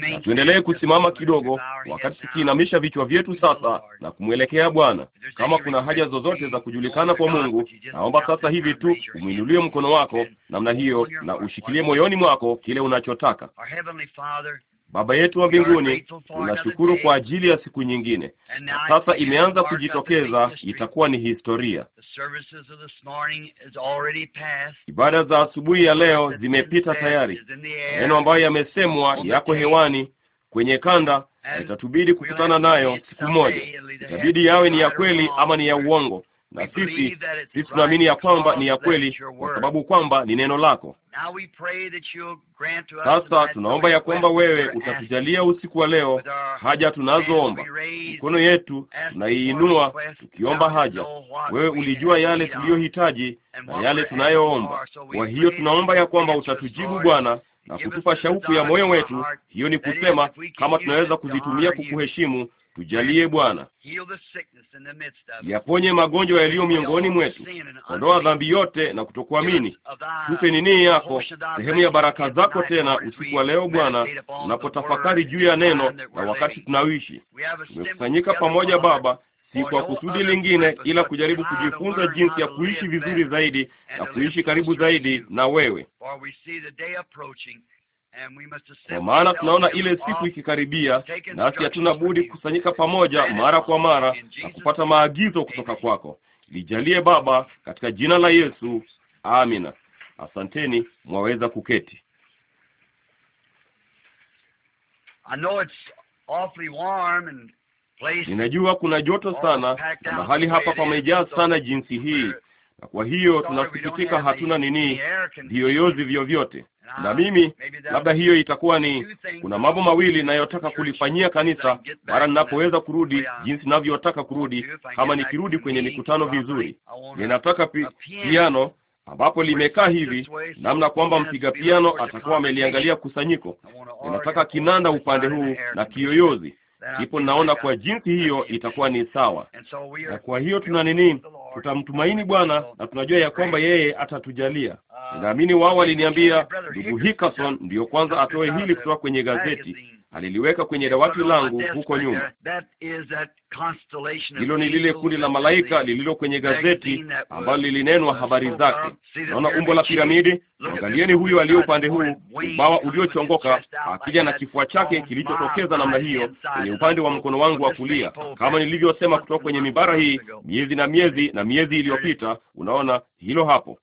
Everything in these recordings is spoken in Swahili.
na tuendelee kusimama kidogo, wakati tukiinamisha vichwa vyetu sasa na kumwelekea Bwana. Kama kuna haja zozote za kujulikana kwa Mungu, naomba sasa hivi tu umwinulie mkono wako namna hiyo na ushikilie moyoni mwako kile unachotaka. Baba yetu wa mbinguni, tunashukuru kwa ajili ya siku nyingine. Na sasa imeanza kujitokeza, itakuwa ni historia. Ibada za asubuhi ya leo zimepita tayari. Maneno ambayo yamesemwa yako hewani kwenye kanda, itatubidi kukutana nayo siku moja. Itabidi yawe ni ya kweli ama ni ya uongo na sisi sisi tunaamini ya kwamba ni ya kweli, kwa sababu kwamba ni neno lako. Sasa tunaomba ya kwamba wewe utatujalia usiku wa leo haja tunazoomba, mikono yetu tunaiinua tukiomba haja. Wewe ulijua yale tuliyohitaji na yale tunayoomba, kwa hiyo tunaomba ya kwamba utatujibu Bwana na kutupa shauku ya moyo wetu, hiyo ni kusema kama tunaweza kuzitumia kukuheshimu Tujalie Bwana, yaponye magonjwa yaliyo miongoni mwetu, ondoa dhambi yote na kutokuamini. Tupe nini yako, sehemu ya baraka zako tena usiku wa leo Bwana, unapotafakari juu ya neno na wakati tunaoishi. Tumekusanyika pamoja Baba, si kwa kusudi lingine ila kujaribu kujifunza jinsi ya kuishi vizuri zaidi na kuishi karibu zaidi na wewe. Kwa maana tunaona ile siku ikikaribia, nasi hatuna budi kukusanyika pamoja mara kwa mara na kupata maagizo kutoka kwako. Lijalie Baba, katika jina la Yesu, amina. Asanteni, mwaweza kuketi. Ninajua kuna joto sana na mahali hapa pamejaa sana jinsi hii, na kwa hiyo tunasikitika, hatuna nini, viyoyozi vyovyote na mimi labda hiyo itakuwa ni, kuna mambo mawili nayotaka kulifanyia kanisa mara ninapoweza kurudi, jinsi ninavyotaka kurudi. Kama nikirudi kwenye mikutano vizuri, ninataka pi, piano ambapo limekaa hivi namna kwamba mpiga piano atakuwa ameliangalia kusanyiko. Ninataka kinanda upande huu na kiyoyozi Ndipo naona kwa jinsi hiyo itakuwa ni sawa, na kwa hiyo tuna nini, tutamtumaini Bwana na tunajua ya kwamba yeye atatujalia. Uh, Naamini wao waliniambia ndugu Hickerson ndiyo kwanza atoe hili kutoka kwenye gazeti aliliweka kwenye dawati langu huko nyuma. Hilo ni lile kundi la malaika lililo kwenye gazeti ambalo lilinenwa habari zake. Naona umbo la piramidi. Angalieni huyo aliye upande huu, ubawa uliochongoka, akija na kifua chake kilichotokeza namna hiyo kwenye upande wa mkono wangu wa kulia, kama nilivyosema kutoka kwenye mibara hii miezi na miezi na miezi iliyopita. Unaona hilo hapo,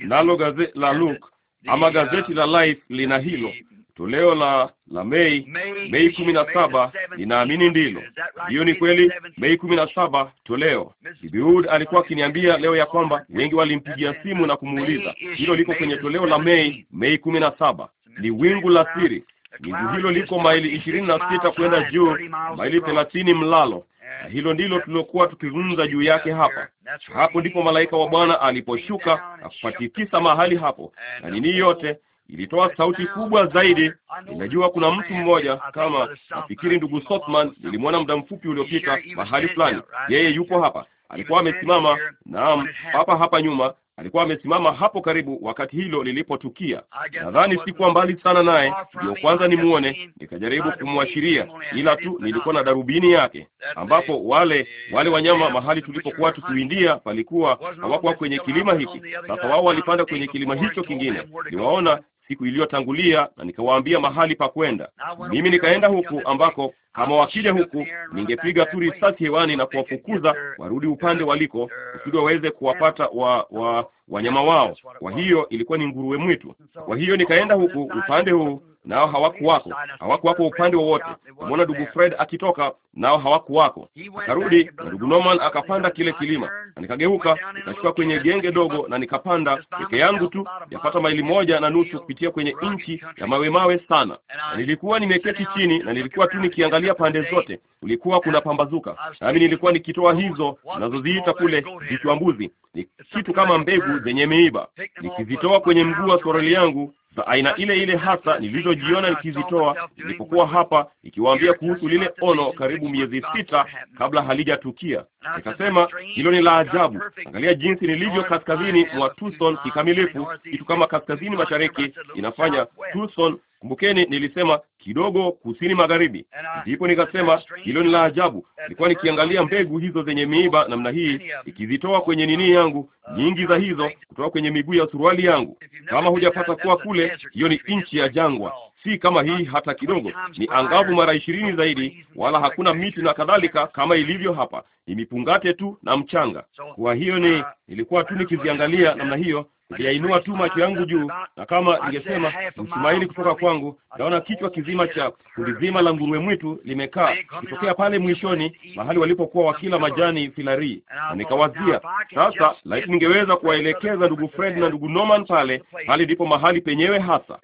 nalo gazeti la Luke ama gazeti uh, la Life lina hilo toleo la la Mei Mei kumi na saba, ninaamini ndilo. Hiyo ni kweli, Mei kumi na saba toleo. Bibi Wood alikuwa akiniambia leo ya kwamba wengi walimpigia simu na kumuuliza hilo liko kwenye toleo la Mei Mei kumi na saba. Ni wingu la siri. Wingu hilo liko maili ishirini na sita kwenda juu, maili thelathini mlalo na hilo ndilo tulilokuwa tukizungumza juu yake hapa. Hapo ndipo malaika wa Bwana aliposhuka na kupatikisa mahali hapo na nini yote, ilitoa sauti kubwa zaidi. Ninajua kuna mtu mmoja kama, nafikiri ndugu Sothman, nilimwona muda mfupi uliopita mahali fulani. Yeye yupo hapa, alikuwa amesimama, naam, hapa hapa nyuma alikuwa amesimama hapo karibu wakati hilo lilipotukia. Nadhani sikuwa mbali sana naye, ndio kwanza nimwone nikajaribu kumwashiria, ila tu nilikuwa na darubini yake, ambapo wale wale wanyama mahali tulipokuwa tukiwindia palikuwa hawakuwa kwenye kilima hiki. Sasa wao walipanda kwenye kilima hicho kingine, niwaona siku iliyotangulia, na nikawaambia mahali pa kwenda. Mimi nikaenda huku ambako kama wakija huku ningepiga tu risasi hewani na kuwafukuza warudi upande waliko, kusudi waweze kuwapata wa, wa wanyama wao. Kwa hiyo ilikuwa ni nguruwe mwitu. Kwa hiyo nikaenda huku upande huu nao hawakuwako, hawakuwako upande wowote. Mwona ndugu Fred akitoka, nao hawakuwako. Akarudi na ndugu Norman akapanda kile kilima, na nikageuka nikashuka kwenye genge dogo na nikapanda peke yangu tu, yapata maili moja na nusu kupitia kwenye nchi ya mawe mawe sana, na nilikuwa nimeketi chini na nilikuwa tu nikiangalia pande zote, ulikuwa kuna pambazuka, nami nilikuwa nikitoa hizo nazoziita kule vichwa mbuzi, ni kitu kama mbegu zenye miiba, nikizitoa kwenye mguu wa soroli yangu za aina ile ile hasa nilizojiona nikizitoa nilipokuwa hapa nikiwaambia kuhusu lile ono karibu miezi sita kabla halijatukia. Nikasema hilo ni la ajabu. Angalia jinsi nilivyo kaskazini mwa Tucson kikamilifu, kitu kama kaskazini mashariki inafanya Tucson Kumbukeni nilisema kidogo kusini magharibi. Ndipo nikasema hilo ni la ajabu. Nilikuwa nikiangalia mbegu hizo zenye miiba namna hii, ikizitoa kwenye nini yangu, uh, nyingi za hizo kutoka kwenye miguu ya suruali yangu. Kama hujapata kuwa kule, hiyo ni nchi ya jangwa, si kama hii hata kidogo. Ni angavu mara ishirini zaidi, wala hakuna miti na kadhalika kama ilivyo hapa, ni mipungate tu na mchanga. Kwa hiyo ni uh, nilikuwa tu nikiziangalia namna hiyo Niliyainua tu macho yangu juu, na kama ningesema mtumaini kutoka kwangu, naona kichwa kizima cha kundi zima la nguruwe mwitu limekaa kitokea pale mwishoni, mahali walipokuwa wakila majani filari, na nikawazia sasa, laiti ningeweza kuwaelekeza ndugu Fred na ndugu Norman pale, hali ndipo mahali penyewe hasa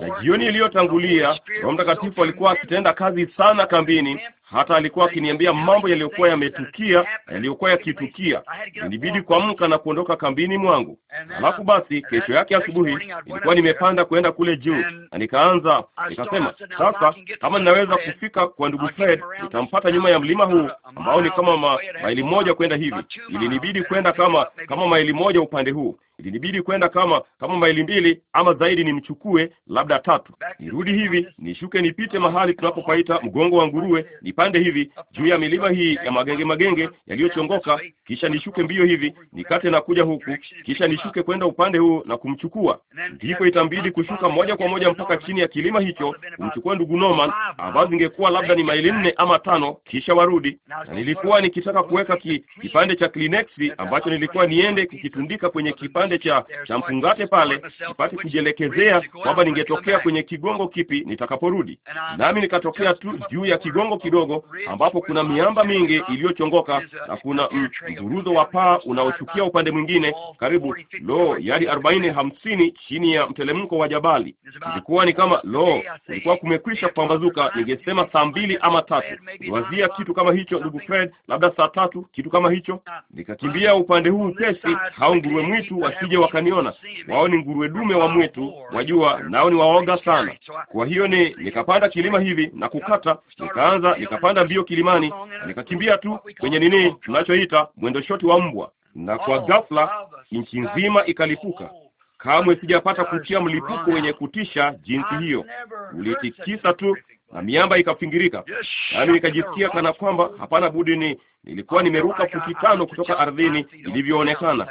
na jioni iliyotangulia Roho Mtakatifu alikuwa akitenda kazi sana kambini, hata alikuwa akiniambia mambo yaliyokuwa yametukia na yaliyokuwa yakitukia. Ilibidi kuamka na kuondoka kambini mwangu. alafu basi, kesho yake asubuhi nilikuwa nimepanda kwenda kule juu, na nikaanza nikasema, sasa kama ninaweza kufika kwa ndugu Fred nitampata nyuma ya mlima huu ambao ni kama ma, maili moja kwenda hivi. Ilinibidi kwenda kama kama maili moja upande huu ilinibidi kwenda kama kama maili mbili ama zaidi, nimchukue labda tatu, nirudi hivi, nishuke, nipite mahali tunapopaita mgongo wa nguruwe, nipate nipande hivi juu ya milima hii ya magenge magenge yaliyochongoka, kisha nishuke mbio hivi nikate na kuja huku, kisha nishuke kwenda upande huu na kumchukua. Ndipo itambidi kushuka moja kwa moja mpaka chini ya kilima hicho kumchukua ndugu Norman, ambazo zingekuwa labda ni maili nne ama tano, kisha warudi. Na nilikuwa nikitaka kuweka ki, kipande cha Kleenex ambacho nilikuwa niende kukitundika kwenye kipande cha cha mfungate pale, nipate kujielekezea kwamba ningetokea kwenye kigongo kipi nitakaporudi, nami nikatokea tu juu ya kigongo kidogo kidogo, ambapo kuna miamba mingi iliyochongoka na kuna mzuruzo wa paa unaochukia upande mwingine, karibu lo yadi arobaini hamsini chini ya mtelemko wa jabali. Ilikuwa ni kama lo, ilikuwa kumekwisha kupambazuka, ningesema saa mbili ama tatu. Niwazia kitu kama hicho, ndugu Fred, labda saa tatu, kitu kama hicho. Nikakimbia upande huu pesi, hao nguruwe mwitu wasije wakaniona. Wao ni nguruwe dume wa mwitu, wajua, nao ni waoga sana. Kwa hiyo ni nikapanda kilima hivi na kukata, nikaanza nika Nikapanda mbio kilimani, nikakimbia tu kwenye nini tunachoita mwendo shoti wa mbwa, na kwa oh. ghafla nchi nzima ikalipuka. Kamwe sijapata kutia mlipuko wenye kutisha jinsi hiyo. Ulitikisa tu na miamba ikafingirika, nami nikajisikia kana kwamba hapana budi ni nilikuwa nimeruka futi tano kutoka ardhini ilivyoonekana.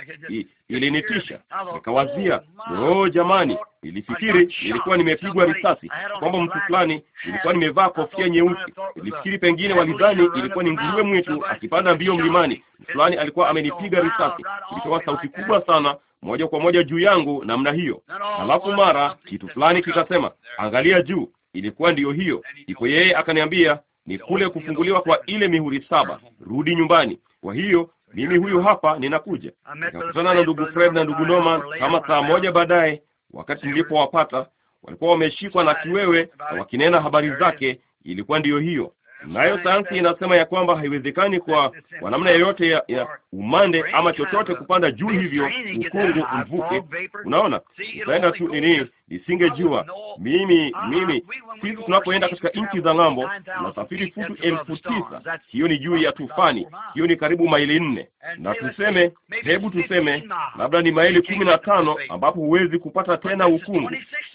Ilinitisha, nikawazia oo, jamani, nilifikiri nilikuwa nimepigwa risasi, kwamba mtu fulani, nilikuwa nimevaa kofia nyeusi, nilifikiri pengine walidhani ilikuwa ni nguruwe mwitu akipanda mbio mlimani, fulani alikuwa amenipiga risasi. Ilitoa sauti kubwa sana moja kwa moja juu yangu namna hiyo, halafu mara kitu fulani kikasema, angalia juu ilikuwa ndiyo hiyo. Ndipo yeye akaniambia ni kule kufunguliwa kwa ile mihuri saba, rudi nyumbani. Kwa hiyo mimi huyu hapa ninakuja. Nikakutana na ndugu Fred na ndugu Norman kama saa moja baadaye. Wakati nilipowapata walikuwa wameshikwa na kiwewe na wakinena habari zake, ilikuwa ndiyo hiyo nayo sayansi inasema ya kwamba haiwezekani kwa kwa namna yoyote ya, ya umande ama chochote kupanda juu hivyo ukungu mvuke Unaona, utaenda tu eh, eh, nini, isingejua mimi mimi. Sisi tunapoenda katika nchi za ng'ambo tunasafiri futu elfu tisa. Hiyo ni juu ya tufani, hiyo ni karibu maili nne, na tuseme, hebu tuseme labda ni maili kumi na tano ambapo huwezi kupata tena ukungu,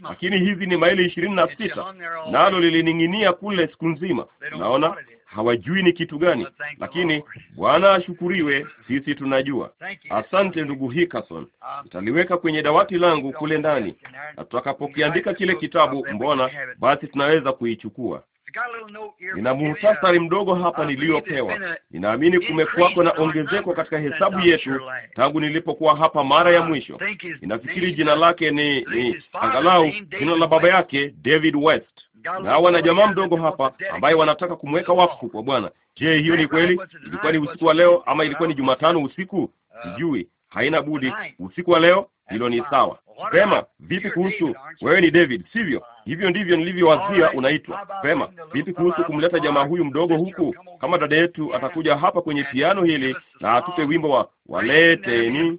lakini hizi ni maili ishirini na sita, nalo lilining'inia kule siku nzima na Mnaona, hawajui ni kitu gani, lakini Bwana ashukuriwe, sisi tunajua. Asante ndugu Hickerson, um, nitaliweka kwenye dawati langu kule ndani, na tutakapokiandika kile kitabu, mbona basi tunaweza kuichukua. Nina muhtasari mdogo hapa um, niliyopewa. Ninaamini kumekuwako na ongezeko katika hesabu yetu tangu nilipokuwa hapa mara ya um, mwisho. Ninafikiri jina lake ni, ni angalau jina la baba yake David West na jamaa mdogo hapa ambaye wanataka kumweka wakfu kwa Bwana. Je, hiyo ni kweli? Ilikuwa ni usiku wa leo ama ilikuwa ni Jumatano usiku? Uh, Sijui, haina budi usiku wa leo. Hilo ni sawa. Pema, vipi kuhusu wewe? Ni David, sivyo? Uh, Hivyo ndivyo nilivyowazia unaitwa. Pema, vipi kuhusu kumleta jamaa huyu mdogo huku? Kama dada yetu atakuja hapa kwenye piano hili na atupe wimbo wa waleteni,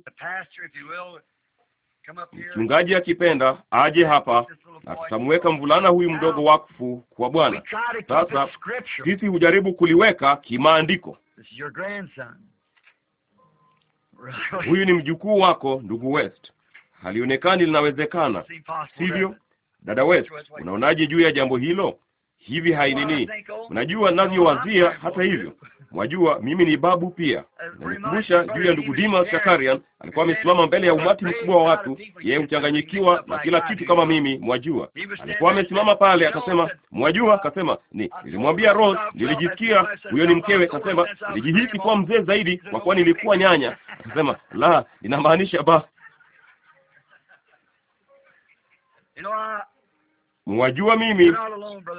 mchungaji akipenda aje hapa na tutamweka mvulana huyu mdogo wakfu kwa Bwana. Sasa sisi hujaribu kuliweka kimaandiko. Huyu ni mjukuu wako, ndugu West. Halionekani linawezekana, sivyo? Dada West, unaonaje juu ya jambo hilo? Hivi hainini, unajua navyowazia Hata hivyo, Mwajua mimi ni babu pia. Nanikumbusha juu ya ndugu Dima Zakarian, alikuwa amesimama mbele ya umati mkubwa wa watu, yeye mchanganyikiwa na kila kitu kama mimi. Mwajua alikuwa amesimama pale, akasema, mwajua, akasema ni nilimwambia Rose, nilijisikia huyo ni mkewe, akasema nilijihisi kuwa mzee zaidi kwa kuwa nilikuwa nyanya, akasema la, inamaanisha ba mwajua mimi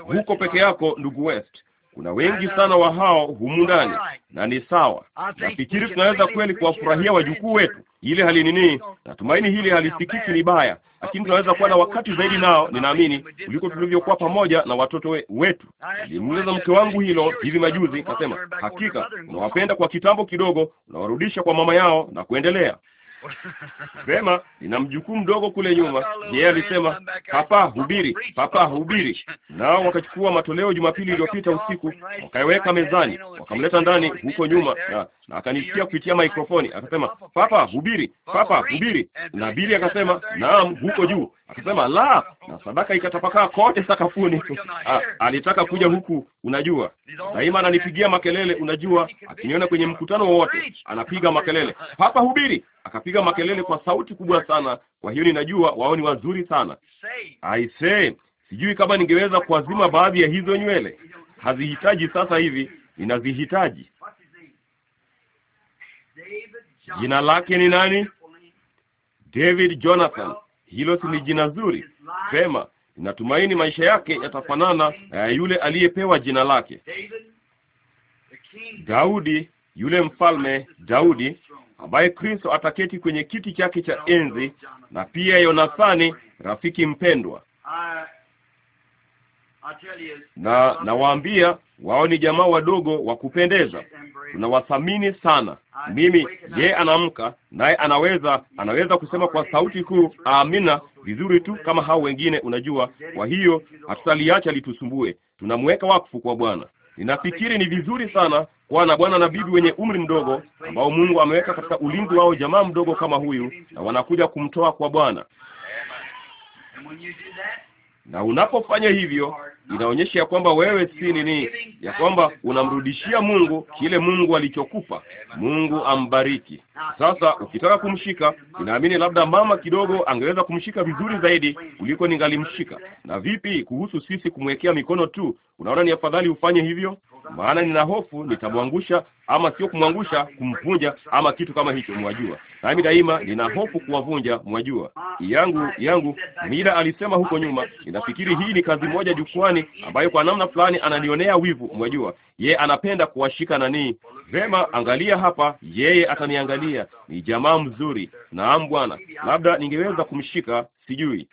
huko peke yako, ndugu West kuna wengi sana wa hao humu ndani, na ni sawa. Nafikiri tunaweza kweli kuwafurahia wajukuu wetu. Ile hali nini, natumaini hili halisikiki ni baya, lakini tunaweza kuwa na wakati zaidi nao, ninaamini, kuliko tulivyokuwa pamoja na watoto we, wetu. Nilimuuliza mke wangu hilo hivi majuzi, kasema, hakika unawapenda kwa kitambo kidogo, unawarudisha kwa mama yao na kuendelea. Sema nina mjukuu mdogo kule nyuma. Yeye alisema papa, hubiri papa, hubiri. Nao wakachukua matoleo Jumapili iliyopita usiku, wakaiweka mezani, wakamleta ndani huko nyuma, na, na akanisikia kupitia maikrofoni akasema, papa, hubiri papa, hubiri. Na Bili akasema naam, huko juu akasema la, na sadaka ikatapakaa kote sakafuni. alitaka kuja huku, unajua daima ananipigia makelele, unajua akiniona kwenye mkutano wowote anapiga makelele, papa hubiri, akapiga makelele kwa sauti kubwa sana. Kwa hiyo ninajua wao ni wazuri sana. say, sijui kama ningeweza kuazima baadhi ya hizo nywele, hazihitaji sasa hivi, ninazihitaji. Jina lake ni nani? David Jonathan hilo si ni jina zuri? Vema, natumaini maisha yake yatafanana na eh, ya yule aliyepewa jina lake Daudi, yule mfalme Daudi ambaye Kristo ataketi kwenye kiti chake cha enzi, na pia Yonathani, rafiki mpendwa na nawaambia wao ni jamaa wadogo wa kupendeza, tunawathamini sana. Mimi ye anaamka naye anaweza anaweza kusema kwa sauti kuu amina, vizuri tu kama hao wengine, unajua. Kwa hiyo hatutaliacha litusumbue, tunamweka wakfu kwa Bwana. Ninafikiri ni vizuri sana kuwa na bwana na bibi wenye umri mdogo ambao Mungu ameweka katika ulinzi wao jamaa mdogo kama huyu, na wanakuja kumtoa kwa Bwana. Na unapofanya hivyo inaonyesha ya kwamba wewe si nini, ya kwamba unamrudishia Mungu kile Mungu alichokupa. Mungu ambariki. Sasa ukitaka kumshika, ninaamini labda mama kidogo angeweza kumshika vizuri zaidi kuliko ningalimshika. Na vipi kuhusu sisi kumwekea mikono tu? Unaona ni afadhali ufanye hivyo, maana nina hofu nitamwangusha, ama sio kumwangusha, kumvunja ama kitu kama hicho, mwajua. Nami daima nina hofu kuwavunja, mwajua. Yangu yangu Mira alisema huko nyuma, ninafikiri hii ni kazi moja jukwani fulani ambayo kwa namna fulani ananionea wivu. Mwajua, ye anapenda kuwashika nani. Vema, angalia hapa, yeye ataniangalia. Ni jamaa mzuri. Naam bwana, labda ningeweza kumshika, sijui.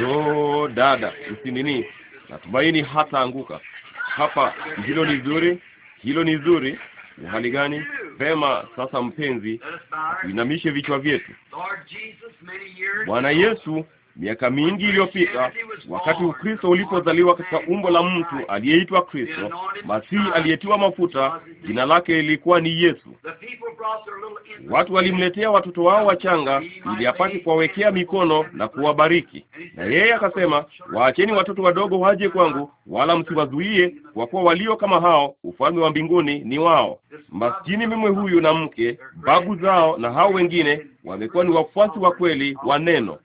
Lo, dada, usinini. Natumaini hata anguka hapa. Hilo ni zuri, hilo ni zuri. Uhali gani? Vema, sasa mpenzi, inamishe vichwa vyetu. Bwana Yesu miaka mingi iliyopita, wakati Ukristo ulipozaliwa katika umbo la mtu aliyeitwa Kristo, Masihi aliyetiwa mafuta, jina lake lilikuwa ni Yesu. Watu walimletea watoto wao wachanga ili apate kuwawekea mikono na kuwabariki, na yeye akasema, waacheni watoto wadogo waje kwangu, wala msiwazuie, kwa kuwa walio kama hao, ufalme wa mbinguni ni wao. Maskini mimwe huyu na mke, babu zao na hao wengine wamekuwa ni wafuasi wa kweli wa neno.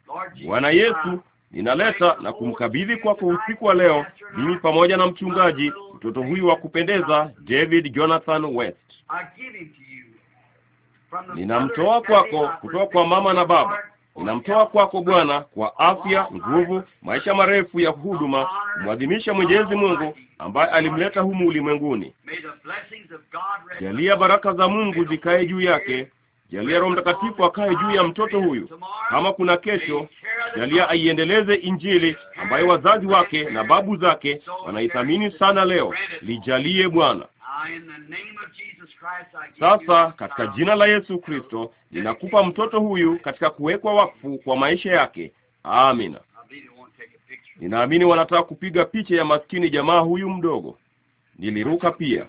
Bwana Yesu, ninaleta na kumkabidhi kwako usiku wa leo, mimi pamoja na mchungaji, mtoto huyu wa kupendeza David Jonathan West. Ninamtoa kwako kutoka kwa mama na baba, ninamtoa kwako Bwana kwa afya, nguvu, maisha marefu ya huduma, kumwadhimisha Mwenyezi Mungu ambaye alimleta humu ulimwenguni. Jalia baraka za Mungu zikae juu yake, Jalia Roho Mtakatifu akae juu ya mtoto huyu. Kama kuna kesho, jalia aiendeleze Injili ambayo wazazi wake na babu zake wanaithamini sana leo. Lijalie Bwana. Sasa katika jina la Yesu Kristo ninakupa mtoto huyu katika kuwekwa wakfu kwa maisha yake. Amina. Ninaamini wanataka kupiga picha ya maskini jamaa huyu mdogo. Niliruka pia.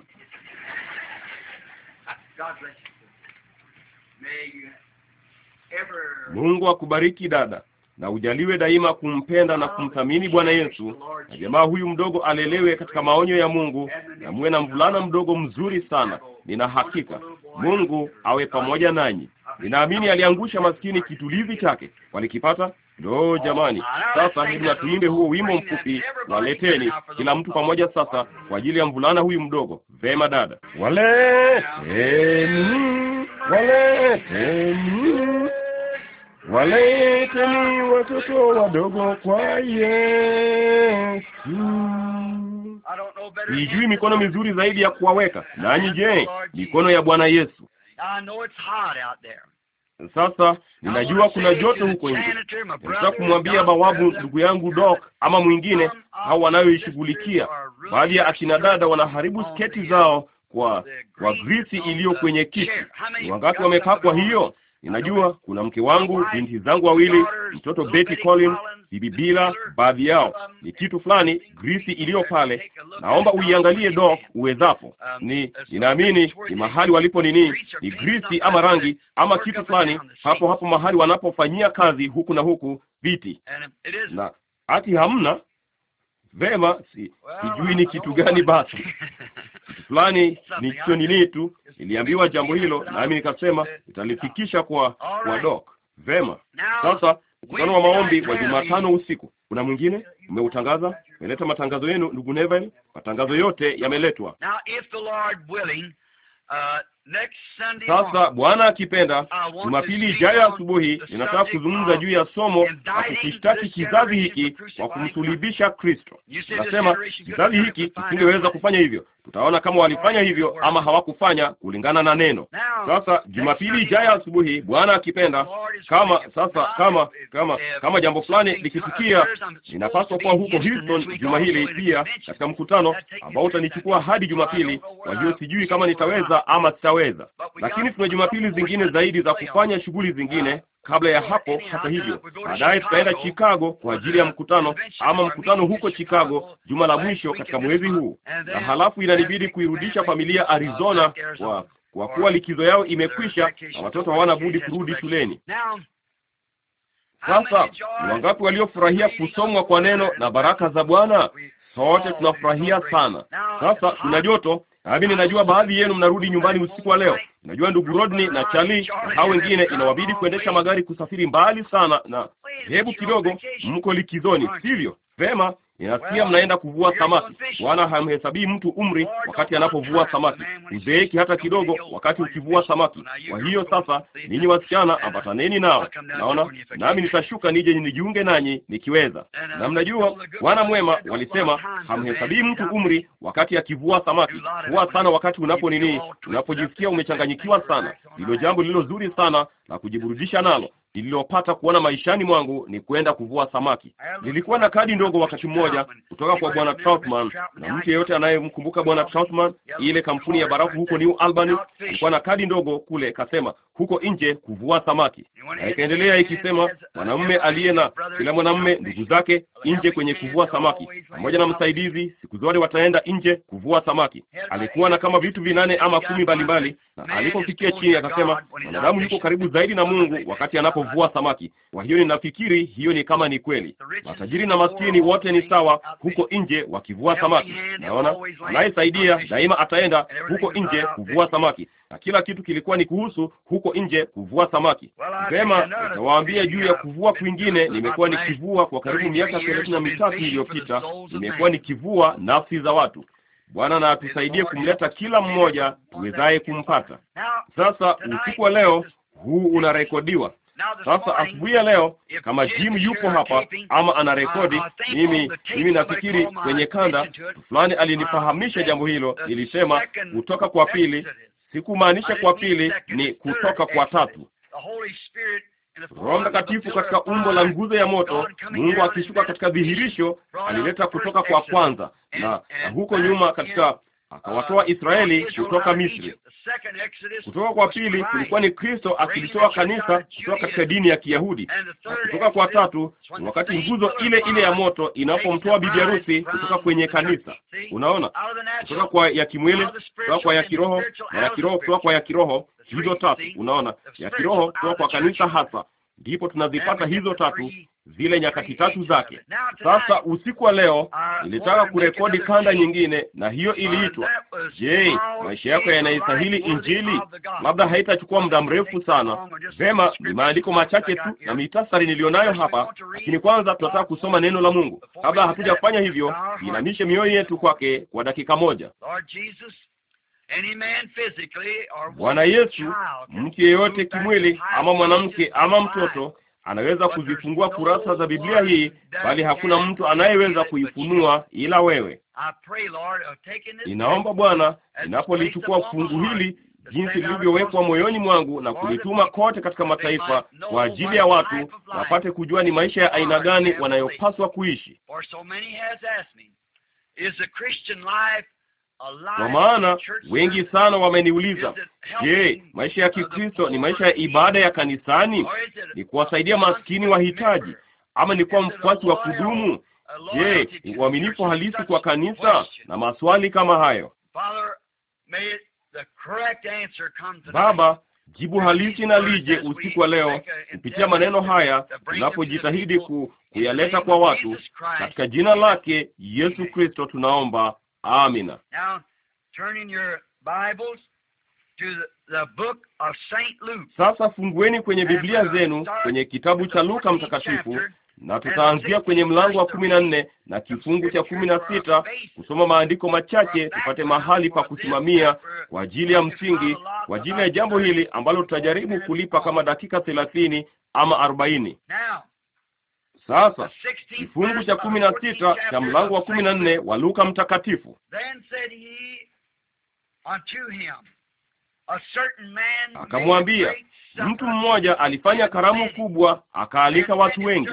Mungu akubariki dada, na ujaliwe daima kumpenda na kumthamini Bwana Yesu, na jamaa huyu mdogo alelewe katika maonyo ya Mungu, na muwe na mvulana mdogo mzuri sana. Nina hakika Mungu awe pamoja nanyi. Ninaamini aliangusha maskini kitulizi chake, walikipata. Lo, jamani! Sasa hebu natuimbe huo wimbo mfupi, waleteni kila mtu pamoja sasa, kwa ajili ya mvulana huyu mdogo. Vema dada, hey waleteni, waleteni watoto wadogo kwa Yesu. Sijui mikono mizuri zaidi ya kuwaweka nanyi. Je, mikono ya Bwana Yesu? Sasa ninajua kuna joto huko nje. Nataka kumwambia bawabu ndugu yangu Doc ama mwingine, au wanayoishughulikia, baadhi ya akina dada wanaharibu sketi zao kwa kwa grisi iliyo kwenye kiti. Ni wangapi wamepakwa hiyo? Ninajua kuna mke wangu, binti zangu wawili, mtoto Betty Collins, bibi Bila, baadhi yao ni kitu fulani, grisi iliyo pale. Naomba uiangalie Doc uwezapo. Ni ninaamini ni mahali walipo nini, ni grisi ama rangi ama kitu fulani, hapo hapo mahali wanapofanyia kazi huku na huku viti na ati hamna vema, si sijui ni kitu gani basi kitu fulani nilichonilii tu, niliambiwa jambo hilo, nami nikasema nitalifikisha kwa kwa Doc. Vema, sasa mkutano wa maombi wa Jumatano usiku. Kuna mwingine umeutangaza, umeleta matangazo yenu, ndugu Neville, matangazo yote yameletwa. Sasa Bwana akipenda, Jumapili ijayo asubuhi, ninataka kuzungumza juu ya somo la kukishtaki kizazi hiki kwa kumsulibisha Kristo. Nasema kizazi hiki kisingeweza kufanya hivyo, Tutaona kama walifanya hivyo ama hawakufanya kulingana na neno. Sasa Jumapili ijayo asubuhi, Bwana akipenda, kama sasa, kama kama kama jambo fulani likitukia ninapaswa kuwa huko Houston juma hili pia, katika mkutano ambao utanichukua hadi Jumapili. Kwa hiyo sijui kama nitaweza ama sitaweza, lakini tuna Jumapili zingine zaidi za kufanya shughuli zingine uh, kabla ya hapo. Hata hivyo, baadaye tutaenda Chicago kwa ajili ya mkutano ama mkutano huko Chicago juma la mwisho katika mwezi huu, na halafu inanibidi kuirudisha familia Arizona kwa kwa kuwa likizo yao imekwisha na watoto hawana budi kurudi shuleni. Sasa ni wangapi waliofurahia kusomwa kwa neno na baraka za Bwana? Sote tunafurahia sana. Sasa kuna joto Nami ninajua baadhi yenu mnarudi nyumbani usiku wa leo. Najua ndugu Rodney na Charlie na hao wengine inawabidi kuendesha magari kusafiri mbali sana, na hebu kidogo, mko likizoni, sivyo? Vema, Ninasikia mnaenda kuvua samaki. Bwana hamhesabii mtu umri wakati anapovua samaki, uzeeki hata kidogo wakati ukivua samaki. Kwa hiyo sasa, ninyi wasichana, ambataneni nao. Naona nami nitashuka nije nijiunge nanyi nikiweza. Na mnajua, bwana mwema walisema hamhesabii mtu umri wakati akivua samaki. Huwa sana wakati unapo nini, unapojisikia umechanganyikiwa sana. Ndilo jambo lililo zuri sana na kujiburudisha nalo. Nililopata kuona maishani mwangu ni kwenda kuvua samaki. Nilikuwa na kadi ndogo wakati mmoja kutoka kwa bwana Troutman, na mtu yeyote anayemkumbuka bwana Troutman, ile kampuni ya barafu huko New Albany, nilikuwa na kadi ndogo kule, kasema huko nje kuvua samaki, na ikaendelea ikisema, mwanamume aliye na kila mwanamume ndugu zake nje kwenye kuvua samaki, pamoja na msaidizi, siku zote wataenda nje kuvua samaki. Alikuwa na kama vitu vinane ama kumi mbalimbali, na alipofikia chini akasema, mwanadamu yuko karibu zaidi na Mungu wakati anapovua samaki. Kwa hiyo ninafikiri hiyo ni kama ni kweli, matajiri na maskini wote ni sawa huko nje wakivua samaki. Naona anayesaidia daima ataenda huko nje kuvua samaki, na kila kitu kilikuwa ni kuhusu huko nje kuvua samaki. Vema, nitawaambia juu ya kuvua kwingine. Nimekuwa nikivua kwa karibu miaka thelathini na mitatu iliyopita, nimekuwa nikivua nafsi za watu. Bwana na atusaidie kumleta kila mmoja tuwezaye kumpata. Sasa usiku wa leo huu unarekodiwa. Sasa asubuhi ya leo, kama Jim yupo hapa ama uh, anarekodi, uh, mimi mimi nafikiri uh, kwenye kanda fulani alinifahamisha jambo hilo. Nilisema kutoka kwa pili, sikumaanisha kwa pili, ni kutoka kwa tatu. Roho Mtakatifu katika umbo la nguzo ya moto, Mungu akishuka katika dhihirisho, alileta kutoka kwa kwanza na, na huko nyuma katika akawatoa uh, Israeli kutoka Misri. Kutoka kwa pili kulikuwa ni Kristo akilitoa kanisa kutoka katika dini ya Kiyahudi, na kutoka kwa tatu ni wakati nguzo ile ile ya moto inapomtoa bibi harusi kutoka kwenye kanisa. Unaona, kutoka kwa ya kimwili, kutoka kwa ya kiroho, na ya kiroho kutoka kwa ya kiroho, hizo tatu. Unaona, ya kiroho kutoka kwa kanisa hasa ndipo tunazipata hizo tatu, zile nyakati tatu zake. Sasa usiku wa leo uh, nilitaka kurekodi kanda nyingine, na hiyo uh, iliitwa Je, maisha yako yanaistahili Injili? Labda haitachukua muda mrefu sana. Vema, ni maandiko machache tu na mitasari niliyonayo hapa, lakini kwanza tunataka kusoma neno la Mungu. Kabla hatujafanya hivyo, inamishe mioyo yetu kwake kwa dakika moja. Bwana Yesu, mtu yeyote kimwili, ama mwanamke ama mtoto, anaweza kuzifungua kurasa za Biblia hii, bali hakuna mtu anayeweza kuifunua ila wewe. Ninaomba Bwana, ninapolichukua fungu hili jinsi lilivyowekwa moyoni mwangu na kulituma kote katika mataifa kwa ajili ya watu wapate kujua ni maisha ya aina gani wanayopaswa kuishi. Kwa maana wengi sana wameniuliza, je, maisha ya Kikristo ni maisha ya ibada ya kanisani? Ni kuwasaidia maskini wahitaji, ama ni kuwa mfuasi wa kudumu? Je, ni uaminifu halisi kwa kanisa? Na maswali kama hayo. Baba, jibu halisi na lije usiku wa leo kupitia maneno haya, tunapojitahidi kuyaleta kwa watu katika jina lake Yesu Kristo tunaomba. Amina. Sasa fungueni kwenye Biblia zenu kwenye kitabu cha Luka mtakatifu na tutaanzia kwenye mlango wa kumi na nne na kifungu cha kumi na sita kusoma maandiko machache tupate mahali pa kusimamia kwa ajili ya msingi, kwa ajili ya jambo hili ambalo tutajaribu kulipa kama dakika thelathini ama arobaini. Sasa kifungu cha kumi na sita cha mlango wa kumi na nne wa Luka mtakatifu akamwambia, mtu mmoja alifanya karamu kubwa, akaalika watu wengi,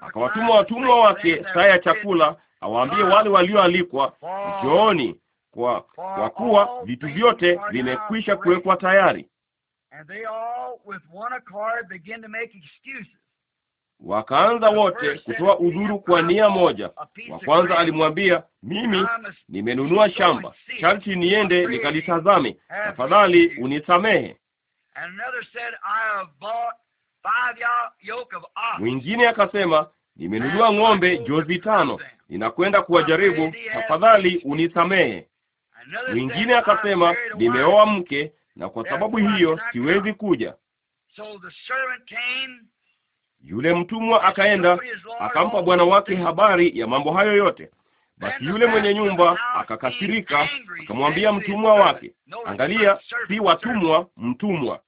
akawatuma watumwa wake saa ya chakula, awaambie wale walioalikwa, njooni, kwa kwa kuwa vitu vyote vimekwisha kuwekwa tayari. Wakaanza wote kutoa udhuru kwa nia moja. Wa kwanza alimwambia, mimi nimenunua shamba, sharti niende nikalitazame, tafadhali unisamehe. Mwingine akasema, nimenunua ng'ombe jozi tano, ninakwenda kuwajaribu, tafadhali unisamehe. Mwingine akasema, nimeoa mke na kwa sababu hiyo siwezi kuja. Yule mtumwa akaenda akampa bwana wake habari ya mambo hayo yote. Basi yule mwenye nyumba akakasirika, akamwambia mtumwa wake, angalia, si watumwa, mtumwa,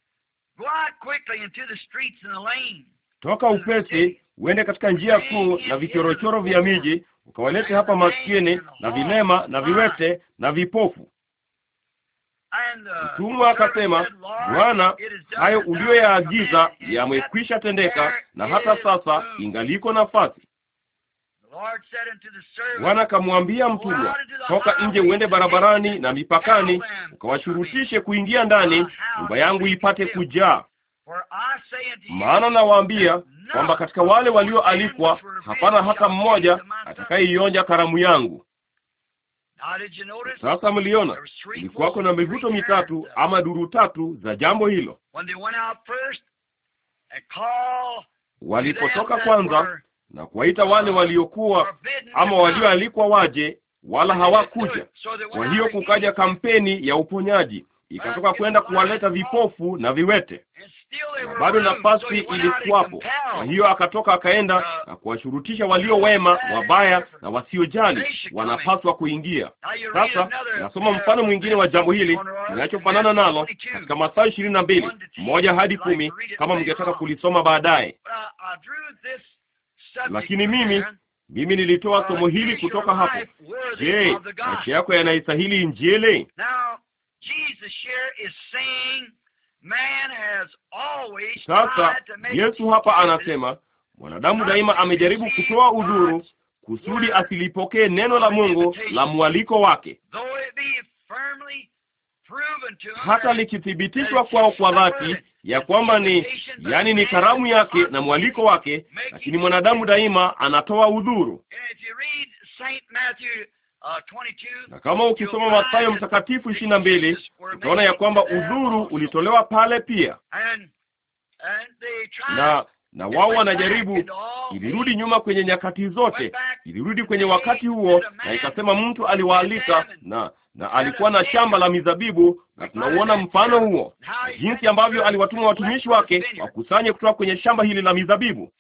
toka upesi uende katika njia kuu na vichorochoro vya miji, ukawalete hapa maskini na vilema na viwete na vipofu Uh, mtumwa akasema, Bwana, hayo uliyoyaagiza yamekwisha tendeka, na hata sasa ingaliko nafasi. Bwana akamwambia mtumwa, toka nje, uende barabarani na mipakani, ukawashurutishe kuingia ndani, nyumba yangu ipate kujaa. Maana nawaambia kwamba katika wale walioalikwa hapana hata mmoja atakayeionja karamu yangu. Sasa mliona ilikuwako na mivuto mitatu ama duru tatu za jambo hilo. Walipotoka kwanza na kuwaita wale uh, waliokuwa ama walioalikwa waje, wala hawakuja. Kwa hiyo kukaja kampeni ya uponyaji, ikatoka kwenda kuwaleta vipofu na viwete bado nafasi ilikuwapo. Kwa hiyo akatoka akaenda na kuwashurutisha walio wema, wabaya na wasiojali wanapaswa kuingia. Sasa nasoma mfano mwingine wa jambo hili linachofanana nalo katika Mathayo ishirini na mbili moja hadi kumi kama mngetaka kulisoma baadaye, lakini mimi mimi nilitoa somo hili kutoka hapo. Je, maisha yako yanaistahili Injili? Sasa Yesu hapa anasema mwanadamu daima amejaribu kutoa udhuru kusudi asilipokee neno la Mungu la mwaliko wake, hata likithibitishwa kwao kwa dhati ya kwamba ni yani ni karamu yake na mwaliko wake, lakini mwanadamu daima anatoa udhuru na uh, kama ukisoma Mathayo mtakatifu ishirini na mbili utaona ya kwamba udhuru ulitolewa pale pia, na na wao wanajaribu, ilirudi nyuma kwenye nyakati zote, ilirudi kwenye wakati huo, na ikasema mtu aliwaalika na na alikuwa na shamba la mizabibu, na tunauona mfano huo, jinsi ambavyo aliwatuma watumishi wake wakusanye kutoka kwenye shamba hili la mizabibu.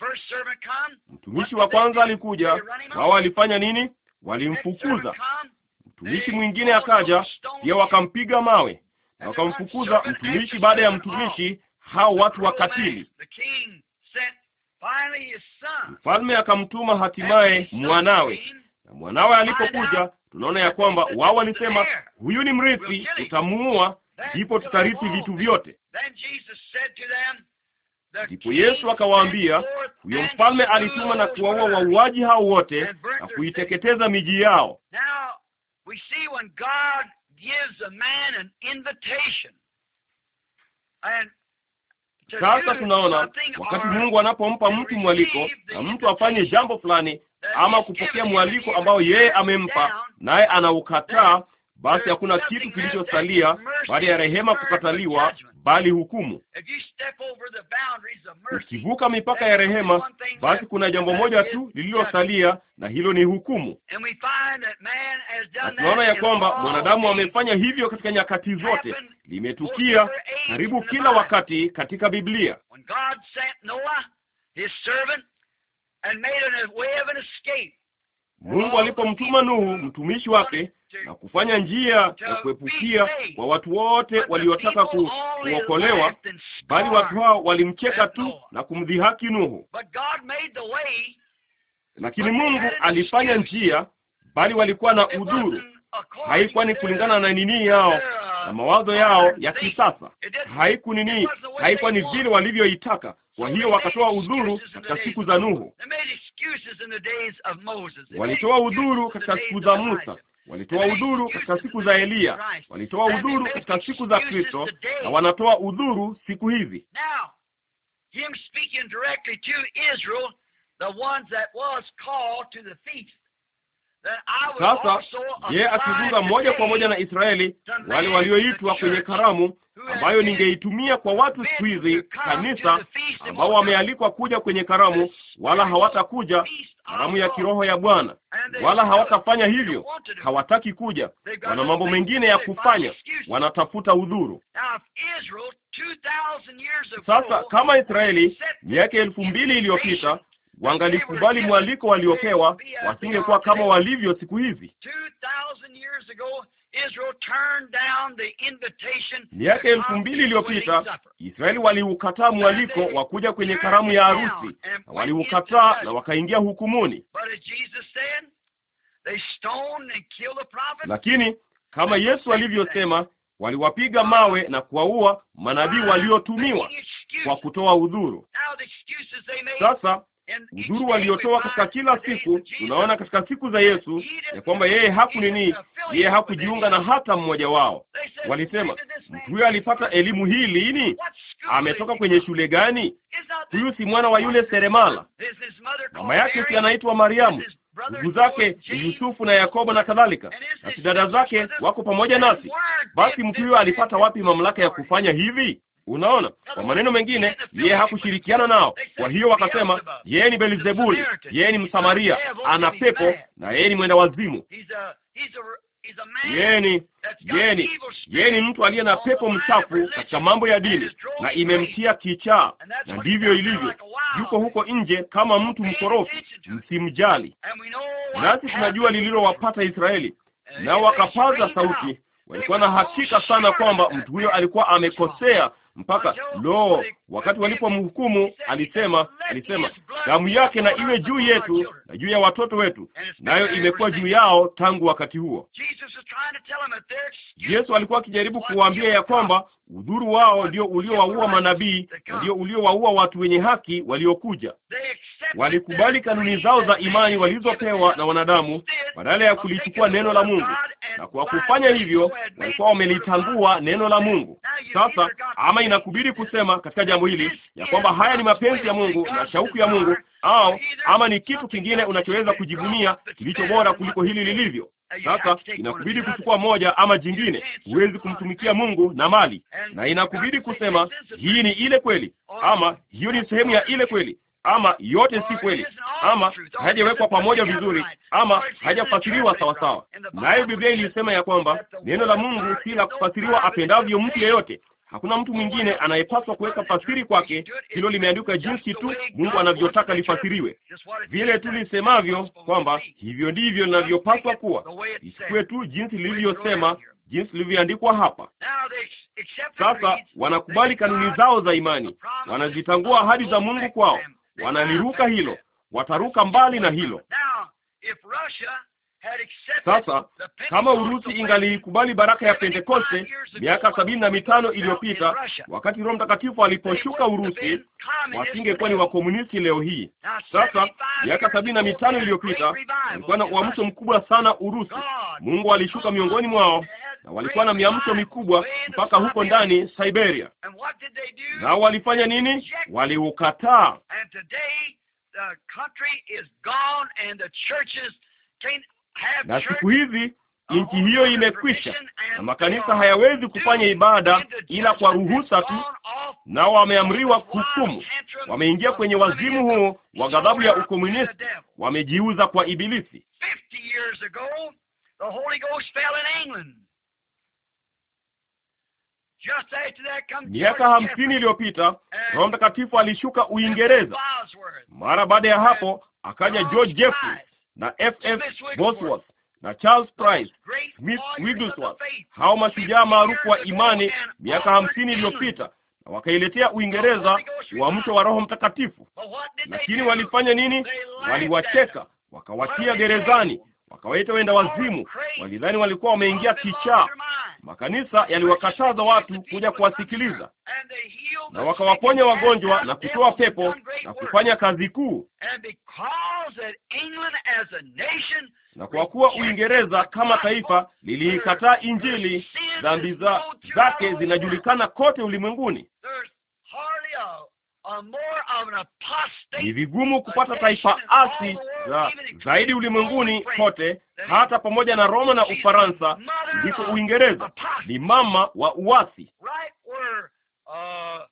Mtumishi wa kwanza alikuja, wao alifanya nini? walimfukuza. Mtumishi mwingine akaja, pia wakampiga mawe na wakamfukuza mtumishi baada ya mtumishi, hao watu wakatili. Mfalme akamtuma hatimaye mwanawe, na mwanawe alipokuja, tunaona ya kwamba wao walisema, huyu ni mrithi, utamuua, ndipo tutarithi vitu vyote. Ndipo Yesu akawaambia, huyo mfalme alituma na kuwaua wauaji hao wote na kuiteketeza miji yao. Sasa tunaona wakati Mungu anapompa mtu mwaliko na mtu afanye jambo fulani ama kupokea mwaliko ambao yeye amempa naye anaukataa, basi hakuna kitu kilichosalia baada ya rehema kukataliwa, bali hukumu. Ukivuka mipaka ya rehema, basi kuna jambo moja tu lililosalia, na hilo ni hukumu. tunaona ya kwamba mwanadamu amefanya hivyo katika nyakati zote, limetukia karibu kila wakati katika Biblia. Mungu alipomtuma Nuhu mtumishi wake na kufanya njia ya kuepukia kwa watu wote waliotaka kuokolewa, bali watu hao walimcheka tu na kumdhihaki Nuhu. Lakini Mungu alifanya njia, bali walikuwa na udhuru. Haikuwa ni kulingana na nini yao na mawazo yao ya kisasa, haiku nini, haikuwa ni vile walivyoitaka. Kwa hiyo wakatoa udhuru katika siku za Nuhu, walitoa udhuru katika siku za Musa, Walitoa udhuru katika siku za Eliya, walitoa udhuru katika siku za Kristo, na wanatoa udhuru siku hizi. Him sasa yeye akizunga moja kwa moja na Israeli, wale walioitwa kwenye karamu ambayo ningeitumia kwa watu siku hizi, kanisa ambao wamealikwa kuja kwenye karamu, wala hawatakuja karamu ya kiroho ya Bwana, wala hawatafanya hivyo. Hawataki kuja, wana mambo mengine ya kufanya, wanatafuta udhuru. Sasa kama Israeli miaka elfu mbili iliyopita wangalikubali mwaliko waliopewa, wasingekuwa kama walivyo siku hizi. Miaka elfu mbili iliyopita Israeli waliukataa mwaliko wa kuja kwenye karamu ya harusi, na waliukataa na wakaingia hukumuni. Lakini kama Yesu alivyosema, waliwapiga mawe na kuwaua manabii waliotumiwa kwa kutoa udhuru. Sasa udhuru waliotoa katika kila siku. Tunaona katika siku za Yesu ya kwamba yeye haku nini, yeye hakujiunga na hata mmoja wao. Walisema, mtu huyo alipata elimu hii lini? Ametoka kwenye shule gani? Huyu si mwana wa yule seremala? Mama yake si anaitwa Mariamu? Ndugu zake Yusufu na Yakobo na kadhalika, na si dada zake wako pamoja nasi? Basi mtu huyo alipata wapi mamlaka ya kufanya hivi? Unaona, kwa maneno mengine, yeye hakushirikiana nao. Kwa hiyo wakasema yeye ni Belzebuli, yeye ni Msamaria, ana pepo na yeye ni mwenda wazimu. Yeye ni yeye ni mtu aliye na pepo mchafu katika mambo ya dini na imemtia kichaa, na ndivyo ilivyo. Yuko huko nje kama mtu mkorofi, msimjali. Nasi tunajua lililowapata Israeli, nao wakapaza sauti. Walikuwa na hakika sana kwamba mtu huyo alikuwa amekosea mpaka lo, wakati walipomhukumu alisema, alisema damu yake na iwe juu yetu na juu ya watoto wetu, nayo imekuwa juu yao tangu wakati huo. Yesu alikuwa akijaribu kuwaambia ya kwamba Udhuru wao ndio uliowaua manabii, ndio uliowaua watu wenye haki waliokuja. Walikubali kanuni zao za imani walizopewa na wanadamu, badala ya kulichukua neno la Mungu, na kwa kufanya hivyo walikuwa wamelitangua neno la Mungu. Sasa ama inakubidi kusema katika jambo hili ya kwamba haya ni mapenzi ya Mungu na shauku ya Mungu, au ama ni kitu kingine unachoweza kujivunia kilicho bora kuliko hili lilivyo. Uh, Sasa inakubidi kuchukua moja ama jingine. Huwezi kumtumikia Mungu na mali, na inakubidi kusema hii ni ile kweli, ama hiyo ni sehemu ya ile kweli, ama yote si kweli, ama hajawekwa pamoja vizuri, ama hajafasiriwa sawasawa. Nayo Biblia ilisema ya kwamba neno la Mungu si la kufasiriwa apendavyo mtu yeyote, Hakuna mtu mwingine anayepaswa kuweka fasiri kwake. Hilo limeandikwa jinsi tu Mungu anavyotaka lifasiriwe, vile tu lisemavyo kwamba hivyo ndivyo linavyopaswa kuwa, isikuwe tu jinsi lilivyosema, jinsi lilivyoandikwa hapa. Sasa wanakubali kanuni zao za imani, wanazitangua ahadi za Mungu kwao, wanaliruka hilo, wataruka mbali na hilo. Sasa kama Urusi ingalikubali baraka ya Pentekoste miaka sabini na mitano iliyopita, wakati Roho Mtakatifu aliposhuka Urusi, wasingekuwa ni wakomunisti leo hii. Sasa miaka sabini na mitano iliyopita, walikuwa na uamsho mkubwa sana Urusi. Mungu alishuka miongoni mwao na walikuwa na miamsho mikubwa mpaka huko ndani Siberia. Nao walifanya nini? Waliukataa na siku hizi nchi hiyo imekwisha, na makanisa hayawezi kufanya ibada ila kwa ruhusa tu, nao wameamriwa hukumu. Wameingia kwenye wazimu huo wa ghadhabu ya ukomunisti, wamejiuza kwa Ibilisi. Miaka hamsini iliyopita Roho Mtakatifu alishuka Uingereza. Mara baada ya hapo akaja George Jeffries na FF Bosworth na Charles Price Smith Wigglesworth, hao mashujaa maarufu wa imani miaka hamsini iliyopita, na wakailetea Uingereza uamsho wa Roho Mtakatifu. Lakini walifanya nini? Waliwacheka, wakawatia gerezani, wakawaita wenda wazimu, walidhani walikuwa wameingia kichaa. Makanisa yaliwakataza watu kuja kuwasikiliza, na wakawaponya wagonjwa na kutoa pepo na kufanya kazi kuu. Na kwa kuwa Uingereza kama taifa liliikataa Injili, dhambi za zake zinajulikana kote ulimwenguni. Ni vigumu kupata taifa asi za zaidi ulimwenguni kote, hata pamoja na Roma na Ufaransa. Ndipo Uingereza ni mama wa uasi. Uh,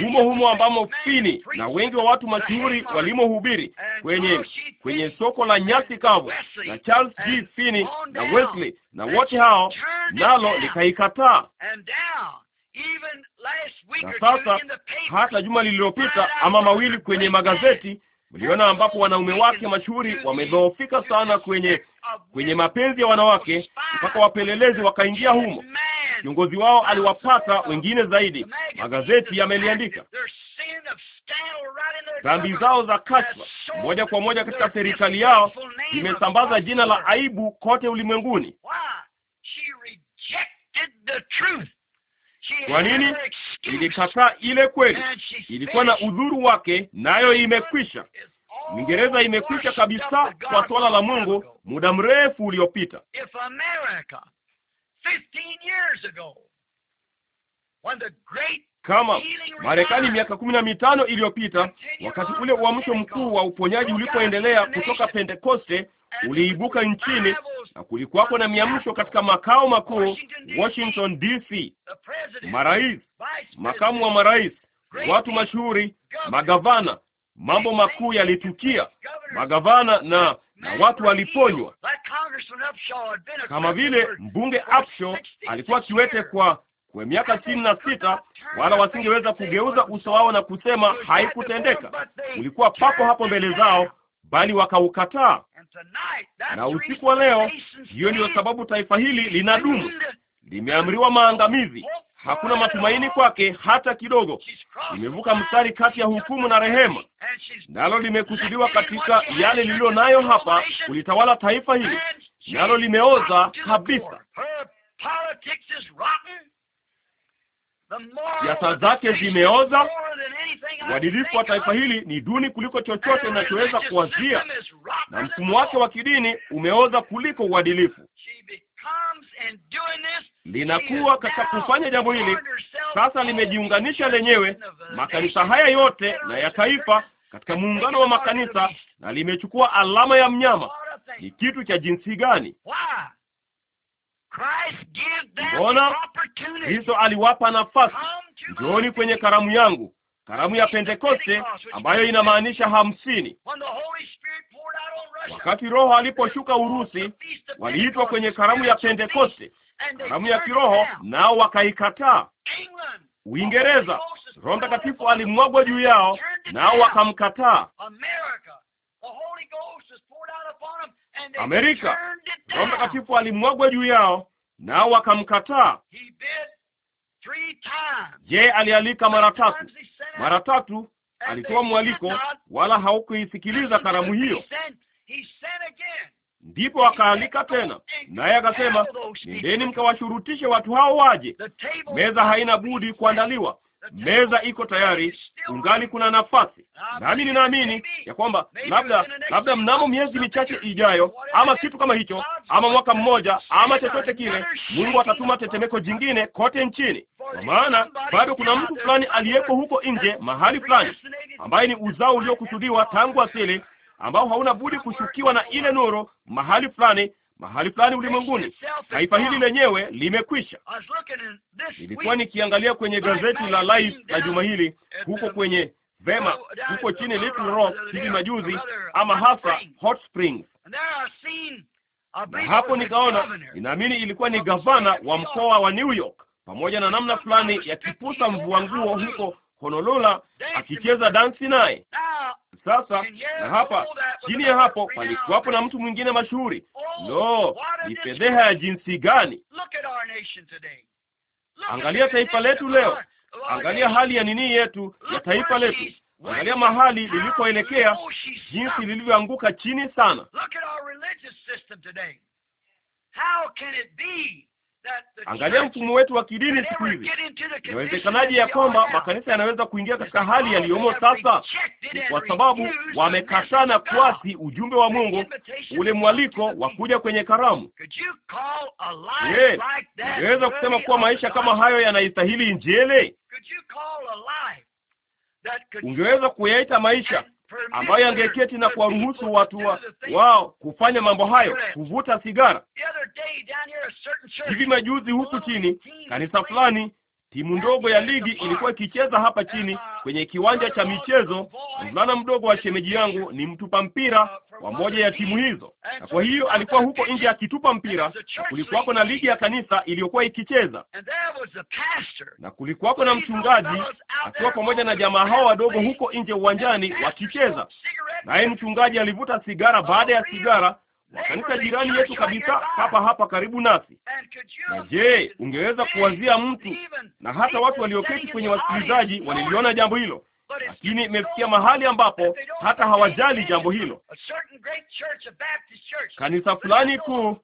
humo humo ambamo Fini na wengi wa watu mashuhuri walimohubiri kwenye kwenye soko la nyasi kavu, na Charles G. Fini na Wesley na wote hao, nalo likaikataa. Na sasa hata juma lililopita ama mawili, kwenye magazeti mliona ambapo wanaume wake mashuhuri wamedhoofika sana kwenye kwenye mapenzi ya wanawake, mpaka wapelelezi wakaingia humo. Kiongozi wao aliwapata wengine zaidi, magazeti yameliandika dhambi zao za kashfa moja kwa moja katika serikali yao, imesambaza jina la aibu kote ulimwenguni. Kwa nini? Ilikataa ile kweli, ilikuwa na udhuru wake, nayo imekwisha. Uingereza imekwisha kabisa kwa swala la Mungu muda mrefu uliopita. Kama Marekani miaka kumi na mitano iliyopita, wakati ule uamsho mkuu wa uponyaji ulipoendelea kutoka Pentekoste uliibuka nchini na kulikuwako na miamsho katika makao makuu Washington DC. Marais, makamu wa marais, watu mashuhuri, magavana, mambo makuu yalitukia. Magavana na na watu waliponywa, kama vile mbunge Upshaw alikuwa kiwete kwa kwa miaka sitini na sita, wala wasingeweza kugeuza uso wao na kusema haikutendeka. Ulikuwa papo hapo mbele zao bali wakaukataa. Na usiku wa leo, hiyo ndiyo sababu taifa hili linadumu, limeamriwa maangamizi, hakuna matumaini kwake hata kidogo. Limevuka mstari kati ya hukumu na rehema, nalo limekusudiwa katika yale lililo nayo hapa kulitawala taifa hili, nalo limeoza kabisa siasa zake zimeoza. Uadilifu wa taifa hili ni duni kuliko chochote inachoweza kuwazia, na mfumo wake wa kidini umeoza kuliko uadilifu. Linakuwa katika kufanya jambo hili sasa, limejiunganisha lenyewe makanisa haya yote na ya taifa katika muungano wa makanisa, na limechukua alama ya mnyama. Ni kitu cha jinsi gani? Ona Kristo aliwapa nafasi, njooni kwenye karamu yangu, karamu ya Pentekoste ambayo inamaanisha hamsini. Wakati Roho aliposhuka Urusi, waliitwa kwenye karamu ya Pentekoste, karamu ya kiroho, nao wakaikataa. Uingereza, Roho Mtakatifu alimwagwa juu yao, nao wakamkataa. Amerika. Roho Mtakatifu alimwagwa juu yao, nao wakamkataa. Je, alialika mara tatu, mara tatu alitoa mwaliko, wala haukuisikiliza karamu hiyo. Ndipo akaalika tena, naye akasema, nendeni mkawashurutishe watu hao waje, meza haina budi kuandaliwa meza iko tayari, ungali kuna nafasi, nami ninaamini ya kwamba labda labda mnamo miezi michache ijayo, ama kitu kama hicho, ama mwaka mmoja, ama chochote kile, Mungu atatuma tetemeko jingine kote nchini, kwa maana bado kuna mtu fulani aliyeko huko nje mahali fulani, ambaye ni uzao uliokusudiwa tangu asili, ambao hauna budi kushukiwa na ile nuru mahali fulani mahali fulani ulimwenguni. Taifa hili lenyewe limekwisha. Nilikuwa nikiangalia kwenye gazeti la Life la juma hili huko kwenye vema huko chini Little Rock hivi majuzi, ama hasa Hot Springs, na hapo nikaona, ninaamini ilikuwa ni gavana wa mkoa wa New York pamoja na namna fulani ya kipusa mvua nguo huko Honolulu akicheza dansi naye. Sasa na hapa chini ya hapo palikuwapo na mtu mwingine mashuhuri. Lo, oh, ni fedheha ya jinsi gani! Angalia taifa letu leo, oh, angalia hali ya nini yetu ya taifa letu, angalia mahali lilipoelekea, oh, jinsi lilivyoanguka chini sana. Angalia mfumo wetu wa kidini siku hizi. Inawezekanaje ya kwamba makanisa yanaweza kuingia katika hali yaliyomo sasa? Ni kwa sababu wamekashana kwasi kuasi ujumbe wa Mungu, ule mwaliko wa kuja kwenye karamu. Je, unaweza kusema kuwa maisha kama hayo yanaistahili Injili? Ungeweza kuyaita maisha ambaye angeketi na kuwaruhusu watu wa, wao kufanya mambo hayo, kuvuta sigara. Hivi majuzi huku chini kanisa fulani Timu ndogo ya ligi ilikuwa ikicheza hapa chini kwenye kiwanja cha michezo. Mvulana mdogo wa shemeji yangu ni mtupa mpira wa moja ya timu hizo, na kwa hiyo alikuwa huko nje akitupa mpira, na kulikuwako na ligi ya kanisa iliyokuwa ikicheza, na kulikuwako na mchungaji akiwa pamoja na jamaa hao wadogo huko nje uwanjani wakicheza, naye mchungaji alivuta sigara baada ya sigara na kanisa jirani yetu kabisa hapa hapa karibu nasi. Na je, ungeweza kuwazia mtu na hata watu walioketi kwenye wasikilizaji waliliona jambo hilo? Lakini imefikia mahali ambapo hata hawajali jambo hilo. Kanisa fulani kuu,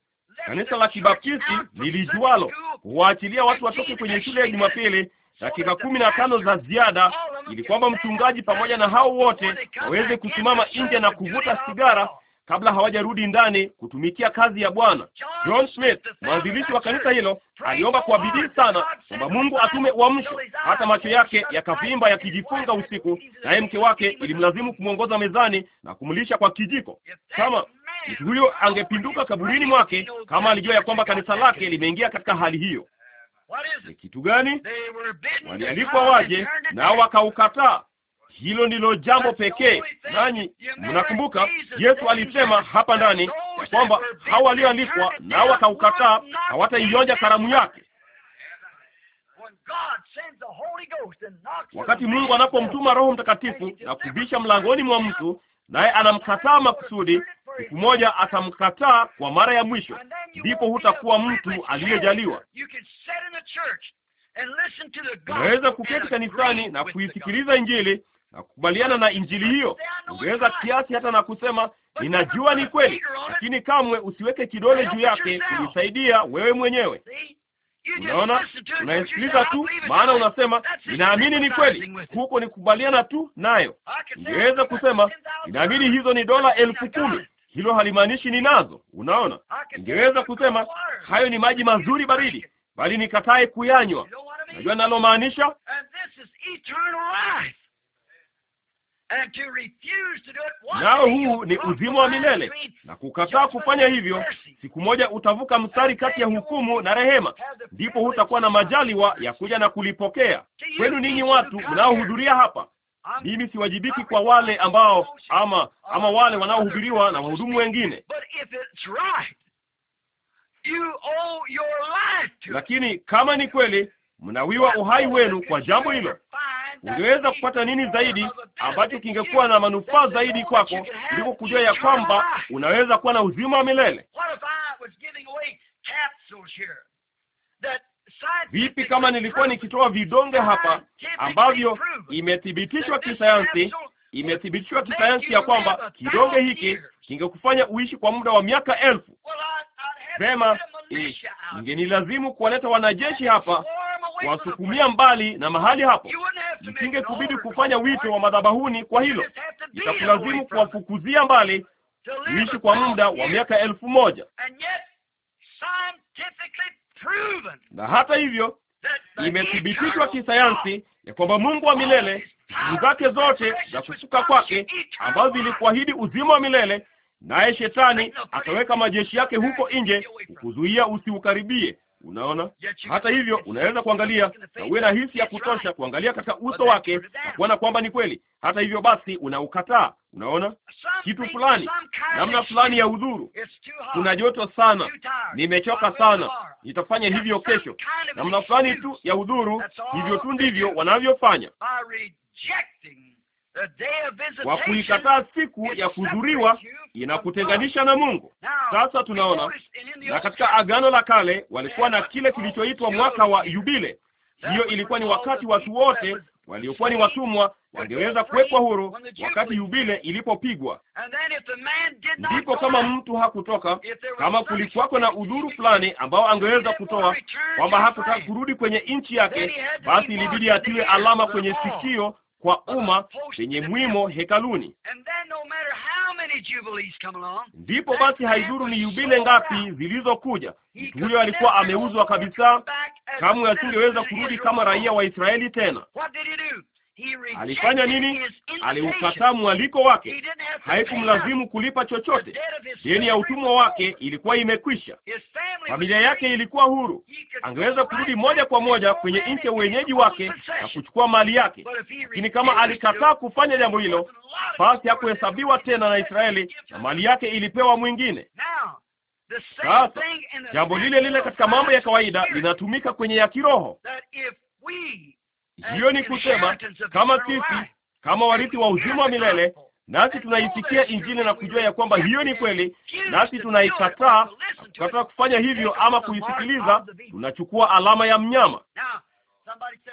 kanisa la Kibaptisti lilijualo, huwaachilia watu watoke kwenye shule ya Jumapili dakika kumi na tano za ziada ili kwamba mchungaji pamoja na hao wote waweze kusimama nje na kuvuta sigara kabla hawajarudi ndani kutumikia kazi ya Bwana. John Smith, mwanzilishi wa kanisa hilo, aliomba kwa bidii sana kwamba Mungu atume uamsho, hata macho yake yakavimba yakijifunga usiku, naye mke wake ilimlazimu kumwongoza mezani na kumlisha kwa kijiko. Kama mtu huyo angepinduka kaburini mwake kama alijua ya kwamba kanisa lake limeingia katika hali hiyo. Ni kitu gani? Walialikwa waje nao wakaukataa. Hilo ndilo jambo pekee. Nanyi mnakumbuka Yesu alisema hapa ndani ya kwamba hao walioandikwa nao wakaukataa hawataionja karamu yake. Wakati Mungu anapomtuma Roho Mtakatifu na kubisha mlangoni mwa mtu, naye anamkataa makusudi, siku moja atamkataa kwa mara ya mwisho, ndipo hutakuwa mtu aliyejaliwa. Unaweza kuketi kanisani na kuisikiliza Injili na kukubaliana na injili hiyo, ungeweza kiasi hata na kusema ninajua ni kweli, lakini kamwe usiweke kidole juu yake kunisaidia wewe mwenyewe. Unaona, unaisikiliza tu, maana unasema ninaamini ni kweli, huko ni kukubaliana tu nayo. Ungeweza kusema ninaamini hizo ni dola elfu kumi hilo halimaanishi ninazo. Unaona, ningeweza kusema hayo ni maji mazuri baridi, bali nikatae kuyanywa. Unajua nalomaanisha? nao huu ni uzima wa milele, na kukataa kufanya hivyo, siku moja utavuka mstari kati ya hukumu na rehema, ndipo hutakuwa na majaliwa ya kuja na kulipokea. Kwenu ninyi watu mnaohudhuria hapa, mimi siwajibiki kwa wale ambao ama ama wale wanaohubiriwa na wahudumu wengine Lakini kama ni kweli mnawiwa uhai wenu kwa jambo hilo, ungeweza kupata nini zaidi ambacho kingekuwa na manufaa zaidi kwako kuliko kujua ya kwamba unaweza kuwa na uzima wa milele? Vipi kama nilikuwa nikitoa vidonge hapa ambavyo imethibitishwa kisayansi, imethibitishwa kisayansi ya kwamba kidonge hiki kingekufanya uishi kwa muda wa miaka elfu? Vema, e, ingenilazimu kuwaleta wanajeshi hapa wasukumia mbali na mahali hapo msinge kubidi kufanya wito wa madhabahuni kwa hilo, itakulazimu kuwafukuzia mbali kuishi kwa muda wa miaka elfu moja na hata hivyo imethibitishwa kisayansi ya kwamba Mungu wa milele siku zake zote za kushuka kwake ambazo zilikuahidi uzima wa milele, naye shetani ataweka majeshi yake huko nje kukuzuia usiukaribie. Unaona, hata hivyo unaweza kuangalia na uwe na hisi ya kutosha kuangalia katika uso wake na kuona kwamba ni kweli. Hata hivyo basi unaukataa. Unaona, kitu fulani, namna fulani ya udhuru. Kuna joto sana, nimechoka sana, nitafanya hivyo kesho. Namna fulani tu ya udhuru, hivyo tu ndivyo wanavyofanya. Kwa kuikataa siku ya kudhuriwa inakutenganisha na Mungu. Sasa tunaona na katika Agano la Kale walikuwa na kile kilichoitwa mwaka wa Yubile. Hiyo ilikuwa ni wakati watu wote waliokuwa ni watumwa wangeweza kuwekwa huru wakati yubile ilipopigwa. Ndipo kama mtu hakutoka, kama kulikuwako na udhuru fulani ambao angeweza kutoa kwamba hakutaka kurudi kwenye nchi yake, basi ilibidi atiwe alama kwenye sikio kwa umma zenye mwimo hekaluni. Ndipo basi, haidhuru ni yubile ngapi zilizokuja, mtu huyo alikuwa ameuzwa kabisa, kamwe asingeweza kurudi kama raia wa Israeli tena. Alifanya nini? Aliukataa mwaliko wake. Haikumlazimu kulipa chochote. Deni ya utumwa wake ilikuwa imekwisha. Familia yake ilikuwa huru, angeweza kurudi moja kwa moja kwenye nchi ya uwenyeji wake na kuchukua mali yake. Lakini kama alikataa kufanya jambo hilo, basi hakuhesabiwa tena na Israeli na mali yake ilipewa mwingine. Sasa jambo lile lile katika mambo ya kawaida linatumika kwenye ya kiroho hiyo ni kusema kama sisi kama warithi wa uzima wa milele nasi tunaisikia Injili na kujua ya kwamba hiyo ni kweli, nasi tunaikataa kukataa kufanya hivyo ama kuisikiliza, tunachukua alama ya mnyama.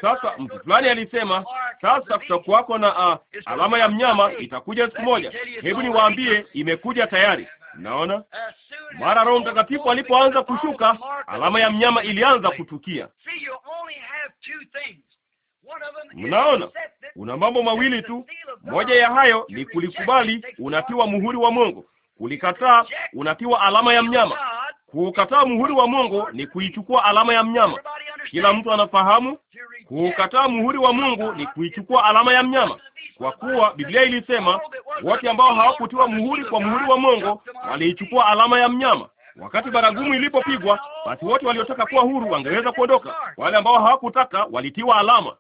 Sasa mtu fulani alisema, sasa kutakuwako na uh, alama ya mnyama itakuja siku moja. Hebu niwaambie, imekuja tayari. Naona mara Roho Mtakatifu alipoanza kushuka, alama ya mnyama ilianza kutukia. Mnaona, una mambo mawili tu. Moja ya hayo ni kulikubali, unatiwa muhuri wa Mungu. Kulikataa, unatiwa alama ya mnyama. Kuukataa muhuri wa Mungu ni kuichukua alama ya mnyama. Kila mtu anafahamu, kuukataa muhuri wa Mungu ni kuichukua alama ya mnyama, kwa kuwa Biblia ilisema wote ambao hawakutiwa muhuri kwa muhuri wa Mungu waliichukua alama ya mnyama. Wakati baragumu ilipopigwa, basi wote waliotaka kuwa huru wangeweza kuondoka. Wale ambao hawakutaka walitiwa alama.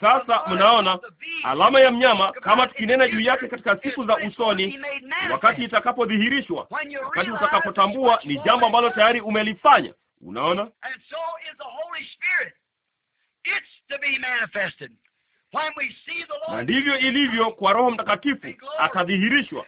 Sasa mnaona alama ya mnyama, kama tukinena juu yake katika siku za usoni, wakati itakapodhihirishwa, wakati utakapotambua ni jambo ambalo tayari umelifanya. Unaona na ndivyo ilivyo kwa Roho Mtakatifu akadhihirishwa.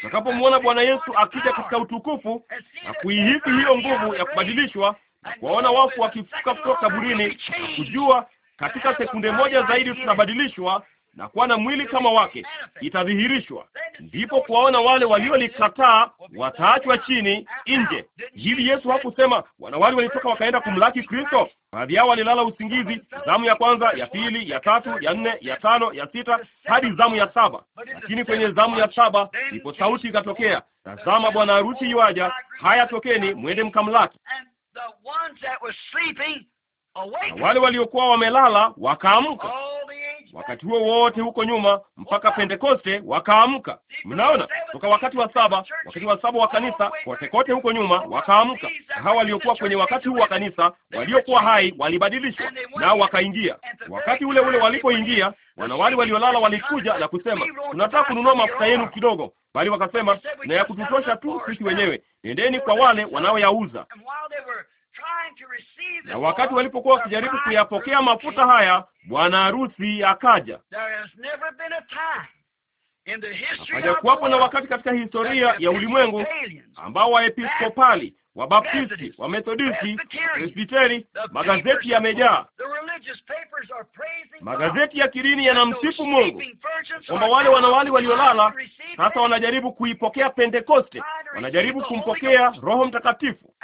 Utakapomwona Bwana Yesu akija katika utukufu na kuihisi hiyo nguvu ya kubadilishwa, na kuwaona wafu wakifuka kutoka kaburini, kujua katika sekunde moja zaidi tutabadilishwa na kuwa na mwili kama wake, itadhihirishwa. Ndipo kuwaona wale waliolikataa wataachwa chini nje. Hili Yesu hakusema wanawali walitoka wakaenda kumlaki Kristo. Baadhi yao walilala usingizi, zamu ya kwanza, ya pili, ya tatu, ya nne, ya tano, ya sita hadi zamu ya saba. Lakini kwenye zamu ya saba ndipo sauti ikatokea, tazama, bwana harusi yuaja, haya tokeni, mwende mkamlaki. Na wale waliokuwa wamelala wakaamka. Wakati huo wote huko nyuma mpaka Pentekoste wakaamka. Mnaona, toka wakati wa saba, wakati wa saba wa kanisa kote kote huko nyuma wakaamka, hawa waliokuwa kwenye wakati huu wa kanisa waliokuwa hai walibadilishwa, nao wakaingia. Wakati ule ule walipoingia, wanawali waliolala walikuja na kusema, tunataka kununua mafuta yenu kidogo, bali wakasema, na ya kututosha tu sisi wenyewe, nendeni kwa wale wanaoyauza na wakati walipokuwa wakijaribu kuyapokea mafuta haya bwana harusi akaja. Hajakuwapo na wakati katika historia ya ulimwengu ambao Waepiskopali, Wabaptisti, Wamethodisti, Presbiteri, magazeti yamejaa. Magazeti ya kidini yanamsifu Mungu kwamba wale wanawali waliolala sasa wanajaribu kuipokea Pentekoste, wanajaribu kumpokea Roho Mtakatifu.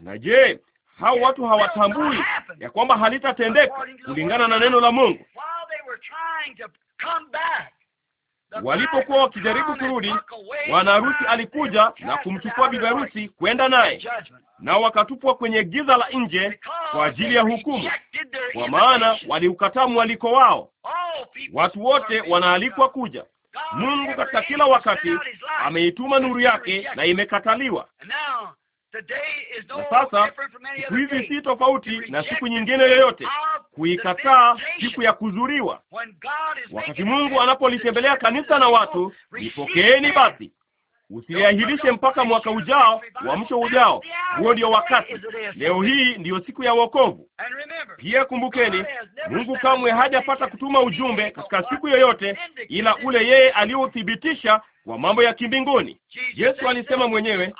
Na je, hao watu hawatambui ya kwamba halitatendeka kulingana na neno la Mungu. Walipokuwa wakijaribu kurudi, bwana harusi alikuja na kumchukua bibi harusi kwenda naye, nao wakatupwa kwenye giza la nje kwa ajili ya hukumu, kwa maana waliukataa mwaliko wao. Watu wote wanaalikwa kuja. Mungu katika kila wakati ameituma nuru yake na imekataliwa. Na sasa siku hizi si tofauti na siku nyingine yoyote, kuikataa siku ya kuzuriwa. Wakati Mungu anapolitembelea kanisa na watu, oh, ipokeeni basi Usiliahirishe mpaka mwaka ujao wa msho ujao, huo ndio wakati. Leo hii ndiyo siku ya wokovu. Pia kumbukeni, Mungu kamwe hajapata kutuma ujumbe katika siku yoyote ila ule yeye aliyouthibitisha kwa mambo ya kimbinguni. Yesu alisema mwenyewe,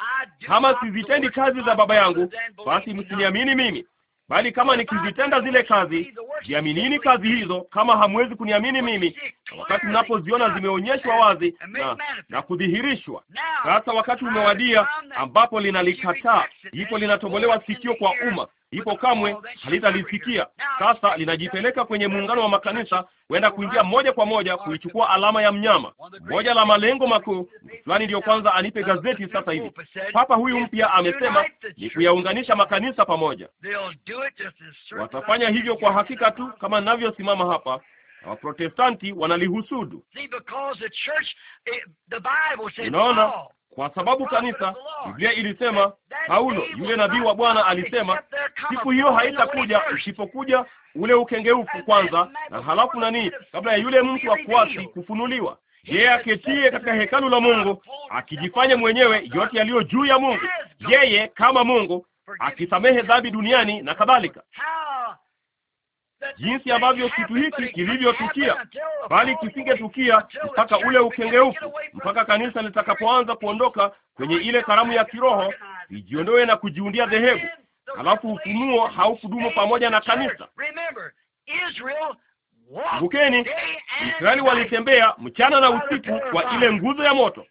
kama sizitendi kazi za Baba yangu, basi msiniamini mimi, bali kama nikizitenda zile kazi, jiaminini kazi hizo, kama hamwezi kuniamini mimi, na wakati mnapoziona zimeonyeshwa wazi na, na kudhihirishwa. Sasa wakati umewadia ambapo linalikataa, ndipo linatobolewa sikio kwa umma, ipo kamwe halitalisikia. Sasa linajipeleka kwenye muungano wa makanisa, huenda kuingia moja kwa moja kuichukua alama ya mnyama. Moja la malengo makuu fulani, ndiyo kwanza anipe gazeti sasa hivi. Papa huyu mpya amesema ni kuyaunganisha makanisa pamoja. Watafanya hivyo kwa hakika tu, kama ninavyosimama hapa na Waprotestanti wanalihusudu. Unaona, kwa sababu kanisa, Biblia ilisema, Paulo yule nabii wa Bwana alisema, siku hiyo haitakuja usipokuja ule ukengeufu kwanza, na halafu nani, kabla ya yule mtu wa kuasi kufunuliwa, yeye aketie katika hekalu la Mungu, akijifanya mwenyewe yote yaliyo juu ya Mungu, yeye kama Mungu, akisamehe dhambi duniani na kadhalika jinsi ambavyo kitu hiki kilivyotukia, bali kisingetukia mpaka ule ukengeufu, mpaka kanisa litakapoanza kuondoka kwenye ile karamu ya kiroho, ijiondoe na kujiundia dhehebu, alafu ufunuo haukudumu pamoja na kanisa. Kumbukeni, Israeli walitembea mchana na usiku kwa ile nguzo ya moto.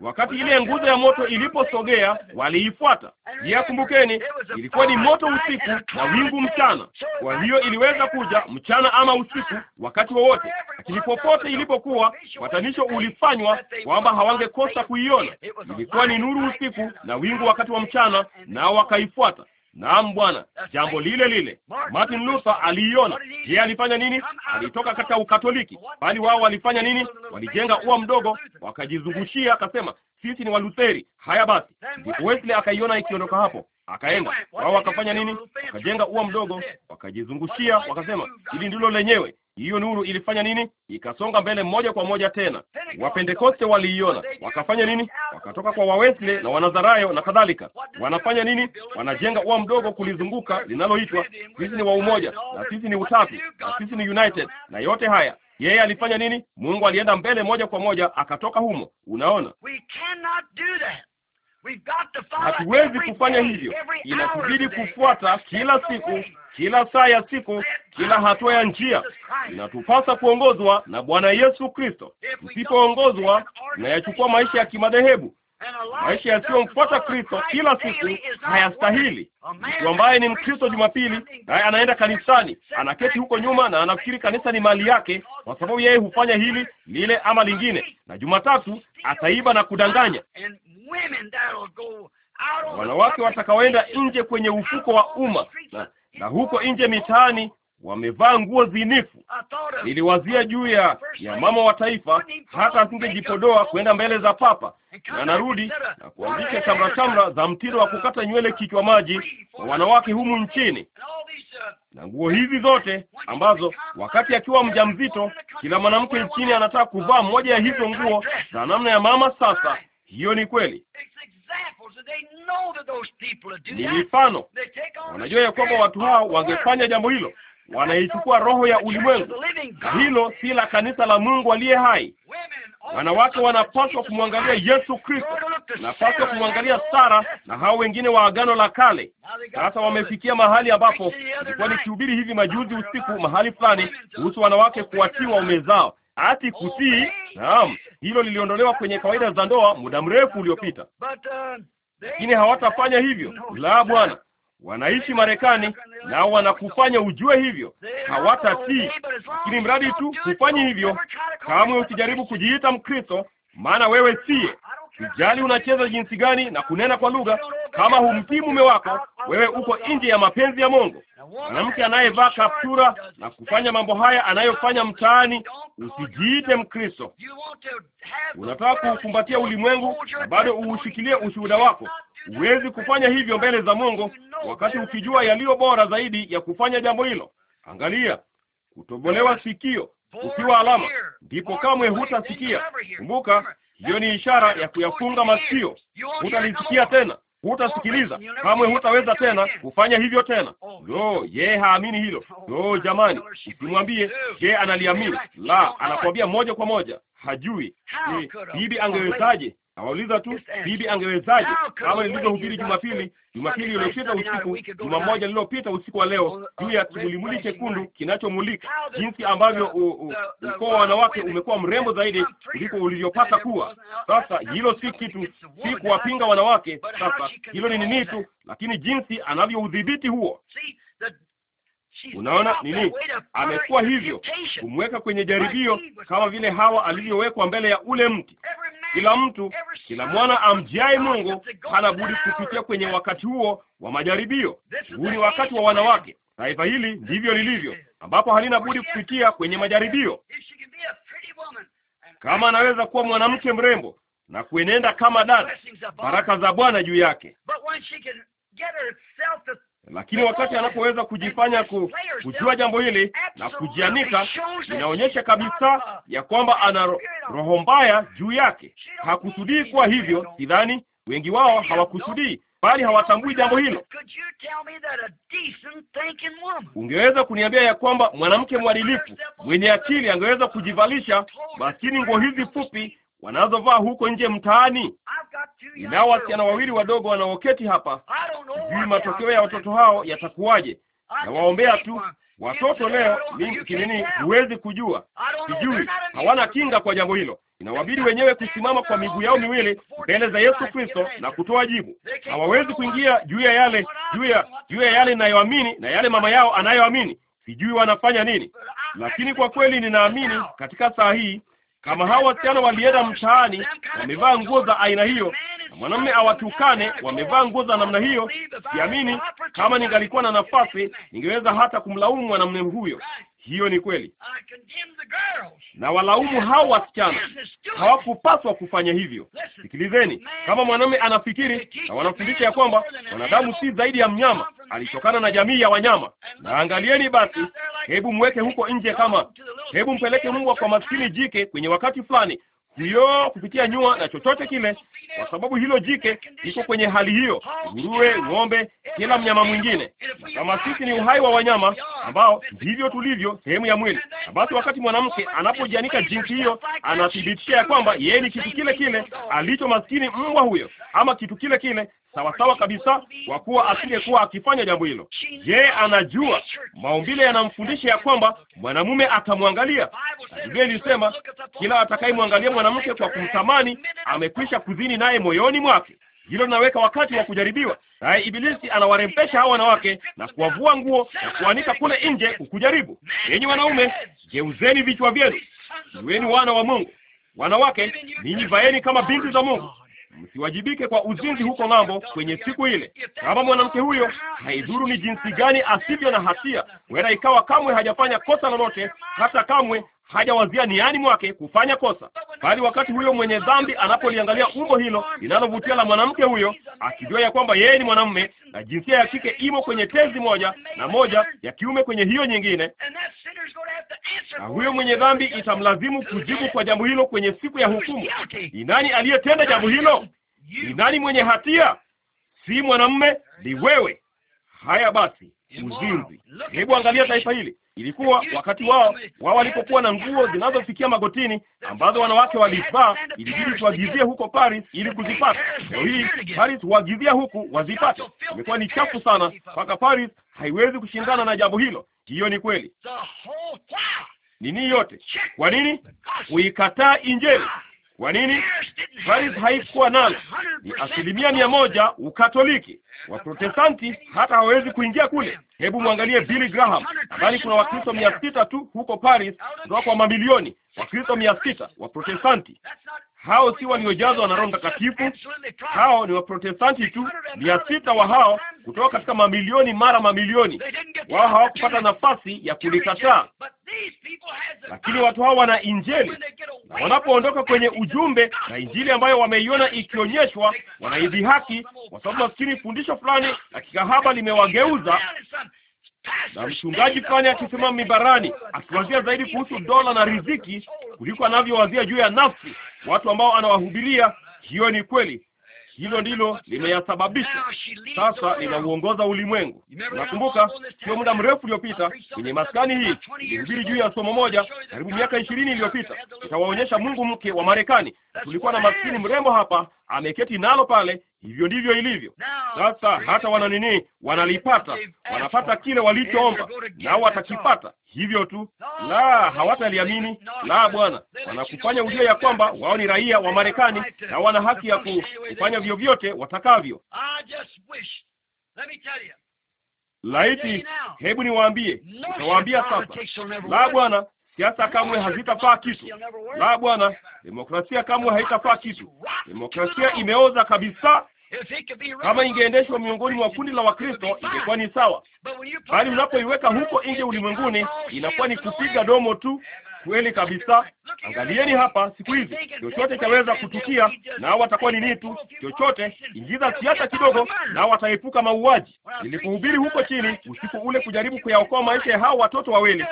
Wakati ile nguzo ya moto iliposogea, waliifuata. Je, kumbukeni, ilikuwa ni moto usiku na wingu mchana, kwa hiyo iliweza kuja mchana ama usiku, wakati wowote. Lakini popote ilipokuwa, watanisho ulifanywa kwamba hawangekosa kuiona. Ilikuwa ni nuru usiku na wingu wakati wa mchana, nao wakaifuata. Naam Bwana, jambo lile lile Martin Luther aliiona. Yeye alifanya nini? Alitoka katika Ukatoliki, bali wao walifanya nini? Walijenga ua mdogo, wakajizungushia, akasema sisi ni Walutheri. Haya basi, ndipo Wesley akaiona ikiondoka hapo, akaenda. Wao wakafanya nini? Wakajenga ua mdogo, wakajizungushia, wakasema hili ndilo lenyewe, hiyo nuru ilifanya nini? Ikasonga mbele moja kwa moja tena. Wapentekoste waliiona, wakafanya nini? Wakatoka kwa wawesle na Wanazarayo na kadhalika. Wanafanya nini? Wanajenga ua mdogo kulizunguka linaloitwa sisi ni wa umoja na sisi ni utatu na sisi ni united na yote haya yeye alifanya nini? Mungu alienda mbele moja kwa moja akatoka humo. Unaona, hatuwezi kufanya hivyo, inatubidi kufuata kila siku kila saa ya siku, kila hatua ya njia. Inatupasa kuongozwa na Bwana Yesu Kristo. Usipoongozwa nayachukua maisha ya kimadhehebu, maisha yasiyomfuata Kristo kila siku hayastahili. Mtu ambaye ni Mkristo Jumapili, naye anaenda kanisani, anaketi huko nyuma na anafikiri kanisa ni mali yake, kwa sababu yeye hufanya hili lile ama lingine, na Jumatatu ataiba na kudanganya. Wanawake watakaoenda nje kwenye ufuko wa umma na na huko nje mitaani wamevaa nguo zinifu. Niliwazia juu ya ya mama wa taifa, hata asingejipodoa kwenda mbele za papa, na narudi na kuanzisha chamra chamra za mtindo wa kukata nywele kichwa maji kwa wanawake humu nchini, uh, na nguo hizi zote ambazo wakati akiwa mjamzito kila mwanamke nchini anataka kuvaa moja ya hizo nguo za namna ya mama. Sasa hiyo ni kweli, ni mifano. Wanajua ya kwamba watu hao wangefanya jambo hilo, wanaichukua roho ya ulimwengu, na hilo si la kanisa la Mungu aliye hai. Wanawake wanapaswa kumwangalia Yesu Kristo, wanapaswa kumwangalia Sara na hao wengine wa Agano la Kale. Sasa wamefikia mahali ambapo nilikuwa nikihubiri hivi majuzi usiku mahali fulani kuhusu wanawake kuwatiwa umezao ati kutii. Naam, hilo liliondolewa kwenye kawaida za ndoa muda mrefu uliopita, lakini hawatafanya hivyo. La, bwana, wanaishi Marekani na wanakufanya ujue hivyo. Hawatatii, lakini mradi tu hufanyi hivyo, kamwe usijaribu kujiita Mkristo, maana wewe siye. Sijali unacheza jinsi gani na kunena kwa lugha, kama humtii mume wako wewe uko nje ya mapenzi ya Mungu. Mwanamke anayevaa kaptura na kufanya mambo haya anayofanya mtaani, usijiite Mkristo. Unataka kuukumbatia ulimwengu na bado uushikilie ushuhuda wako. Huwezi kufanya hivyo mbele za Mungu, wakati ukijua yaliyo bora zaidi ya kufanya jambo hilo. Angalia, kutobolewa sikio ukiwa alama, ndipo kamwe hutasikia. Kumbuka, hiyo ni ishara ya kuyafunga masikio, hutalisikia tena hutasikiliza kamwe, hutaweza tena kufanya hivyo tena. Lo, ye haamini hilo. Lo, jamani, usimwambie. Je, analiamini? La, anakuambia moja kwa moja hajui. bibi angewezaje? Nawauliza tu, bibi angewezaje? Kama nilivyohubiri Jumapili, Jumapili iliyopita usiku, juma moja lililopita usiku wa leo, juu ya kimulimuli chekundu kinachomulika, jinsi ambavyo ukoo wa wanawake umekuwa mrembo zaidi kuliko ulivyopata kuwa. Sasa hilo si kitu, si kuwapinga wanawake. Sasa hilo ni nini tu, lakini jinsi anavyoudhibiti huo Unaona nini? Amekuwa hivyo kumweka kwenye jaribio, kama vile Hawa alivyowekwa mbele ya ule mti. Kila mtu, kila mwana amjai Mungu hana budi kupitia kwenye wakati huo wa majaribio. Huu ni wakati wa wanawake. Taifa hili ndivyo lilivyo, ambapo halina budi kupitia kwenye majaribio. Kama anaweza kuwa mwanamke mrembo na kuenenda kama dada, baraka za Bwana juu yake lakini wakati anapoweza kujifanya ku, kujua jambo hili na kujianika, inaonyesha kabisa ya kwamba ana roho mbaya juu yake. Hakusudii kuwa hivyo, sidhani wengi wao hawakusudii, bali hawatambui jambo hilo. Ungeweza kuniambia ya kwamba mwanamke mwadilifu mwenye akili angeweza kujivalisha maskini nguo hizi fupi wanazovaa huko nje mtaani. Ninao wasichana wawili wadogo wanaoketi hapa, sijui matokeo ya watoto hao yatakuwaje. Nawaombea tu watoto leo kinini, huwezi kujua, sijui, hawana kinga kwa jambo hilo. Inawabidi wenyewe kusimama kwa miguu yao miwili mbele za Yesu Kristo na kutoa jibu. Hawawezi kuingia juu ya yale juu ya juu ya yale inayoamini na yale mama yao anayoamini. Sijui wanafanya nini, lakini kwa kweli ninaamini katika saa hii kama hao wasichana walienda mtaani wamevaa nguo za aina hiyo na mwanamume awatukane wamevaa nguo za namna hiyo, siamini kama ningalikuwa na nafasi ningeweza hata kumlaumu mwanamume huyo. Hiyo ni kweli. Na walaumu hao wasichana, hawakupaswa kufanya hivyo. Sikilizeni, kama mwanamume anafikiri na wanafundisha ya kwamba mwanadamu si zaidi ya mnyama, alitokana na jamii ya wanyama. Na angalieni basi, hebu mweke huko nje, kama hebu mpeleke mbwa kwa maskini jike kwenye wakati fulani, vioo kupitia nyua na chochote kile, kwa sababu hilo jike liko kwenye hali hiyo, nguruwe, ng'ombe, kila mnyama mwingine. Na kama sisi ni uhai wa wanyama ambao ndivyo tulivyo sehemu ya mwili, na basi wakati mwanamke anapojianika jinsi hiyo, anathibitisha ya kwamba yeye ni kitu kile kile alicho maskini mbwa huyo, ama kitu kile kile sawasawa kabisa, kwa kuwa asingekuwa akifanya jambo hilo. Je, anajua maumbile yanamfundisha ya kwamba mwanamume atamwangalia? Biblia ilisema kila atakayemwangalia mwanamke kwa kumtamani, amekwisha kuzini naye moyoni mwake. Hilo linaweka wakati wa kujaribiwa, naye Ibilisi anawarembesha hao wanawake na kuwavua nguo na kuanika kule nje kukujaribu. Yenyi wanaume, geuzeni vichwa vyenu, iweni wana wa Mungu. Wanawake, ninyi vaeni kama binti za Mungu, msiwajibike kwa uzinzi huko ng'ambo kwenye siku ile. Kama mwanamke huyo, haidhuru ni jinsi gani asivyo na hatia, wala ikawa kamwe hajafanya kosa lolote, hata kamwe hajawazia niani mwake kufanya kosa, bali wakati huyo mwenye dhambi anapoliangalia umbo hilo linalovutia la mwanamke huyo, akijua ya kwamba yeye ni mwanamume na jinsia ya kike imo kwenye tezi moja na moja ya kiume kwenye hiyo nyingine, na huyo mwenye dhambi itamlazimu kujibu kwa jambo hilo kwenye siku ya hukumu. Ni nani aliyetenda jambo hilo? Ni nani mwenye hatia? Si mwanamume, ni wewe. Haya basi, uzinzi. Hebu angalia taifa hili Ilikuwa wakati wao wao walipokuwa na nguo zinazofikia magotini ambazo wanawake walivaa, ilibidi tuagizie huko Paris ili kuzipata. Leo hii Paris huagizia huku wazipate. Imekuwa ni chafu sana mpaka Paris haiwezi kushindana na jambo hilo. Hiyo ni kweli nini yote. Kwa nini kuikataa Injili? Kwa nini? Paris haikuwa nalo. Ni asilimia mia moja Ukatoliki. Waprotestanti hata hawawezi kuingia kule. Hebu mwangalie Billy Graham. Nadhani kuna Wakristo mia sita tu huko Paris, kutoka kwa mamilioni Wakristo mia sita Waprotestanti. Hao si waliojazwa na Roho Mtakatifu, hao ni Waprotestanti tu. Mia sita wa hao kutoka katika mamilioni mara mamilioni, wao hawakupata nafasi ya kulikataa, lakini watu hao wana Injili na wanapoondoka kwenye ujumbe na injili ambayo wameiona ikionyeshwa, wanaidhihaki kwa sababu nafikiri fundisho fulani la kikahaba limewageuza na mchungaji fulani akisema mibarani akiwazia zaidi kuhusu dola na riziki kuliko anavyowazia juu ya nafsi watu ambao anawahubiria. Hiyo ni kweli, hilo ndilo limeyasababisha. Sasa linauongoza ulimwengu. Nakumbuka sio muda mrefu uliopita kwenye maskani hii ilihubiri juu ya somo moja karibu miaka ishirini iliyopita. itawaonyesha Mungu mke wa Marekani. Tulikuwa na maskini mrembo hapa ameketi nalo pale Hivyo ndivyo ilivyo sasa. Hata wana nini, wanalipata, wanapata kile walichoomba, nao watakipata hivyo tu. La, hawataliamini la, Bwana, wanakufanya ujue ya kwamba wao ni raia wa Marekani na wana haki ya kufanya vyovyote watakavyo. Laiti, hebu niwaambie, nitawaambia sasa, la, Bwana, siasa kamwe hazitafaa kitu. La, Bwana, demokrasia kamwe haitafaa kitu. Demokrasia imeoza kabisa. Kama ingeendeshwa miongoni mwa kundi la Wakristo ingekuwa ni sawa, bali unapoiweka huko nje ulimwenguni inakuwa ni kupiga domo tu. Kweli kabisa. Angalieni hapa, siku hizi chochote chaweza kutukia, nao watakuwa ni nitu chochote. Ingiza siasa kidogo, nao wataepuka mauaji. Nilipohubiri huko chini usiku ule, kujaribu kuyaokoa maisha ya hao watoto wawili,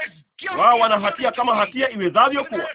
wao wana hatia kama hatia iwezavyo kuwa.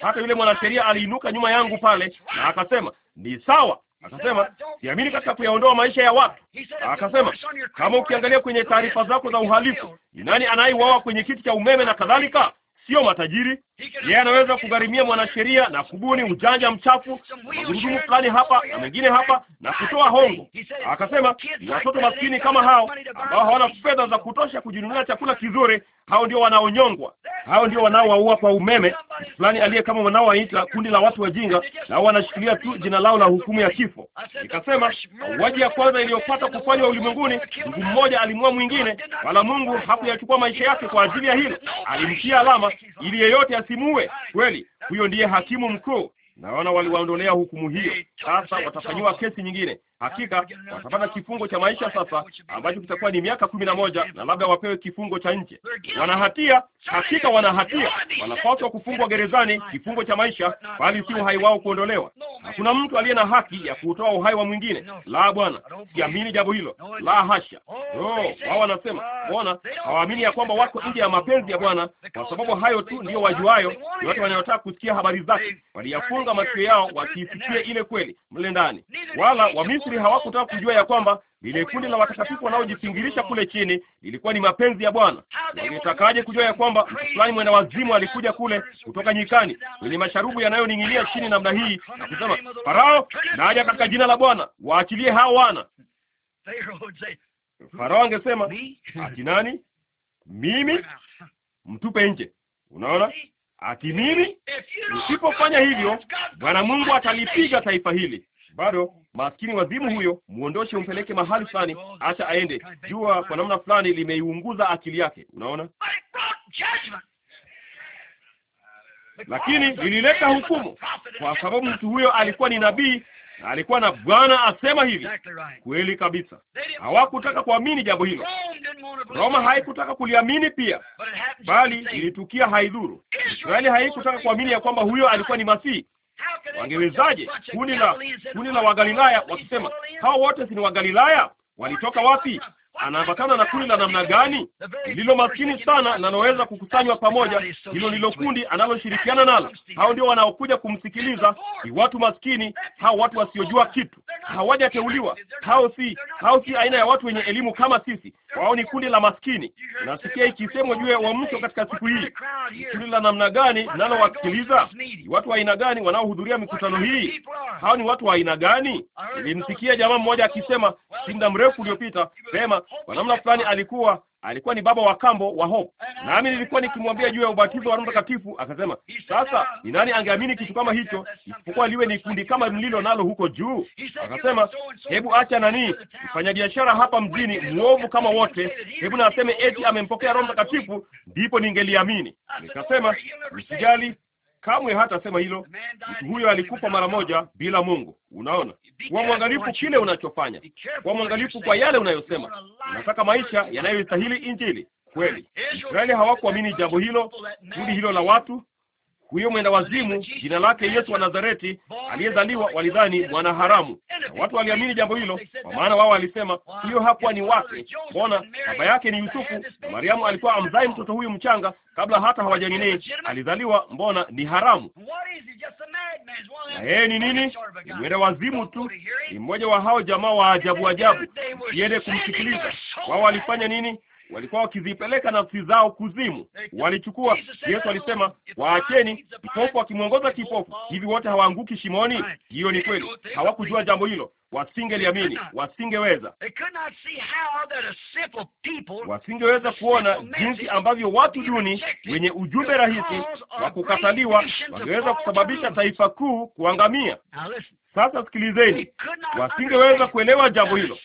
Hata yule mwanasheria aliinuka nyuma yangu pale na akasema, ni sawa Akasema siamini katika kuyaondoa maisha ya watu. Akasema kama ukiangalia kwenye taarifa zako za uhalifu, ni nani anayeuawa kwenye kiti cha umeme na kadhalika, sio matajiri, yeye anaweza kugharimia mwanasheria na kubuni ujanja mchafu, magurudumu fulani hapa na mengine hapa, na kutoa hongo. Akasema ni watoto maskini kama hao ambao hawana fedha za kutosha kujinunulia chakula kizuri, hao ndio wanaonyongwa, hao ndio wanaowaua kwa umeme. Fulani aliye kama wanaowaita kundi la watu wajinga, nao wanashikilia tu jina lao la hukumu ya kifo. Nikasema mauaji ya kwanza iliyopata kufanywa ulimwenguni, mtu mmoja alimua mwingine, wala Mungu hakuyachukua maisha yake kwa ajili ya hilo, alimtia alama ili yeyote wasimue. Kweli huyo ndiye hakimu mkuu. Naona waliwaondolea hukumu hiyo, sasa watafanyiwa kesi nyingine. Hakika watapata kifungo cha maisha sasa, ambacho kitakuwa ni miaka kumi na moja, na labda wapewe kifungo cha nje. Wana hatia, hakika wana hatia, wanapaswa kufungwa gerezani, kifungo cha maisha, bali si uhai wao kuondolewa. Hakuna mtu aliye na haki ya kuutoa uhai wa mwingine. La, Bwana, siamini jambo hilo, la hasha. Oh, wao wanasema, bona hawaamini ya kwamba wako nje ya mapenzi ya Bwana, kwa sababu hayo tu ndio wajuayo, ni watu wanayotaka kusikia habari zake. Waliyafunga masikio yao wakiisikie ile kweli mle ndani, wala wamisi Misri hawakutaka kujua ya kwamba lile kundi la watakatifu wanaojipingirisha kule chini lilikuwa ni mapenzi ya Bwana. Wangetakaje kujua ya kwamba mtu fulani mwenda wazimu alikuja kule kutoka nyikani kwenye masharubu yanayoning'inia chini namna hii na kusema, Farao naja katika jina la Bwana, waachilie hao wana. Farao angesema ati nani? Mimi? Mtupe nje. Unaona? Ati mimi? Usipofanya hivyo Bwana Mungu atalipiga taifa hili bado maskini wazimu huyo, muondoshe, umpeleke mahali fulani, acha aende. Jua kwa namna fulani limeiunguza akili yake, unaona, lakini lilileta hukumu, kwa sababu mtu huyo alikuwa ni nabii na alikuwa na Bwana asema hivi. Kweli kabisa, hawakutaka kuamini jambo hilo. Roma haikutaka kuliamini pia, bali ilitukia haidhuru. Israeli haikutaka kuamini ya kwamba huyo alikuwa ni Masihi, Wangewezaje kundi la kundi la Wagalilaya wakisema hao wote si ni Wagalilaya? Walitoka wapi? anaambatana na kundi la namna gani Lilo maskini sana linaloweza kukusanywa pamoja, hilo ndilo kundi analoshirikiana nalo. Hao ndio wanaokuja kumsikiliza, ni watu maskini hao, watu wasiojua kitu, hawajateuliwa hao, si hao, si aina ya watu wenye elimu kama sisi. Wao ni kundi la maskini. Nasikia ikisemwa juu ya uamsho katika siku hii, kundi la namna gani nalowasikiliza? Ni watu wa aina gani wanaohudhuria mikutano hii? Hao ni watu wa aina gani? Nilimsikia jamaa mmoja akisema si muda mrefu uliopita, sema kwa namna fulani alikuwa alikuwa ni baba wa kambo wa Hope, nami nilikuwa nikimwambia juu ya ubatizo wa Roho Mtakatifu. Akasema, sasa ni nani angeamini kitu kama hicho isipokuwa liwe ni kundi kama mlilo nalo huko juu? Akasema, hebu acha nani mfanyabiashara hapa mjini mwovu kama wote, hebu na aseme eti amempokea Roho Mtakatifu, ndipo ningeliamini. Nikasema, msijali, Kamwe hatasema hilo. Mtu huyo alikufa mara moja bila Mungu. Unaona, kuwa mwangalifu kile unachofanya, kwa mwangalifu kwa yale unayosema. Unataka maisha yanayostahili Injili. Kweli Israeli hawakuamini jambo hilo, kundi hilo la watu huyo mwenda wazimu jina lake Yesu wa Nazareti aliyezaliwa, walidhani mwana haramu, na watu waliamini jambo hilo, kwa maana wao walisema hiyo hakuwa ni wake. Mbona baba yake ni Yusufu na Mariamu alikuwa amzai mtoto huyu mchanga kabla hata hawajaninii, alizaliwa, mbona ni haramu? Na yeye ni nini? Ni mwenda wazimu tu, ni mmoja wa hao jamaa wa ajabu ajabu. Siende kumsikiliza wao. Walifanya nini? walikuwa wakizipeleka nafsi zao kuzimu, walichukua. Yesu alisema waacheni, kipofu akimwongoza kipofu, hivi wote hawaanguki shimoni? Hiyo ni kweli. Hawakujua jambo hilo, wasingeliamini, wasingeweza, wasingeweza kuona jinsi ambavyo watu duni wenye ujumbe rahisi wa kukataliwa wangeweza kusababisha taifa kuu kuangamia. Sasa sikilizeni, wasingeweza kuelewa jambo hilo.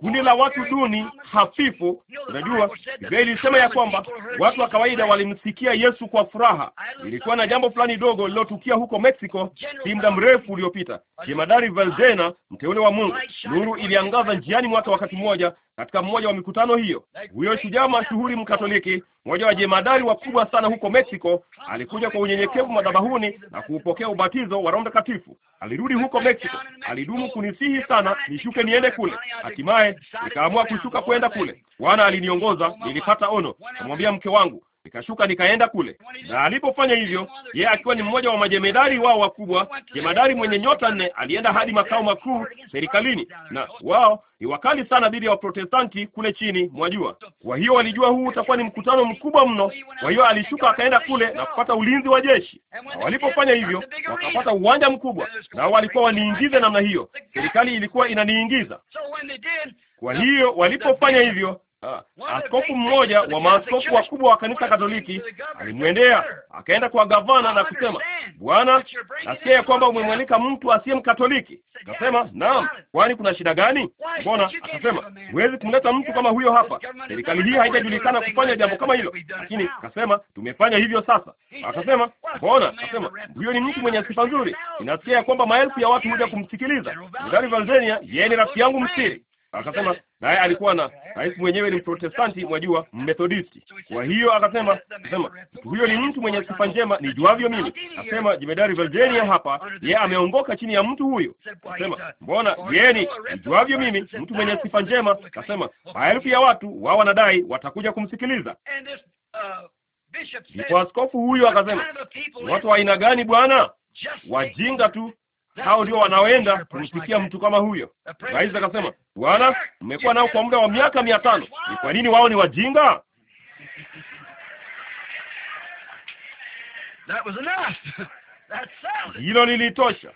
Kundi la watu duni hafifu. Unajua, Biblia ilisema ya kwamba watu wa kawaida walimsikia Yesu kwa furaha. Ilikuwa na jambo fulani dogo lililotukia huko Mexico si muda mrefu uliopita. Jemadari valdena mteule wa Mungu, nuru iliangaza njiani mwake wakati mmoja katika mmoja wa mikutano hiyo. Huyo shujaa mashuhuri Mkatoliki mmoja wa jemadari wakubwa sana huko Mexico alikuja kwa unyenyekevu madhabahuni na kuupokea ubatizo wa Roho Mtakatifu. Alirudi huko Mexico, alidumu kunisihi sana nishuke niende kule. Hatimaye nikaamua kushuka kwenda kule. Bwana aliniongoza, nilipata ono. Namwambia mke wangu nikashuka nikaenda kule, na alipofanya hivyo, yeye akiwa ni mmoja wa majemedari wao wakubwa, jemadari mwenye nyota nne, alienda hadi makao makuu serikalini, na wao ni wakali sana dhidi ya Waprotestanti kule chini, mwajua. Kwa hiyo walijua huu utakuwa ni mkutano mkubwa mno. Kwa hiyo alishuka akaenda kule na kupata ulinzi wa jeshi, na walipofanya hivyo wakapata uwanja mkubwa, na walikuwa waniingize namna hiyo, serikali ilikuwa inaniingiza. Kwa hiyo walipofanya hivyo Uh, askofu mmoja wa maaskofu wakubwa wa kanisa Katoliki alimwendea akaenda kwa gavana na kusema, bwana, nasikia ya kwamba umemwalika mtu asiye Mkatoliki. Akasema, naam, kwani kuna shida gani? Mbona? Akasema, huwezi kumleta mtu kama huyo hapa, serikali hii haijajulikana kufanya jambo kama hilo, lakini akasema, tumefanya hivyo sasa. Akasema, mbona? Akasema, huyo ni mtu mwenye sifa nzuri, inasikia ya kwamba maelfu ya watu huja kumsikiliza. Valzania, yeye ni rafiki yangu msiri Akasema naye alikuwa na rais mwenyewe ni Mprotestanti, mwajua Mmethodisti. Kwa hiyo akasema, akasema mtu huyo ni mtu mwenye sifa njema nijuavyo mimi. Akasema jemedari Virginia hapa, yeye ameongoka chini ya mtu huyo. Akasema mbona yeni, nijuavyo mimi, mtu mwenye sifa njema. Akasema maelfu ya watu wao wanadai watakuja kumsikiliza. Ndipo askofu huyo akasema, watu wa aina gani bwana? Wajinga tu hao ndio wanaoenda kumsikia mtu kama huyo. Rais akasema, Bwana, mmekuwa nao kwa muda wa miaka mia tano, ni kwa nini wao ni wajinga? Hilo lilitosha.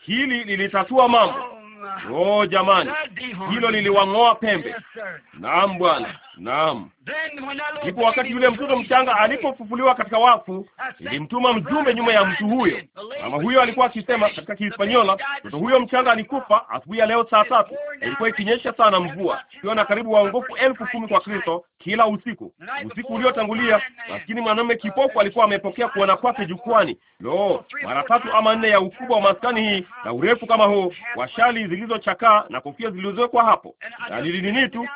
Hili lilitatua mambo. Oh, oh jamani, hilo liliwang'oa pembe. Naam bwana, Naam, ndipo wakati yule mtoto mchanga alipofufuliwa katika wafu, ilimtuma mjumbe nyuma ya mtu huyo. Mama huyo alikuwa akisema katika Kihispaniola, mtoto huyo mchanga alikufa asubuhi ya leo saa tatu. Ilikuwa ikinyesha sana mvua, ikiwa na karibu waongofu elfu kumi kwa Kristo kila usiku. Usiku uliotangulia, maskini mwanamume kipofu alikuwa amepokea kuona kwake jukwani. Lo, mara tatu ama nne ya ukubwa wa maskani hii na urefu kama huo washali zilizochakaa na kofia zilizowekwa hapo, na nilinini tu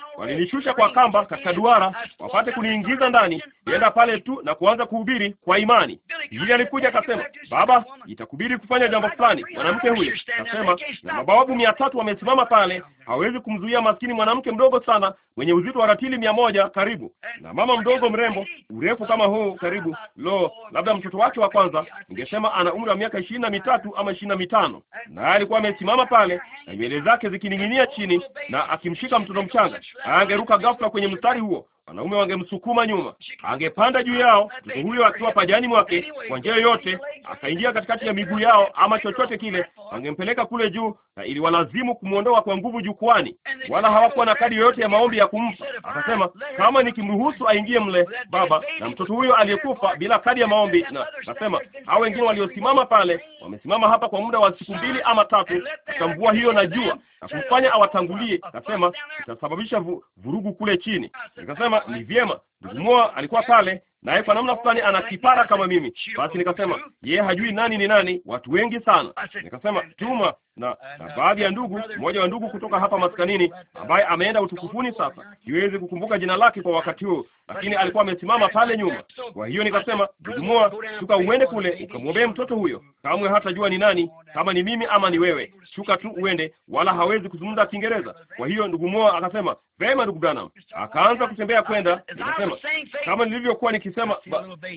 kwa kamba kaskaduara wapate kuniingiza ndani, nienda pale tu na kuanza kuhubiri kwa imani. Yule alikuja akasema, baba, itakubidi kufanya jambo fulani. Mwanamke huyo akasema, na mabawabu mia tatu wamesimama pale, hawezi kumzuia maskini mwanamke mdogo sana mwenye uzito wa ratili mia moja karibu, na mama mdogo mrembo, urefu kama huu karibu, lo, labda mtoto wake wa kwanza, ningesema ana umri wa miaka ishirini na mitatu ama ishirini na mitano naye alikuwa amesimama pale na nywele zake zikining'inia chini na akimshika mtoto mchanga, angeruka ghafla kwenye mstari huo wanaume wangemsukuma nyuma, angepanda juu yao, mtu huyo akiwa pajani mwake kwa njia yoyote, akaingia katikati ya miguu yao ama chochote kile, wangempeleka kule juu, na ili walazimu kumwondoa kwa nguvu jukwani. Wala hawakuwa na kadi yoyote ya maombi ya kumpa. Akasema, kama nikimruhusu aingie mle, baba na mtoto huyo aliyekufa bila kadi ya maombi. Na akasema hao wengine waliosimama pale wamesimama hapa kwa muda wa siku mbili ama tatu, atamvua hiyo na jua na kumfanya awatangulie. Akasema itasababisha vurugu kule chini. Akasema nikasema ni vyema. Ndugu Moa alikuwa pale naye kwa namna fulani ana kipara kama mimi. Basi nikasema yeye hajui nani ni nani, watu wengi sana. Nikasema tuma na, uh, na baadhi ya ndugu, mmoja wa ndugu kutoka hapa maskanini ambaye ameenda utukufuni sasa, siwezi kukumbuka jina lake kwa wakati huo, lakini alikuwa amesimama pale nyuma. Kwa hiyo nikasema, ndugu Moa, shuka uende kule ukamwombee mtoto huyo. Kamwe hatajua ni nani, kama ni mimi ama ni wewe. Shuka tu uende, wala hawezi kuzungumza Kiingereza. Kwa hiyo ndugu Moa akasema, vema ndugu Branham. Akaanza kutembea kwenda, nikasema kama nilivyokuwa nikisema,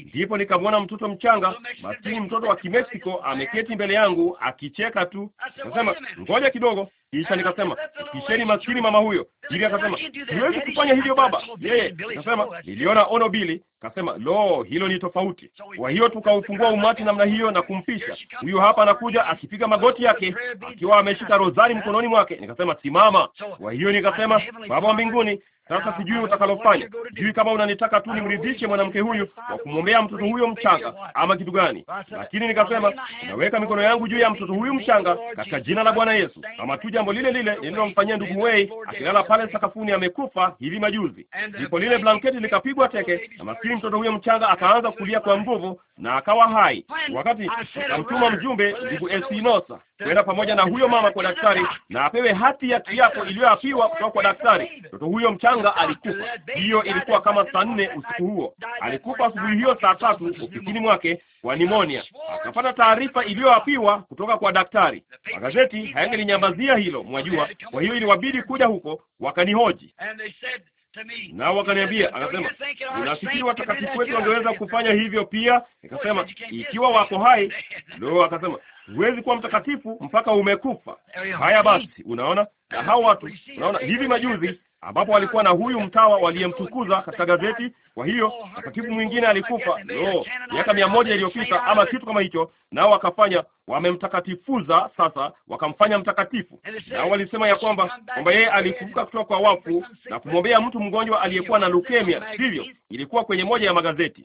ndipo nikamwona mtoto mchanga, maskini mtoto wa Kimeksiko ameketi mbele yangu akicheka tu. Akasema ngoja kidogo, Kisha nikasema kisheni maskini mama huyo. Ili akasema siwezi kufanya hivyo baba. Yeye akasema niliona ono Bili. Kasema lo, hilo ni tofauti. Kwa hiyo tukaufungua umati namna hiyo na kumpisha huyu hapa, anakuja akipiga magoti yake akiwa ameshika rozari mkononi mwake. Nikasema simama. Kwa hiyo nikasema baba wa mbinguni sasa sijui utakalofanya, sijui kama unanitaka tu nimridhishe mwanamke huyu kwa kumwombea mtoto huyo mchanga ama kitu gani, lakini nikasema naweka mikono yangu juu ya mtoto huyu mchanga katika jina la Bwana Yesu, kama tuja jambo lile lile lililomfanyia ndugu Wei akilala pale sakafuni amekufa hivi majuzi. Ndipo lile blanketi likapigwa teke, na maskini mtoto huyo mchanga akaanza kulia kwa nguvu na akawa hai. Wakati akamtuma mjumbe ndugu Esinosa kwenda pamoja na huyo mama kwa daktari na apewe hati ya kiapo iliyoapiwa kutoka kwa daktari. Mtoto huyo mchanga alikufa. Hiyo ilikuwa kama saa nne usiku huo, alikufa asubuhi hiyo saa tatu ofisini mwake kwa nimonia. Akapata taarifa iliyoapiwa kutoka kwa daktari. Magazeti hayangelinyambazia hilo, mwajua. Kwa hiyo iliwabidi kuja huko, wakanihoji na wakaniambia, akasema, unafikiri watakatifu wetu wangeweza kufanya hivyo pia? Nikasema, ikiwa wako hai. Ndio akasema, Huwezi kuwa mtakatifu mpaka umekufa. Haya basi, unaona na hao watu, unaona hivi majuzi ambapo walikuwa na huyu mtawa waliyemtukuza katika gazeti. Kwa hiyo na katibu mwingine alikufa no miaka mia moja iliyopita ama kitu kama hicho, nao wakafanya wamemtakatifuza sasa, wakamfanya mtakatifu. Nao walisema ya kwamba kwamba yeye alifufuka kutoka kwa wafu na kumwombea mtu mgonjwa aliyekuwa na leukemia, sivyo? Ilikuwa kwenye moja ya magazeti.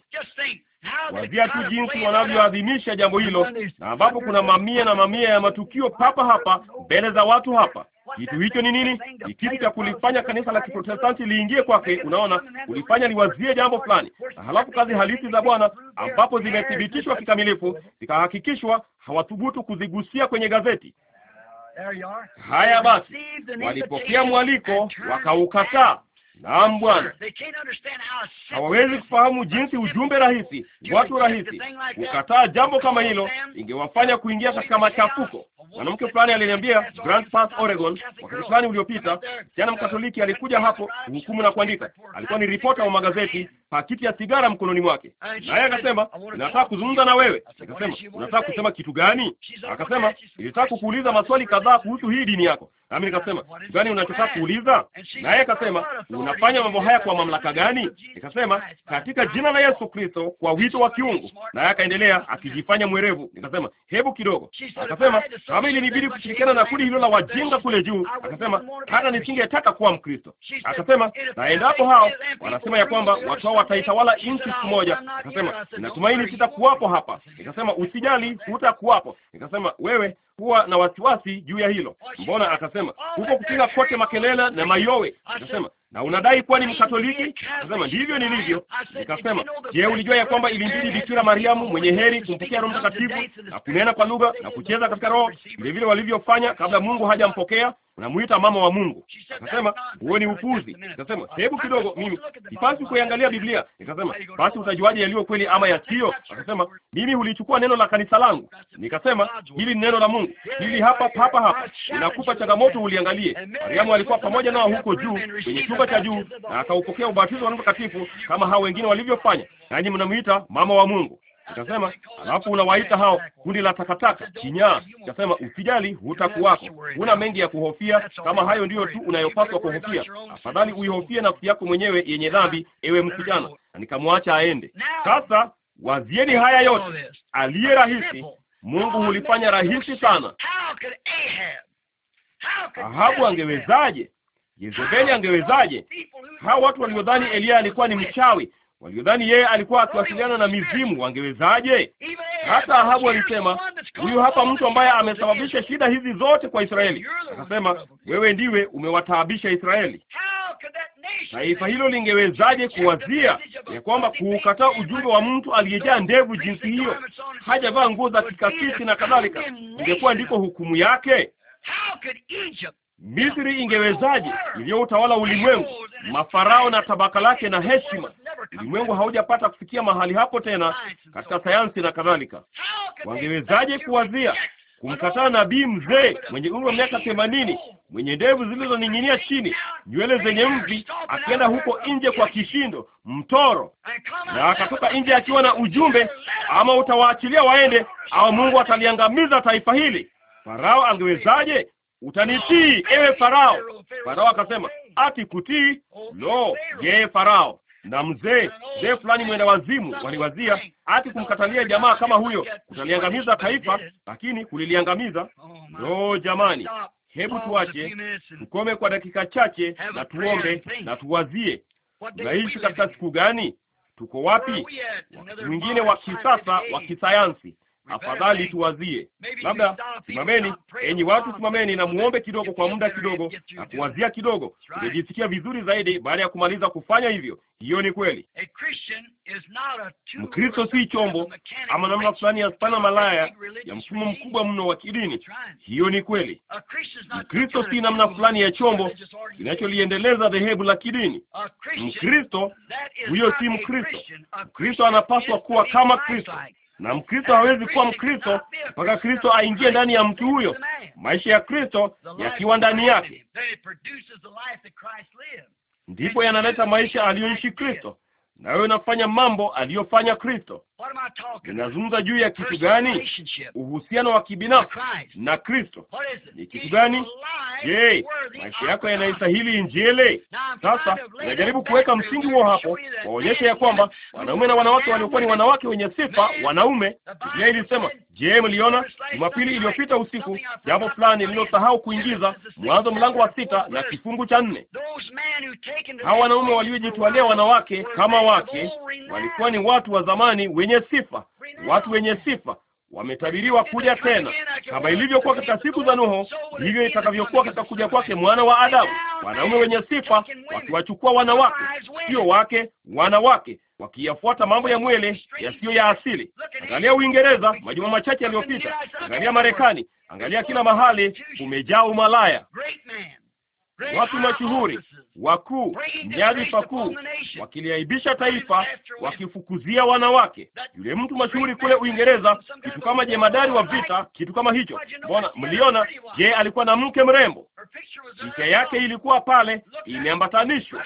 Wazia tu jinsi wanavyoadhimisha jambo hilo, na ambapo kuna mamia na mamia ya matukio papa hapa mbele za watu hapa kitu hicho ni nini? Ni kitu cha kulifanya kanisa la Kiprotestanti liingie kwake. Unaona, kulifanya liwazie jambo fulani, na halafu kazi halisi za Bwana ambapo zimethibitishwa kikamilifu, zikahakikishwa, hawathubutu kuzigusia kwenye gazeti. Haya basi, walipokea mwaliko wakaukataa Naam Bwana, hawawezi kufahamu jinsi ujumbe rahisi, watu rahisi kukataa jambo kama hilo ingewafanya kuingia katika machafuko. Mwanamke fulani aliniambia Grand Pass, Oregon, wakati fulani uliopita, jana Mkatoliki alikuja hapo kuhukumu na kuandika. Alikuwa ni ripota wa magazeti, pakiti ya sigara mkononi mwake, na yeye akasema, nataka kuzungumza na wewe. Akasema, unataka kusema kitu gani? Akasema, nilitaka kukuuliza maswali kadhaa kuhusu hii dini yako. Nami nikasema gani unachotaka kuuliza? Naye akasema unafanya mambo haya kwa mamlaka gani? Nikasema katika jina la Yesu Kristo, kwa wito wa kiungu. Naye akaendelea akijifanya mwerevu. Nikasema hebu kidogo. Akasema kama ilinibidi kushirikiana na kundi hilo la wajinga kule juu, akasema hata nisingetaka kuwa Mkristo. Akasema na endapo hao wanasema ya kwamba watu hao wataitawala nchi siku moja, akasema natumaini sitakuwapo hapa. Nikasema usijali, hutakuwapo. Nikasema wewe kuwa na wasiwasi juu ya hilo. Mbona akasema huko kupiga kote makelele na mayowe, akasema na unadai kuwa ni Mkatoliki. Sema ndivyo nilivyo. Nikasema, je, ulijua ya kwamba ilimbidi Bikira Mariamu mwenye heri kumpokea Roho Mtakatifu na kunena kwa lugha na kucheza katika Roho vile vile walivyofanya kabla Mungu hajampokea? Unamuita mama wa Mungu. Nikasema huo ni upuzi. Nikasema hebu kidogo, mimi ipasi kuiangalia Biblia. Nikasema basi utajuaje yaliyo kweli ama ya sio? Akasema mimi hulichukua neno la kanisa langu. Nikasema hili ni neno la Mungu, hili hapa hapa hapa, ninakupa changamoto uliangalie. Mariamu alikuwa pamoja nao huko juu kwenye chumba cha juu na akaupokea ubatizo wa Roho Mtakatifu kama hao wengine walivyofanya, nanyi mnamwita mama wa Mungu. Nikasema, alafu unawaita hao kundi la takataka kinyaa. Nikasema, usijali, hutakuwako. Huna mengi ya kuhofia, kama hayo ndiyo tu unayopaswa kuhofia. Afadhali uihofie nafsi yako mwenyewe yenye dhambi, ewe msijana. Na nikamwacha aende. Sasa wazieni haya yote, aliye rahisi Mungu hulifanya rahisi sana. Ahabu angewezaje Jezebeli angewezaje? Hao watu waliodhani Eliya alikuwa ni mchawi, waliodhani yeye alikuwa akiwasiliana na mizimu, wangewezaje? Hata Ahabu alisema, huyu hapa mtu ambaye amesababisha shida hizi zote kwa Israeli. Akasema, wewe ndiwe umewataabisha Israeli. Taifa hilo lingewezaje kuwazia ya kwamba kuukataa ujumbe wa mtu aliyejaa ndevu jinsi hiyo, hajavaa nguo za kikasisi na kadhalika, ingekuwa ndiko hukumu yake? Misri ingewezaje utawala ulimwengu, mafarao na tabaka lake na heshima? Ulimwengu haujapata kufikia mahali hapo tena katika sayansi na kadhalika. Wangewezaje kuwazia kumkataa nabii mzee mwenye umri wa miaka themanini mwenye ndevu zilizoning'inia chini, nywele zenye mvi, akienda huko nje kwa kishindo mtoro, na akatoka nje akiwa na ujumbe, ama utawaachilia waende, au Mungu ataliangamiza taifa hili. Farao angewezaje utanitii ewe Farao. Farao akasema ati kutii? Lo, yeye Farao na mzee mzee fulani mwenda wazimu waliwazia ati kumkatalia jamaa kama huyo kutaliangamiza taifa, lakini kuliliangamiza. Lo, jamani, hebu tuache tukome kwa dakika chache na tuombe na tuwazie, tunaishi katika siku gani? Tuko wapi? Wakati mwingine wa kisasa wa kisayansi afadhali tuwazie. Labda simameni, enyi watu, simameni na muombe kidogo, kwa muda kidogo na kuwazia kidogo. Unajisikia vizuri zaidi baada ya kumaliza kufanya hivyo. Hiyo ni kweli. Mkristo si chombo ama namna fulani ya spana malaya ya mfumo mkubwa mno wa kidini. Hiyo ni kweli. Mkristo si namna fulani ya chombo kinacholiendeleza dhehebu la kidini. Mkristo huyo si Mkristo. Mkristo anapaswa kuwa kama Kristo na Mkristo hawezi kuwa Mkristo mpaka Kristo aingie ndani ya mtu huyo, maisha ya Kristo yakiwa ndani yake, ndipo yanaleta maisha aliyoishi Kristo, nawe unafanya mambo aliyofanya Kristo. Ninazungumza juu ya kitu gani? Uhusiano wa kibinafsi na Kristo ni kitu gani? Je, maisha yako yanaistahili Injili? Sasa najaribu kuweka msingi huo hapo, waonyesha ya kwamba wanaume na wanawake waliokuwa ni wanawake wenye sifa wanaume. Biblia ilisema, je, mliona Jumapili iliyopita usiku jambo fulani lililosahau kuingiza, Mwanzo mlango wa sita na kifungu cha nne. Hawa wanaume waliojitwalia wanawake kama wake walikuwa ni watu wa zamani wenye wenye sifa, watu wenye sifa wametabiriwa kuja tena, kama ilivyokuwa katika siku za Nuhu, hivyo itakavyokuwa katika kuja kwake mwana wa Adamu. Wanaume wenye sifa wakiwachukua wanawake, sio wake, wanawake wakiyafuata mambo ya mwele yasiyo ya asili. Angalia Uingereza majuma machache yaliyopita, angalia Marekani, angalia kila mahali kumejaa umalaya, watu mashuhuri, wakuu, jadi pakuu, wakiliaibisha taifa, wakifukuzia wanawake. Yule mtu mashuhuri kule Uingereza, kitu kama jemadari wa vita, kitu kama hicho. Mbona mliona? Je, alikuwa na mke mrembo? Picha yake ilikuwa pale, imeambatanishwa.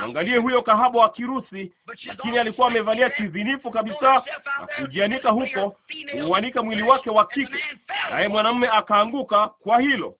Mwangalie huyo kahaba wa Kirusi, lakini alikuwa amevalia kizinifu kabisa na kujianika huko, kuuanika mwili wake wa kike, naye mwanamume akaanguka kwa hilo.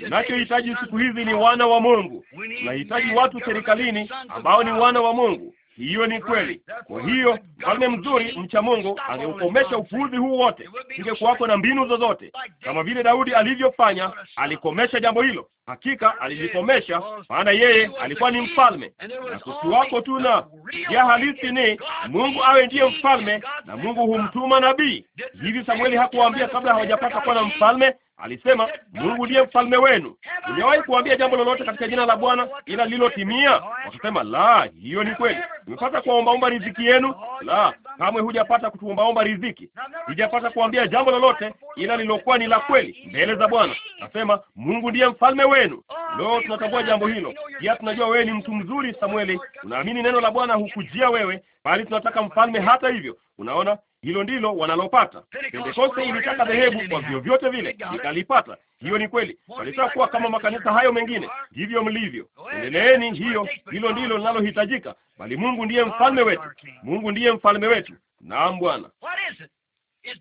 Tunachohitaji siku hizi ni wana wa Mungu. Tunahitaji anahitaji watu serikalini ambao ni wana wa Mungu. Hiyo ni kweli. Kwa hiyo mfalme mzuri mcha Mungu angeukomesha upuuzi huu wote, ingekuwako na mbinu zozote, kama vile Daudi alivyofanya. Alikomesha jambo hilo, hakika alilikomesha, maana yeye alikuwa ni mfalme, na kusiwako tu na ya halisi ni Mungu awe ndiye mfalme, na Mungu humtuma nabii. Hivi Samueli hakuwaambia kabla hawajapata kuwa na mfalme Alisema, Mungu ndiye mfalme wenu. Nimewahi kuambia jambo lolote katika jina la Bwana ila lilotimia? Wakasema, la, hiyo ni kweli. Nimepata kuwaombaomba riziki yenu? La, kamwe hujapata kutuombaomba riziki. Sijapata kuambia jambo lolote ila lilokuwa ni la kweli mbele za Bwana. Nasema, Mungu ndiye mfalme wenu. Lo, tunatambua jambo hilo. Pia tunajua wewe ni mtu mzuri, Samueli. Unaamini neno la Bwana hukujia wewe, bali tunataka mfalme. Hata hivyo, unaona, hilo ndilo wanalopata. Pentekoste ilitaka dhehebu kwa vyovyote vile, ikalipata. Hiyo ni kweli, walitaka kuwa kama makanisa hayo mengine. Ndivyo mlivyo, endeleeni hiyo, hilo ndilo linalohitajika, bali Mungu ndiye mfalme wetu. Mungu ndiye mfalme wetu. Naam, Bwana.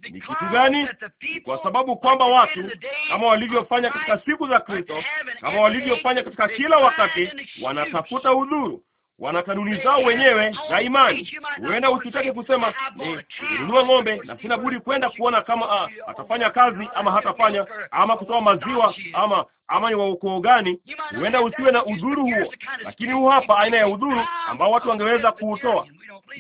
Ni kitu gani? Kwa sababu kwamba watu kama walivyofanya katika siku za Kristo, kama walivyofanya katika kila wakati, wanatafuta udhuru wana kanuni zao wenyewe na imani. Huenda usitaki kusema eh, nilinunua ng'ombe na sina budi kwenda kuona kama a, ah, atafanya kazi ama hatafanya ama kutoa maziwa ama ama ni wa ukoo gani. Huenda usiwe na udhuru huo, lakini huu hapa aina ya udhuru ambao watu wangeweza kuutoa.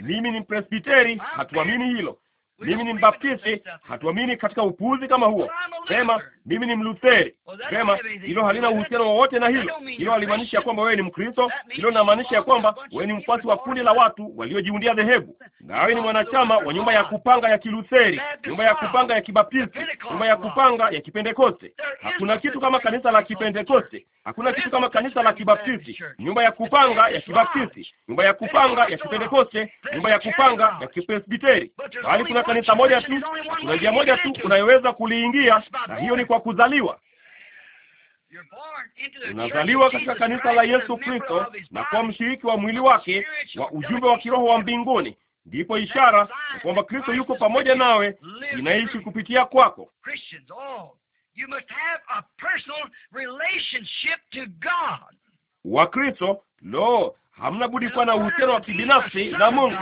Mimi ni Presbiteri, hatuamini hilo mimi ni Mbaptisti. Hatuamini katika upuzi kama huo. Sema mimi ni Mlutheri. Sema hilo halina uhusiano wowote na hilo. Hilo ya kwamba wewe ni Mkristo. Hilo linamaanisha ya kwamba wewe ni mfuasi wa kundi la watu waliojiundia dhehebu, wewe ni mwanachama wa nyumba ya kupanga ya Kilutheri, nyumba ya kupanga ya Kibaptisti, nyumba ya kupanga ya Kipentekoste. Hakuna kitu kama kanisa la Kipentekoste, hakuna kitu kama kanisa la Kibaptisti, nyumba ya kupanga ya Kibaptisti, nyumba ya kupanga ya Kipentekoste, nyumba ya kupanga ya Kipresbiteri, bali kuna kanisa moja tu, kuna njia moja tu unayoweza kuliingia, na hiyo ni kwa kuzaliwa. Unazaliwa katika kanisa la Yesu Kristo na kuwa mshiriki wa mwili wake wa ujumbe wa kiroho wa mbinguni. Ndipo ishara ya kwamba Kristo yuko pamoja nawe inaishi kupitia kwako. Oh, Wakristo, lo, hamna budi kuwa na uhusiano wa kibinafsi na Mungu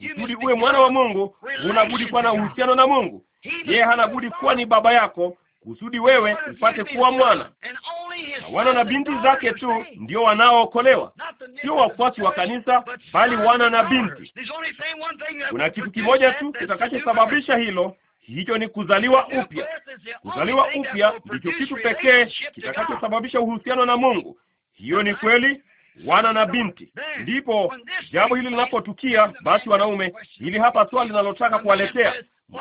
ili uwe mwana wa Mungu unabudi kuwa na uhusiano na Mungu. Yeye hanabudi kuwa ni baba yako kusudi wewe upate kuwa mwana. Na wana na binti zake tu ndio wanaookolewa, sio wafuasi wa kanisa, bali wana na binti. Kuna kitu kimoja tu kitakachosababisha hilo, hicho ni kuzaliwa upya. Kuzaliwa upya ndicho kitu pekee kitakachosababisha uhusiano na Mungu. Hiyo ni kweli, wana na binti. Ndipo jambo hili linapotukia, basi wanaume, hili hapa swali linalotaka kuwaletea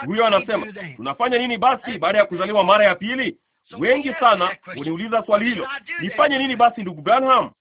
huyo. Anasema, tunafanya nini basi baada ya kuzaliwa mara ya pili? Wengi sana huniuliza swali hilo, nifanye nini basi ndugu Branham?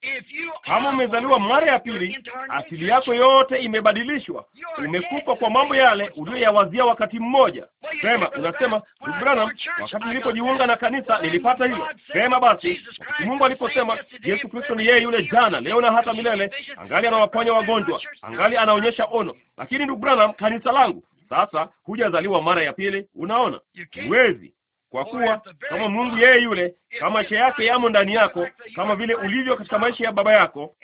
Kama umezaliwa mara ya pili, asili yako yote imebadilishwa, umekufa kwa mambo yale uliyoyawazia wakati mmoja. Sema unasema, ndugu Branham, wakati nilipojiunga na kanisa nilipata hilo. Sema basi, wakati Mungu aliposema Yesu Kristo ni yeye yule jana, leo na hata milele, angali anawaponya wagonjwa, angali anaonyesha ono. Lakini ndugu Branham, kanisa langu sasa hujazaliwa mara ya pili. Unaona, huwezi kwa kuwa kama Mungu yeye yule, kama maisha yake yamo ndani yako, kama vile ulivyo katika maisha ya baba yako,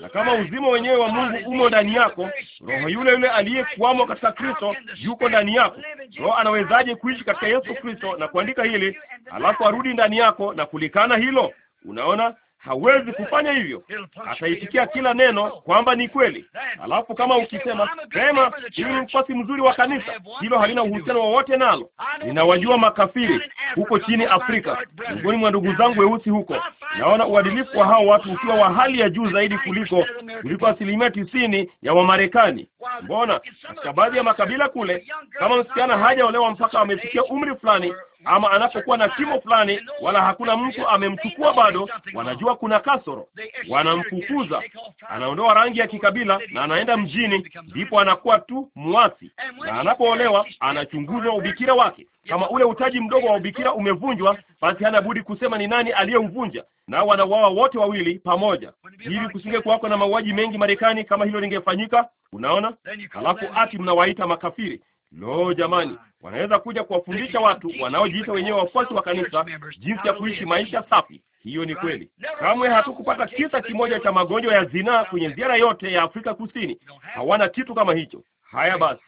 na kama uzima wenyewe wa Mungu umo ndani yako, roho yule yule aliyekuwamo katika Kristo yuko ndani yako. Roho anawezaje kuishi katika Yesu Kristo na kuandika hili alafu arudi ndani yako na kulikana hilo? Unaona, hawezi kufanya hivyo. Ataitikia kila neno kwamba ni kweli. Alafu kama ukisema sema, mimi ni mfuasi mzuri wa kanisa, hilo halina uhusiano wowote nalo. Ninawajua makafiri huko chini Afrika, miongoni mwa ndugu zangu weusi huko. Naona uadilifu wa hao watu ukiwa wa hali ya juu zaidi kuliko kuliko asilimia tisini ya Wamarekani. Mbona katika baadhi ya makabila kule, kama msichana hajaolewa mpaka amefikia umri fulani ama anapokuwa na kimo fulani, wala hakuna mtu amemchukua bado, wanajua kuna kasoro, wanamfukuza, anaondoa rangi ya kikabila na anaenda mjini, ndipo anakuwa tu muasi, na anapoolewa anachunguzwa ubikira wake. Kama ule utaji mdogo wa ubikira umevunjwa, basi hana budi kusema ni nani aliyeuvunja, nao wanauawa wote wawili pamoja. Hivi kusinge kuwako na mauaji mengi Marekani kama hilo lingefanyika? Unaona, halafu ati mnawaita makafiri. Lo, jamani, wanaweza kuja kuwafundisha watu wanaojiita wenyewe wafuasi wa kanisa jinsi ya kuishi maisha safi. Hiyo ni kweli. Kamwe hatukupata kisa kimoja cha magonjwa ya zinaa kwenye ziara yote ya Afrika Kusini. Hawana kitu kama hicho. Haya basi,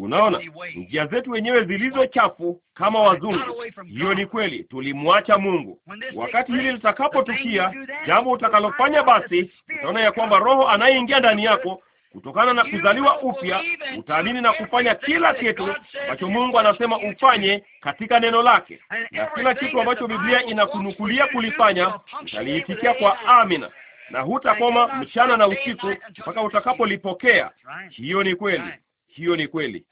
unaona njia zetu wenyewe zilizo chafu kama wazungu. Hiyo ni kweli, tulimwacha Mungu. Wakati hili litakapotukia, jambo utakalofanya basi, utaona ya kwamba Roho anayeingia ndani yako kutokana na kuzaliwa upya, utaamini na kufanya kila kitu ambacho Mungu anasema ufanye katika neno lake, na kila kitu ambacho Biblia inakunukulia kulifanya utaliitikia kwa amina, na hutakoma mchana na usiku mpaka utakapolipokea. Hiyo ni kweli, hiyo ni kweli.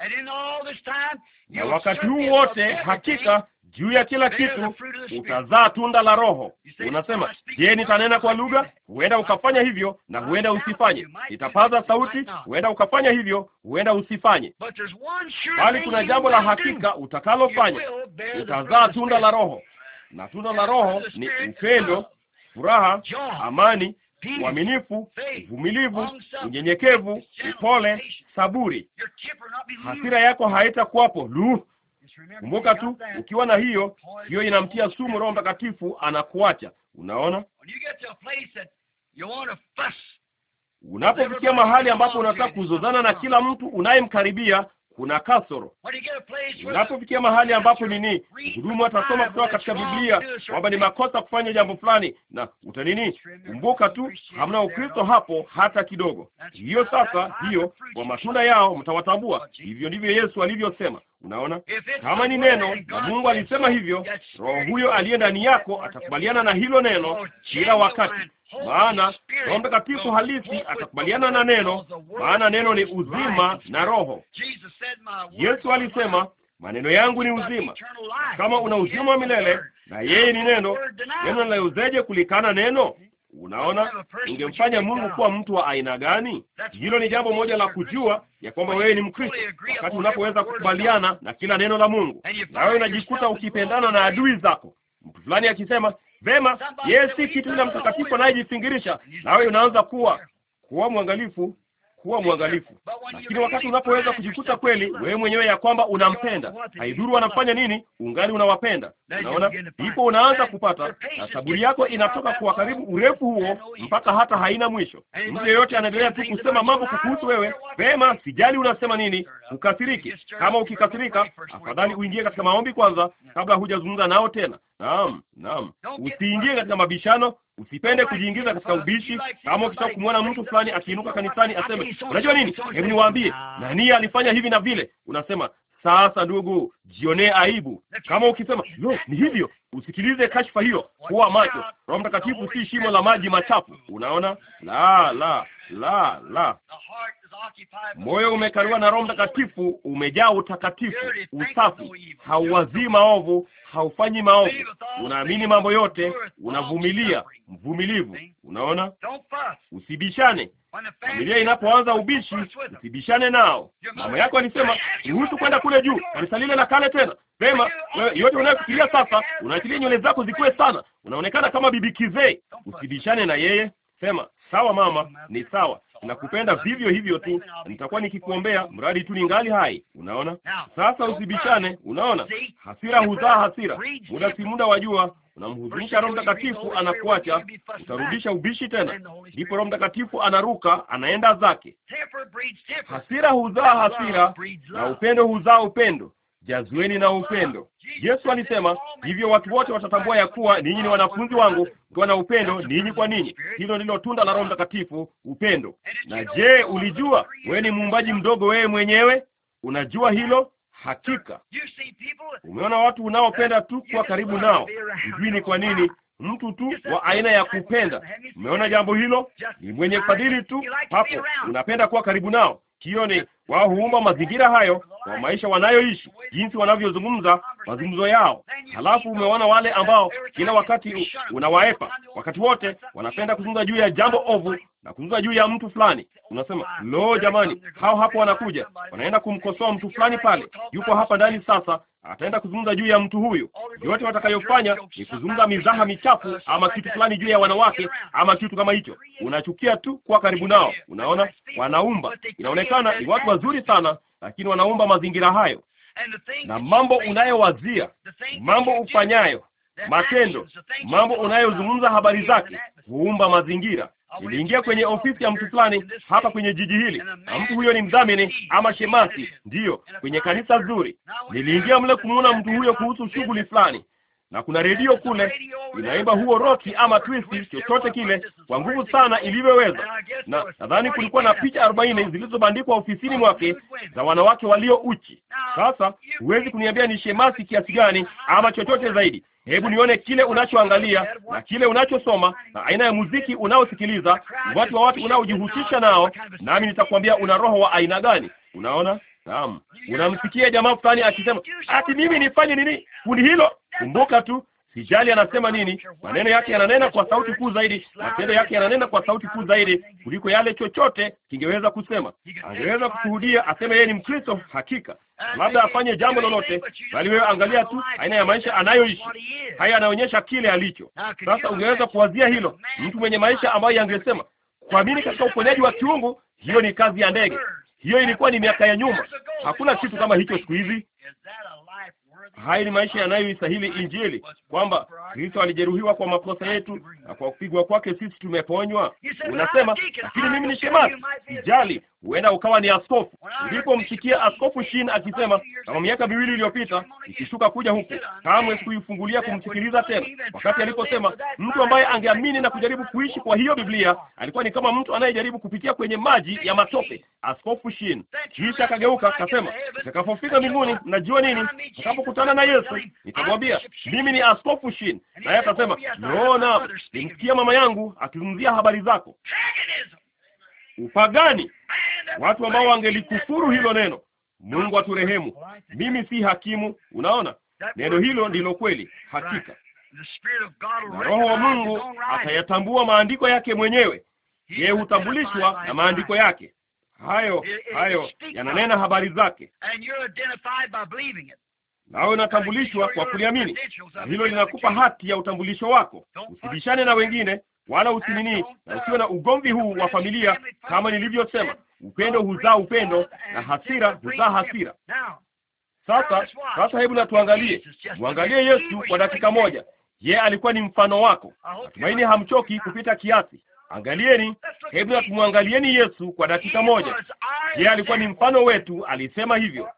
Na wakati huu wote, hakika juu ya kila kitu utazaa tunda la Roho. Unasema, je, nitanena kwa lugha? Huenda ukafanya hivyo na huenda usifanye. Nitapaza sauti, huenda ukafanya hivyo, huenda usifanye. Bali kuna jambo la hakika utakalofanya, utazaa tunda la Roho, na tunda la Roho ni upendo, furaha, amani, uaminifu, uvumilivu, unyenyekevu, upole, saburi. Hasira yako haitakuwapo. Lu, Kumbuka tu, ukiwa na hiyo hiyo, inamtia sumu Roho Mtakatifu, anakuacha. Unaona, unapofikia mahali ambapo unataka kuzozana na kila mtu unayemkaribia kuna kasoro. Unapofikia mahali ambapo nini, mhudumu atasoma kutoka katika Biblia kwamba ni makosa kufanya jambo fulani na uta nini, kumbuka tu, hamna Ukristo hapo hata kidogo. Hiyo sasa, hiyo kwa matunda yao mtawatambua. Oh, hivyo ndivyo Yesu alivyosema. Unaona, kama ni neno na Mungu alisema hivyo, roho huyo aliye ndani yako atakubaliana na hilo neno kila wakati maana Roho Mtakatifu halisi atakubaliana na neno, maana neno ni uzima na roho. Yesu alisema maneno yangu ni uzima. Kama una uzima wa milele na yeye ni neno, neno linalowezaje kulikana neno? Mm-hmm. Unaona, ungemfanya Mungu kuwa mtu wa aina gani? Hilo ni jambo moja la kujua ya kwamba wewe ni Mkristo, wakati unapoweza kukubaliana na kila neno la Mungu, na wewe unajikuta ukipendana na adui zako. Mtu fulani akisema Vema, yeye si kitu ila mtakatifu anayejifingirisha, nawe unaanza kuwa kuwa mwangalifu kuwa mwangalifu, lakini wakati unapoweza kujikuta kweli wewe mwenyewe ya kwamba unampenda, haidhuru wanafanya nini, ungali unawapenda. Unaona, ndipo unaanza kupata, na saburi yako inatoka kwa karibu urefu huo mpaka hata haina mwisho. Mtu yeyote anaendelea tu kusema mambo kukuhusu wewe, vema, sijali unasema nini, ukasiriki. Kama ukikasirika, afadhali uingie katika maombi kwanza kabla hujazungumza nao tena. Naam, naam, usiingie katika mabishano Usipende kujiingiza katika ubishi. Kama ukitaka kumwona mtu fulani akiinuka kanisani aseme, unajua nini, hebu niwaambie, nani alifanya hivi na vile, unasema sasa ndugu, jionee aibu. Kama ukisema no, ni hivyo, usikilize kashfa hiyo. Kuwa macho. Roho Mtakatifu si shimo la maji machafu. Unaona? La, la, la, la. Moyo umekaliwa na Roho Mtakatifu, umejaa utakatifu, usafi, hauwazii maovu, haufanyi maovu, unaamini mambo yote, unavumilia, mvumilivu. Unaona, usibishane. Familia inapoanza ubishi, usibishane nao. Mama yako alisema ruhusu kwenda kule juu, kanisa lile la kale tena. Sema yote unayofikiria sasa, unaachilia nywele zako zikuwe sana, unaonekana kama bibi kizee. Usibishane na yeye, sema sawa mama, ni sawa, nakupenda vivyo hivyo tu, nitakuwa nikikuombea mradi tu ningali hai. Unaona, sasa usibishane. Unaona, hasira huzaa hasira, muda si muda, wajua unamhuzunisha Roho Mtakatifu anakuacha, utarudisha ubishi tena, ndipo Roho Mtakatifu anaruka anaenda zake. Hasira huzaa hasira na upendo huzaa upendo jazweni na upendo. Yesu alisema hivyo, watu wote watatambua ya kuwa ninyi ni wanafunzi wangu kwa na upendo ninyi kwa ninyi. Hilo ndilo tunda la Roho Mtakatifu, upendo. Na je, ulijua wewe ni muumbaji mdogo wewe mwenyewe? Unajua hilo? Hakika umeona watu unaopenda tu kwa karibu nao, hujui ni kwa nini mtu tu wa aina ya kupenda. Umeona jambo hilo? Ni mwenye fadhili tu, hapo unapenda kuwa karibu nao, hiyo ni wao huumba mazingira hayo kwa maisha wanayoishi, jinsi wanavyozungumza, mazungumzo yao. Halafu umeona wale ambao kila wakati unawaepa, wakati wote wanapenda kuzungumza juu ya jambo ovu na kuzungumza juu ya mtu fulani. Unasema lo, jamani, hao hapo wanakuja, wanaenda kumkosoa mtu fulani pale, yupo hapa ndani sasa ataenda kuzungumza juu ya mtu huyu. Yote watakayofanya ni kuzungumza mizaha michafu ama kitu fulani juu ya wanawake ama kitu kama hicho. Unachukia tu kuwa karibu nao. Unaona, wanaumba, inaonekana ni watu wazuri sana, lakini wanaumba mazingira hayo, na mambo unayowazia, mambo ufanyayo, matendo, mambo unayozungumza habari zake huumba mazingira. Niliingia kwenye ofisi ya mtu fulani hapa kwenye jiji hili, na mtu huyo ni mdhamini ama shemasi, ndiyo, kwenye kanisa zuri. Niliingia mle kumuona mtu huyo kuhusu shughuli fulani, na kuna redio kule inaimba huo roki ama twisti chochote kile kwa nguvu sana ilivyoweza, na nadhani kulikuwa na picha arobaini zilizobandikwa ofisini mwake za wanawake walio uchi. Sasa huwezi kuniambia ni shemasi kiasi gani ama chochote zaidi. Hebu nione kile unachoangalia na kile unachosoma na aina ya muziki unaosikiliza, watu wa watu unaojihusisha nao, nami nitakwambia una roho wa aina gani. Unaona, Naam, unamsikia jamaa fulani akisema ati mimi nifanye nini? Kundi hilo, kumbuka tu, sijali anasema nini. Maneno yake yananena kwa sauti kuu zaidi, matendo yake yananena kwa sauti kuu zaidi kuliko yale chochote kingeweza kusema. Angeweza kushuhudia aseme yeye ni Mkristo hakika, labda afanye jambo lolote, bali wewe angalia tu aina ya maisha anayoishi. Haya yanaonyesha kile alicho. Sasa ungeweza kuwazia hilo, mtu mwenye maisha ambaye angesema kwa mimi katika uponyaji wa kiungu, hiyo ni kazi ya ndege. Hiyo ilikuwa ni miaka ya nyuma. Hakuna kitu kama hicho siku hizi. Haya ni maisha yanayoistahili Injili, kwamba Kristo alijeruhiwa kwa makosa yetu na kwa kupigwa kwake sisi tumeponywa. Unasema, lakini mimi ni shemasi. Sijali, huenda ukawa ni askofu. Nilipomsikia Askofu Shin akisema kama miaka miwili iliyopita, ikishuka kuja huku, kamwe sikuifungulia kumsikiliza tena. Wakati aliposema mtu ambaye angeamini na kujaribu kuishi kwa hiyo Biblia, alikuwa ni kama mtu anayejaribu kupitia kwenye maji ya matope, Askofu Shin. Kisha akageuka akasema, nitakapofika mbinguni, najua nini? Nitakapokutana na Yesu nitamwambia mimi ni Askofu Shin, naye akasema, naona nimsikia mama yangu akizungumzia habari zako Upagani, watu ambao wangelikufuru hilo neno. Mungu aturehemu. Mimi si hakimu, unaona, neno hilo ndilo kweli hakika, na Roho wa Mungu atayatambua maandiko yake mwenyewe. Yeye hutambulishwa na maandiko yake hayo hayo, yananena habari zake, nawe unatambulishwa kwa kuliamini, na hilo linakupa hati ya utambulisho wako. Usibishane na wengine, wala usinini, na usiwe na ugomvi huu wa familia. Kama nilivyosema, upendo huzaa upendo na hasira huzaa hasira. Sasa sasa, hebu na tuangalie, mwangalie Yesu kwa dakika moja. Ye alikuwa ni mfano wako. Natumaini hamchoki kupita kiasi. Angalieni, hebu na tumwangalieni Yesu kwa dakika moja. Ye alikuwa ni mfano wetu, alisema hivyo,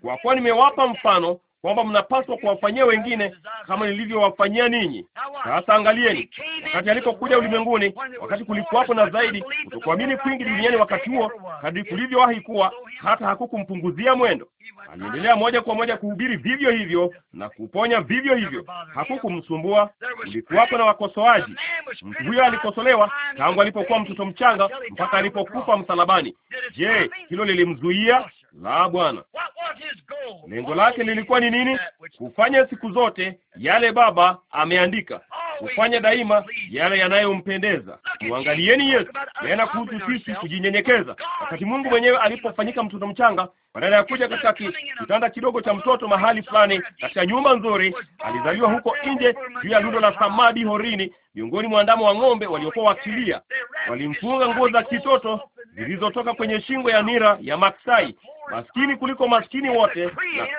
kwa kuwa nimewapa mfano kwamba mnapaswa kuwafanyia wengine kama nilivyowafanyia ninyi. Sasa angalieni, wakati alipokuja ulimwenguni, wakati kulikuwapo na zaidi kutokuamini kwingi duniani wakati huo kadri kulivyowahi kuwa, hata hakukumpunguzia mwendo. Aliendelea moja kwa moja kuhubiri vivyo hivyo na kuponya vivyo hivyo, hakukumsumbua. Kulikuwapo na wakosoaji, mtu huyo alikosolewa tangu alipokuwa mtoto mchanga mpaka alipokufa msalabani. Je, hilo lilimzuia? la Bwana. Lengo lake lilikuwa ni nini? Kufanya siku zote yale Baba ameandika, kufanya daima yale yanayompendeza. Tuangalieni Yesu tena, kuhusu sisi kujinyenyekeza. Wakati Mungu mwenyewe alipofanyika mtoto mchanga, badala ya kuja katika kitanda kidogo cha mtoto mahali fulani katika nyumba nzuri, alizaliwa huko nje juu ya lundo la samadi horini, miongoni mwa ndama wa ng'ombe waliokuwa wakilia. Walimfunga nguo za kitoto zilizotoka kwenye shingo ya nira ya maksai, maskini kuliko maskini wote,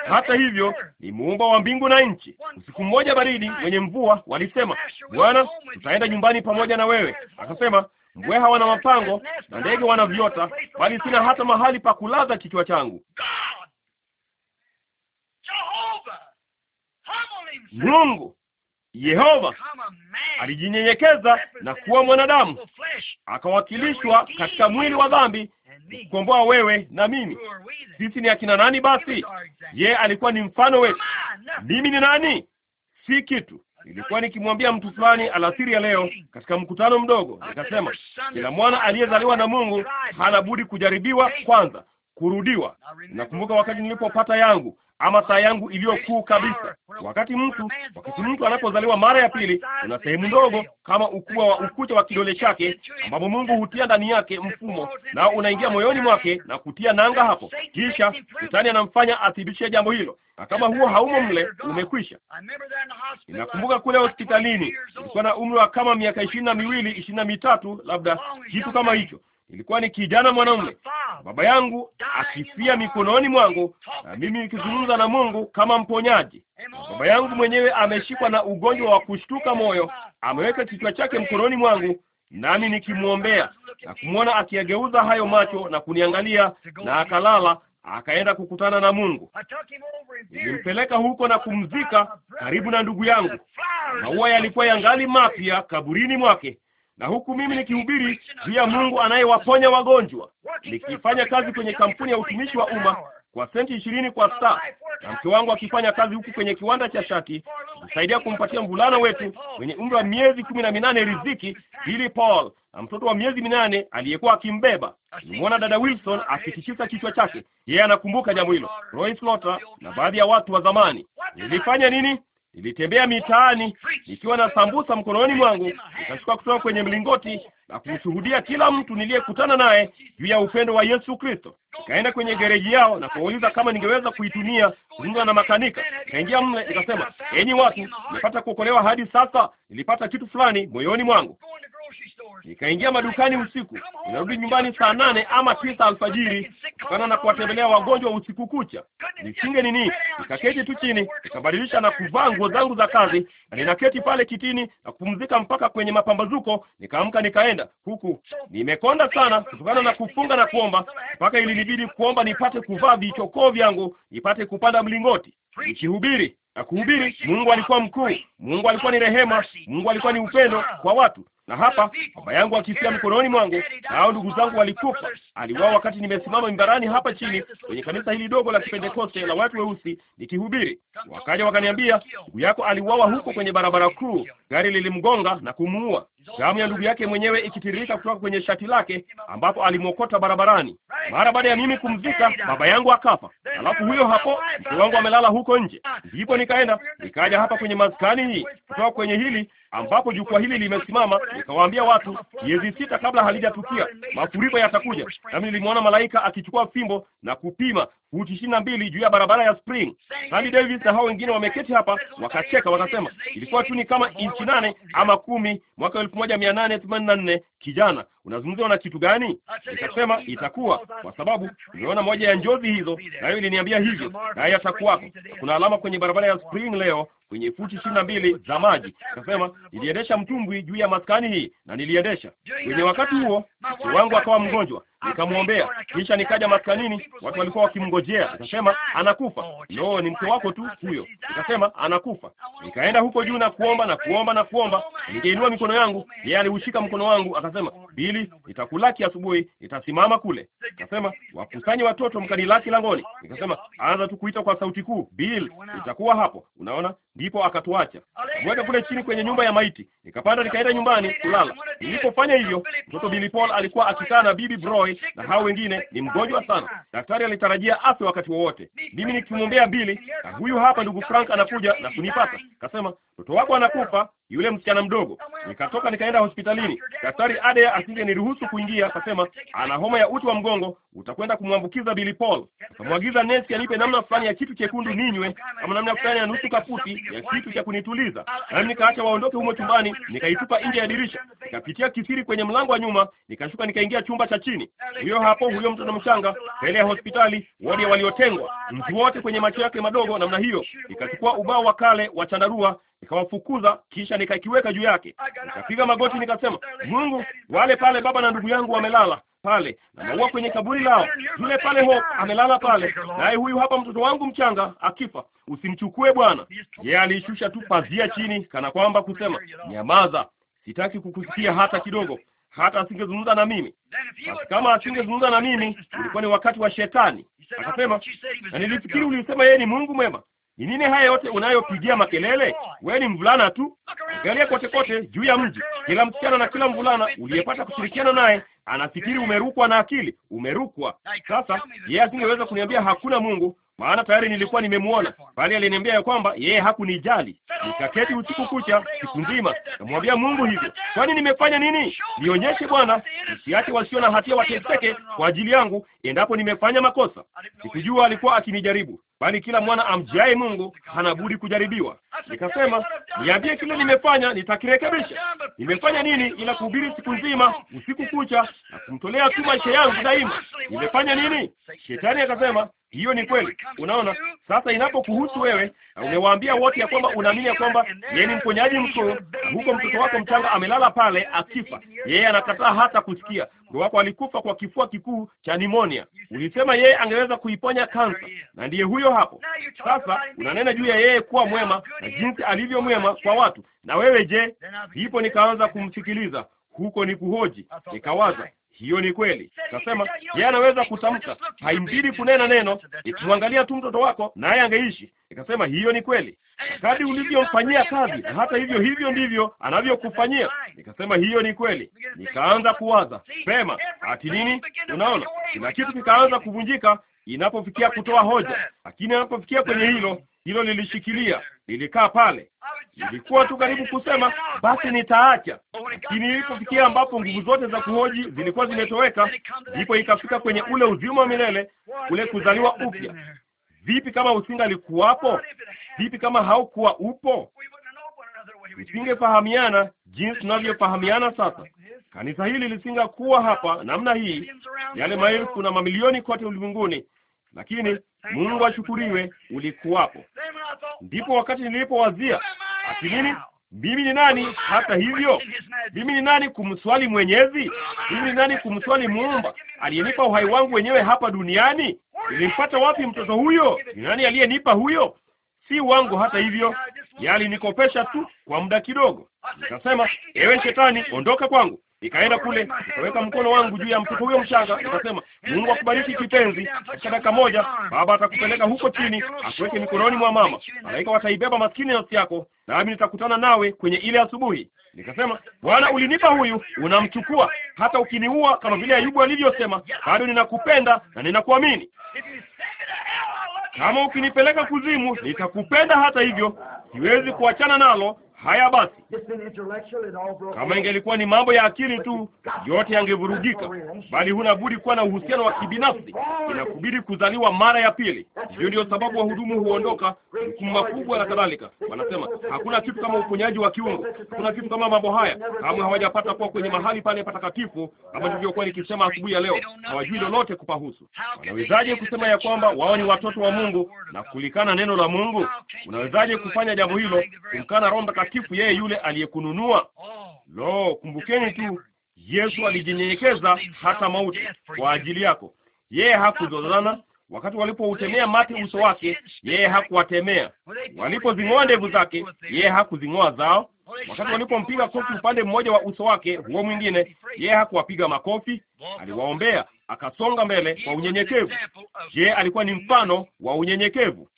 na hata hivyo ni muumba wa mbingu na nchi. Usiku mmoja baridi wenye mvua walisema, Bwana, tutaenda nyumbani pamoja na wewe. Akasema, mbweha wana mapango na ndege wana viota, bali sina hata mahali pa kulaza kichwa changu. Mungu Yehova alijinyenyekeza na kuwa mwanadamu, akawakilishwa katika mwili wa dhambi kukomboa wewe na mimi. Sisi ni akina nani basi? Yeye alikuwa ni mfano wetu. Mimi ni nani? Si kitu. Nilikuwa nikimwambia mtu fulani alasiri ya leo katika mkutano mdogo, nikasema kila mwana aliyezaliwa na Mungu hana budi kujaribiwa kwanza, kurudiwa. Nakumbuka wakati nilipopata yangu ama saa yangu iliyokuu kabisa. Wakati mtu wakati mtu anapozaliwa mara ya pili, kuna sehemu ndogo kama ukubwa wa ukucha wa kidole chake, ambapo Mungu hutia ndani yake mfumo, nao unaingia moyoni mwake na kutia nanga hapo. Kisha shetani anamfanya athibitishe jambo hilo, na kama huo haumo mle, umekwisha. Ninakumbuka kule hospitalini, nilikuwa na umri wa kama miaka ishirini na miwili, ishirini na mitatu, labda kitu kama hicho ilikuwa ni kijana mwanaume baba yangu akifia mikononi mwangu na mimi nikizungumza na Mungu kama mponyaji. Baba yangu mwenyewe ameshikwa na ugonjwa wa kushtuka moyo, ameweka kichwa chake mkononi mwangu, nami nikimwombea na kumwona akiyageuza hayo macho na kuniangalia, na akalala akaenda kukutana na Mungu. Nilimpeleka huko na kumzika karibu na ndugu yangu. Maua yalikuwa yangali mapya kaburini mwake, na huku mimi nikihubiri juu ya Mungu anayewaponya wagonjwa, nikifanya kazi kwenye kampuni ya utumishi wa umma kwa senti ishirini kwa saa, na mke wangu akifanya kazi huku kwenye kiwanda cha shati kusaidia kumpatia mvulana wetu mwenye umri wa miezi kumi na minane riziki, Billy Paul, na mtoto wa miezi minane aliyekuwa akimbeba. Nilimwona dada Wilson akitikisa kichwa chake, yeye anakumbuka jambo hilo, Roy Slaughter na baadhi ya watu wa zamani. Nilifanya nini? Nilitembea mitaani nikiwa na sambusa mkononi mwangu, nikashuka kutoka kwenye mlingoti na kumshuhudia kila mtu niliyekutana naye juu ya upendo wa Yesu Kristo. Nikaenda kwenye gereji yao na kuwauliza kama ningeweza kuitumia kuzungumza na makanika. Nikaingia mle nikasema, enyi watu, nimepata kuokolewa hadi sasa, nilipata kitu fulani moyoni mwangu nikaingia madukani usiku, ninarudi nyumbani saa nane ama tisa alfajiri, kutokana na kuwatembelea wagonjwa usiku kucha. Nisinge nini, nikaketi tu chini, nikabadilisha na kuvaa nguo zangu za kazi, na ninaketi pale kitini na kupumzika mpaka kwenye mapambazuko. Nikaamka nikaenda huku, nimekonda sana kutokana na kufunga na kuomba, mpaka ilinibidi kuomba nipate kuvaa vichokoo vyangu, nipate kupanda mlingoti nikihubiri na kuhubiri. Mungu alikuwa mkuu, Mungu alikuwa ni rehema, Mungu alikuwa ni upendo kwa watu na hapa baba yangu akifia mkononi mwangu, na hao ndugu zangu walikufa. Aliwao wakati nimesimama mimbarani hapa chini kwenye kanisa hili dogo la Kipentekoste la watu weusi nikihubiri. Wakaja wakaniambia, ndugu yako aliwawa huko kwenye barabara kuu, gari lilimgonga na kumuua damu ya ndugu yake mwenyewe ikitiririka kutoka kwenye shati lake, ambapo alimwokota barabarani. Mara baada ya mimi kumzika, baba yangu akafa, alafu huyo hapo mke wangu amelala huko nje. Ndipo nikaenda nikaja hapa kwenye maskani hii kutoka kwenye hili ambapo jukwaa hili limesimama, nikawaambia watu, miezi sita kabla halijatukia mafuriko yatakuja. Nami nilimwona malaika akichukua fimbo na kupima futi ishirini na mbili juu ya barabara ya Spring. Randy Davis na hao wengine wameketi hapa, wakacheka wakasema, ilikuwa tu ni kama inchi nane ama kumi mwaka elfu moja mia nane themanini na nne kijana, unazungumziwa na kitu gani? Nikasema itakuwa kwa sababu nimeona moja ya njozi hizo, na hiyo iliniambia hivyo, naye atakuwako. Kuna alama kwenye barabara ya Spring leo kwenye futi ishirini na mbili za maji. Nikasema niliendesha mtumbwi juu ya maskani hii na niliendesha kwenye. Wakati huo mke wangu akawa mgonjwa, nikamwombea, kisha nikaja maskanini, watu walikuwa wakimngojea. Nikasema anakufa. No, ni mke wako tu huyo. Nikasema anakufa. Nikaenda huko juu na kuomba na kuomba na kuomba, nikainua mikono yangu, yeye aliushika mkono wangu akasema akasema, Bili, itakulaki asubuhi, itasimama kule. Akasema, wakusanye watoto mkanilaki langoni. Nikasema, anza tu kuita kwa sauti kuu, Bil, itakuwa hapo. Unaona, ndipo akatuacha mweka kule chini kwenye nyumba ya maiti. Nikapanda nikaenda nyumbani kulala. Nilipofanya hivyo, mtoto Billy Paul alikuwa akikaa na bibi Broy na hao wengine. Ni mgonjwa sana, daktari alitarajia afe wakati wowote. Mimi nikimwombea Bili, na huyu hapa ndugu Frank anakuja na kunipata, Akasema, mtoto wako anakufa yule msichana mdogo. Nikatoka nikaenda hospitalini, daktari Ade asinge niruhusu kuingia, akasema ana homa ya uti wa mgongo, utakwenda kumwambukiza Billy Paul. Akamwagiza nesi anipe namna fulani ya kitu chekundu ninywe, kama namna fulani ya nusu kaputi ya kitu cha kunituliza, nami nikaacha waondoke humo chumbani, nikaitupa nje ya dirisha, nikapitia kisiri kwenye mlango wa nyuma, nikashuka nikaingia chumba cha chini. Huyo hapo, huyo mtoto mchanga mbele ya hospitali, wodi ya waliotengwa, mtu wote kwenye macho yake madogo namna hiyo. Nikachukua ubao wa kale wa chandarua nikawafukuza, kisha nikakiweka juu yake, nikapiga magoti, nikasema, Mungu, wale pale baba na ndugu yangu wamelala pale na maua kwenye kaburi lao, yule pale ho amelala pale, naye huyu hapa mtoto wangu mchanga akifa, usimchukue Bwana. Yeye alishusha tu pazia chini, kana kwamba kusema, nyamaza, sitaki kukusikia hata kidogo. Hata asingezungumza na mimi basi. Kama asingezungumza na mimi, ulikuwa ni wakati wa shetani. Akasema, na nilifikiri ulisema yeye ni Mungu mwema. Ni nini haya yote unayopigia makelele? Wewe ni mvulana tu. Angalia kote kote juu ya mji, kila msichana na kila mvulana uliyepata kushirikiana naye anafikiri umerukwa na akili, umerukwa. Sasa yeye asingeweza kuniambia hakuna Mungu, maana tayari nilikuwa nimemwona, bali aliniambia ya kwamba yeye hakunijali. Nikaketi usiku kucha, siku nzima, namwambia Mungu hivyo. Kwani nimefanya nini? Nionyeshe Bwana, usiache wasio na hatia wateseke kwa ajili yangu, endapo nimefanya makosa. Sikujua alikuwa akinijaribu bali kila mwana amjiaye Mungu hanabudi kujaribiwa. Nikasema, niambie kile nimefanya, nitakirekebisha. Nimefanya nini ila kuhubiri siku nzima usiku kucha na kumtolea tu maisha yangu daima? Nimefanya nini? Shetani akasema, hiyo ni kweli. Unaona, sasa inapokuhusu wewe, umewaambia wote ya kwamba unaamini ya kwamba yeye ni mponyaji mkuu, huko mtoto wako mchanga amelala pale akifa, yeye anakataa hata kusikia. Mtoto wako alikufa kwa kifua kikuu cha nimonia. Ulisema yeye angeweza kuiponya kansa, na ndiye huyo hapo. Sasa unanena juu ya yeye kuwa mwema na jinsi alivyo mwema kwa watu, na wewe je? Ndipo nikaanza kumsikiliza huko ni kuhoji, nikawaza hiyo ni kweli. Kasema yeye anaweza kutamka, haimbidi kunena neno, ikimwangalia tu mtoto wako naye angeishi. Ikasema hiyo ni kweli, kadi ulivyomfanyia kazi, na hata hivyo hivyo ndivyo anavyokufanyia. Nikasema hiyo ni kweli. Nikaanza kuwaza pema, ati nini? Unaona, kila kitu kikaanza kuvunjika inapofikia kutoa hoja, lakini anapofikia kwenye hilo hilo, lilishikilia lilikaa pale nilikuwa tu karibu kusema basi nitaacha, lakini ilipofikia ambapo nguvu zote za kuhoji zilikuwa zimetoweka, ndipo ikafika kwenye ule uzima wa milele, ule kuzaliwa upya. Vipi kama usingalikuwapo? Vipi kama haukuwa upo? Tusingefahamiana jinsi tunavyofahamiana sasa. Kanisa hili lisingakuwa hapa namna hii, yale maelfu na mamilioni kote ulimwenguni, lakini Mungu ashukuriwe, ulikuwapo. Ndipo wakati nilipowazia ati Mimi ni nani hata hivyo? Mimi ni nani kumswali Mwenyezi? Mimi ni nani kumswali Muumba aliyenipa uhai wangu wenyewe hapa duniani? Nilimpata wapi mtoto huyo? Ni nani aliyenipa huyo? Si wangu hata hivyo. Yalinikopesha tu kwa muda kidogo. Nikasema, ewe shetani, ondoka kwangu. Nikaenda kule nikaweka mkono wangu juu ya mtoto huyo mchanga, nikasema, Mungu akubariki kipenzi. Katika dakika moja baba atakupeleka huko chini, akuweke mikononi mwa mama. Malaika wataibeba maskini nafsi yako, nami nitakutana nawe kwenye ile asubuhi. Nikasema, Bwana, ulinipa huyu, unamchukua. Hata ukiniua kama vile Ayubu alivyosema, bado ninakupenda na ninakuamini. Kama ukinipeleka kuzimu, nitakupenda hata hivyo, siwezi kuachana nalo Haya basi, kama ingelikuwa ni mambo ya akili tu, yote yangevurugika, bali huna budi kuwa na uhusiano wa kibinafsi. Inakubidi kuzaliwa mara ya pili. Hiyo ndio sababu wahudumu huondoka, hukumu makubwa na kadhalika. Wanasema hakuna kitu kama uponyaji wa kiungo, hakuna kitu kama mambo haya, kama hawajapata kuwa kwenye mahali pale patakatifu, kama nilivyokuwa nikisema asubuhi ya leo. Hawajui lolote kupahusu. Wanawezaje kusema ya kwamba wao ni watoto wa Mungu na kulikana neno la Mungu? Unawezaje kufanya jambo hilo, kumkana Roho Mtakatifu mtakatifu yeye yule aliyekununua. Lo, kumbukeni tu Yesu alijinyenyekeza hata mauti kwa ajili yako. Yeye hakuzozana wakati walipoutemea mate uso wake, yeye hakuwatemea. Walipozingoa ndevu zake, yeye hakuzingoa zao. Wakati walipompiga kofi upande mmoja wa uso wake, huo mwingine, yeye hakuwapiga makofi. Aliwaombea, akasonga mbele kwa unyenyekevu. Je, alikuwa ni mfano wa unyenyekevu?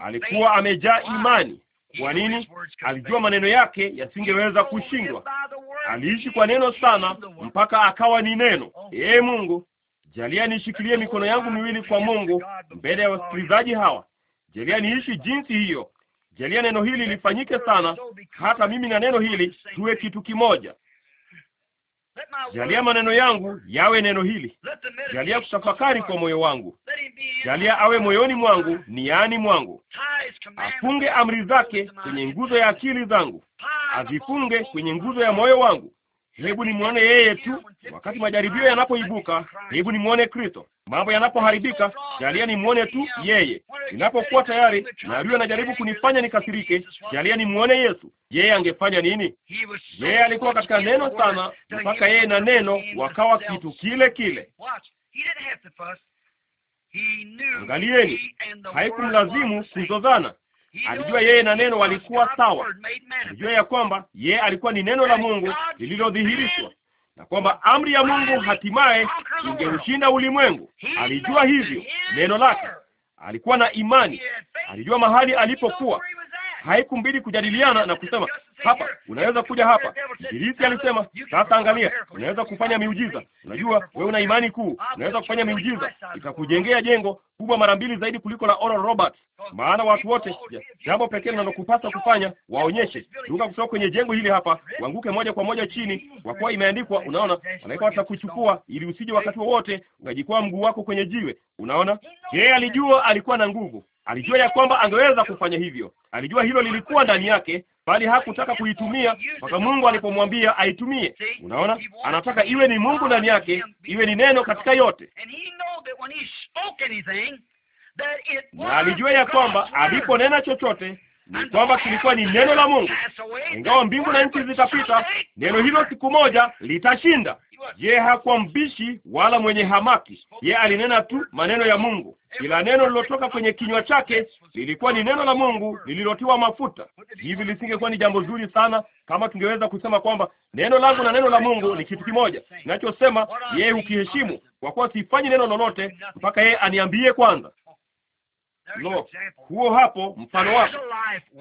Alikuwa amejaa imani, kwa nini? Alijua maneno yake yasingeweza kushindwa. Aliishi kwa neno sana mpaka akawa ni neno. Oh, ee Mungu, jalia nishikilie oh, mikono yangu miwili kwa Mungu mbele ya wasikilizaji hawa. Jalia niishi jinsi hiyo. Jalia neno hili lifanyike sana, hata mimi na neno hili tuwe kitu kimoja. Jalia maneno yangu yawe neno hili, jalia kutafakari kwa moyo wangu, jalia awe moyoni mwangu, niani mwangu, afunge amri zake kwenye nguzo ya akili zangu, azifunge kwenye nguzo ya moyo wangu, hebu nimwone yeye tu. Wakati majaribio yanapoibuka, hebu nimwone Kristo. Mambo yanapoharibika, jalia nimwone tu yeye. Ninapokuwa tayari na adui anajaribu kunifanya nikasirike, jalia nimwone Yesu. Yeye angefanya nini? Yeye alikuwa katika neno sana, mpaka yeye na neno wakawa kitu kile kile. Angalieni, haikumlazimu kuzozana. Alijua yeye na neno walikuwa sawa. Alijua ya kwamba yeye alikuwa ni neno la Mungu lililodhihirishwa na kwamba amri ya Mungu hatimaye ingeushinda ulimwengu. Alijua hivyo neno lake, alikuwa na imani, alijua mahali alipokuwa, haikumbidi kujadiliana na kusema hapa, unaweza kuja hapa. Ibilisi alisema, sasa angalia, unaweza kufanya miujiza. Unajua wewe una imani kuu, unaweza kufanya miujiza, itakujengea jengo kubwa mara mbili zaidi kuliko la Oral Roberts. Maana watu wote, jambo pekee linalokupasa kufanya, waonyeshe ruka kutoka kwenye jengo hili hapa, uanguke moja kwa moja chini, kwa kuwa imeandikwa. Unaona, malaika watakuchukua ili usije wakati wowote ukajikwa mguu wako kwenye jiwe. Unaona, yeye alijua alikuwa na nguvu Alijua ya kwamba angeweza kufanya hivyo, alijua hilo lilikuwa ndani yake, bali hakutaka kuitumia mpaka Mungu alipomwambia aitumie. Unaona, anataka iwe ni Mungu ndani yake, iwe ni neno katika yote, na alijua ya kwamba aliponena chochote ni kwamba kilikuwa ni neno la Mungu. Ingawa mbingu na nchi zitapita, neno hilo siku moja litashinda. Ye hakuwa mbishi wala mwenye hamaki, ye alinena tu maneno ya Mungu. Kila neno lilotoka kwenye kinywa chake lilikuwa ni neno la Mungu lililotiwa mafuta. Hivi lisingekuwa ni jambo zuri sana kama tungeweza kusema kwamba neno langu na neno la Mungu ni kitu kimoja, ninachosema yeye hukiheshimu, kwa kuwa sifanyi neno lolote mpaka yeye aniambie kwanza. Lo, huo hapo mfano wako.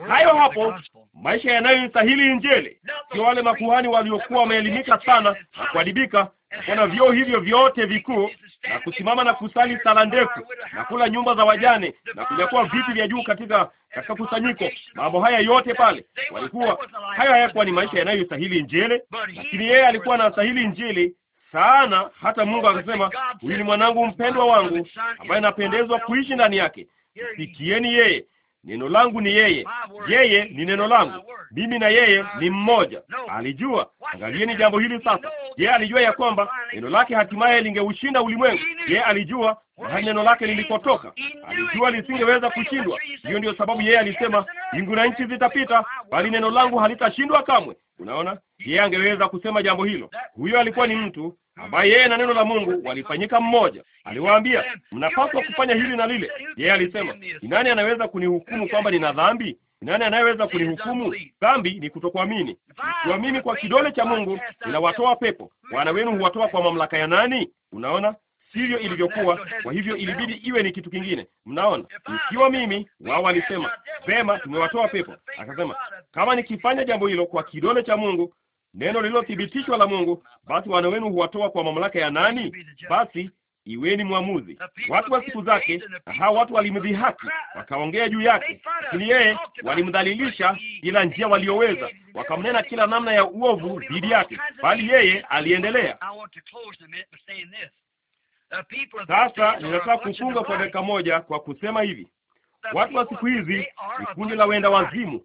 Hayo hapo maisha yanayostahili Injili, sio wale makuhani waliokuwa wameelimika sana, kuadibika, kuna vyoo hivyo vyote vikuu na kusimama na kusali sala ndefu na kula nyumba za wajane na kunyakua viti vya juu katika katika kusanyiko. Mambo haya yote pale walikuwa, hayo hayakuwa ni maisha yanayostahili Injili, lakini yeye alikuwa anastahili Injili sana hata Mungu akasema, huyu ni mwanangu mpendwa wangu ambaye napendezwa kuishi ndani yake sikieni yeye. Neno langu ni yeye, yeye ni neno langu, mimi na yeye ni mmoja. Alijua, angalieni jambo hili sasa. Yeye alijua ya kwamba neno lake hatimaye lingeushinda ulimwengu. Yeye alijua mahali neno lake lilikotoka, alijua lisingeweza kushindwa. Hiyo ndiyo sababu yeye alisema, mbingu na nchi zitapita, bali neno langu halitashindwa kamwe. Unaona, yeye angeweza kusema jambo hilo. Huyo alikuwa ni mtu ambaye yeye na neno la Mungu walifanyika mmoja. Aliwaambia, mnapaswa kufanya hili na lile. Yeye alisema, ni nani anaweza kunihukumu kwamba nina dhambi? Ni nani anayeweza kunihukumu? Dhambi ni kutokuamini. Kuamini kwa kidole cha Mungu inawatoa pepo. Wana wenu huwatoa kwa mamlaka ya nani? Unaona, sivyo ilivyokuwa. Kwa hivyo ilibidi iwe ni kitu kingine. Mnaona, ikiwa mimi, wao walisema, vema, tumewatoa pepo. Akasema, kama nikifanya jambo hilo kwa kidole cha Mungu neno lililothibitishwa la Mungu, basi wana wenu huwatoa kwa mamlaka ya nani? Basi iweni mwamuzi. Watu wa siku zake, na hao watu walimdhihaki, wakaongea juu yake, lakini yeye walimdhalilisha kila njia walioweza, wakamnena kila namna ya uovu dhidi yake, bali yeye aliendelea. Sasa ninataka kufunga kwa dakika moja kwa kusema hivi, watu wa siku hizi ni kundi la wenda wazimu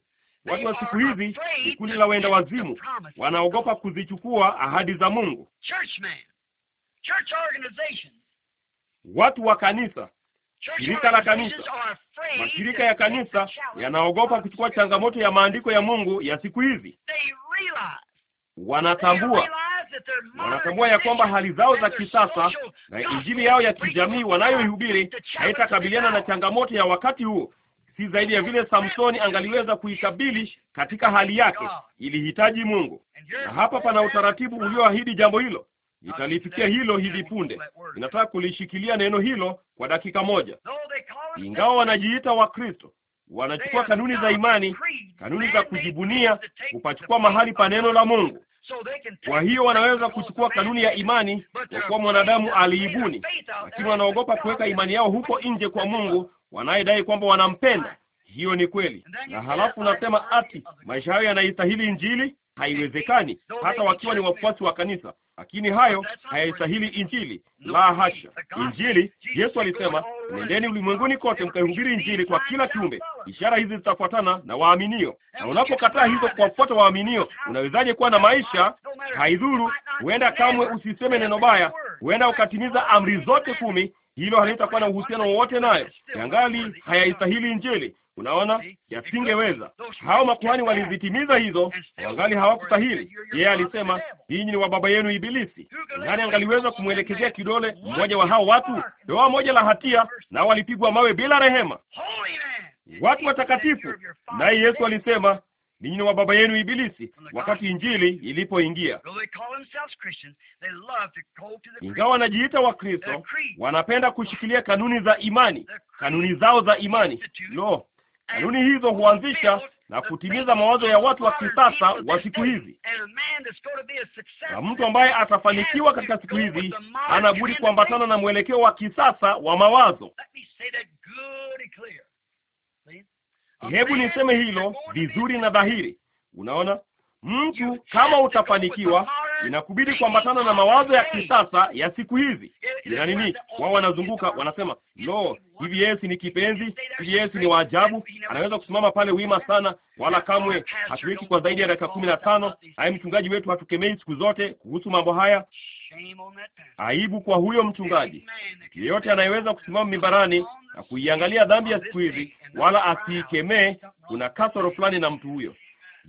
Watu wa siku hizi ni kundi la waenda wazimu, wanaogopa kuzichukua ahadi za Mungu. Watu wa kanisa, shirika la kanisa, mashirika ya kanisa yanaogopa kuchukua changamoto ya maandiko ya Mungu ya siku hizi. Wanatambua, wanatambua ya kwamba hali zao za kisasa na injili yao ya kijamii wanayoihubiri haitakabiliana na changamoto ya wakati huo si zaidi ya vile Samsoni angaliweza kuikabili katika hali yake. Ilihitaji Mungu, na hapa pana utaratibu ulioahidi jambo hilo. Nitalifikia hilo hivi punde. Ninataka kulishikilia neno hilo kwa dakika moja. Ingawa wanajiita Wakristo, wanachukua kanuni za imani, kanuni za kujibunia, kupachukua mahali pa neno la Mungu. Kwa hiyo wanaweza kuchukua kanuni ya imani kwa kuwa mwanadamu aliibuni, lakini wanaogopa kuweka imani yao huko nje kwa Mungu wanayedai kwamba wanampenda. Hiyo ni kweli. Na halafu unasema ati maisha hayo yanaistahili Injili? Haiwezekani, hata wakiwa ni wafuasi wa kanisa, lakini hayo hayaistahili Injili. La hasha! Injili, Yesu alisema, nendeni ulimwenguni kote mkaihubiri Injili kwa kila kiumbe, ishara hizi zitafuatana na waaminio. Na unapokataa hizo kuwafuata waaminio, unawezaje kuwa na maisha? Haidhuru, huenda kamwe usiseme neno baya, huenda ukatimiza amri zote kumi, hilo halitakuwa na uhusiano wowote nayo, yangali hayaistahili Injili. Unaona, yasingeweza. Hao makuhani walizitimiza hizo, wangali hawakustahili. Yeye alisema ninyi ni wa baba yenu Ibilisi. Nani angaliweza kumwelekezea kidole mmoja wa hao watu? Doa moja la hatia, nao walipigwa mawe bila rehema, watu watakatifu. Naye Yesu alisema ninyi ni wa baba yenu Ibilisi wakati injili ilipoingia. Ingawa wanajiita wa kristo wanapenda kushikilia kanuni za imani, kanuni zao za imani. Lo, kanuni hizo huanzisha na kutimiza mawazo ya watu wa kisasa wa siku hizi. Na mtu ambaye atafanikiwa katika siku hizi anabudi kuambatana na mwelekeo wa kisasa wa mawazo. Hebu niseme hilo vizuri na dhahiri. Unaona, mtu kama utafanikiwa, inakubidi kuambatana na mawazo ya kisasa ya siku hizi. Ina nini? Wao wanazunguka wanasema, lo, hivi Yesu ni kipenzi, hivi Yesu ni waajabu, anaweza kusimama pale wima sana, wala kamwe hatuweki kwa zaidi ya dakika kumi na tano. Aye, mchungaji wetu hatukemei siku zote kuhusu mambo haya, Aibu kwa huyo mchungaji yeyote anayeweza kusimama mimbarani na kuiangalia dhambi ya siku hizi, wala asiikemee. Kuna kasoro fulani na mtu huyo,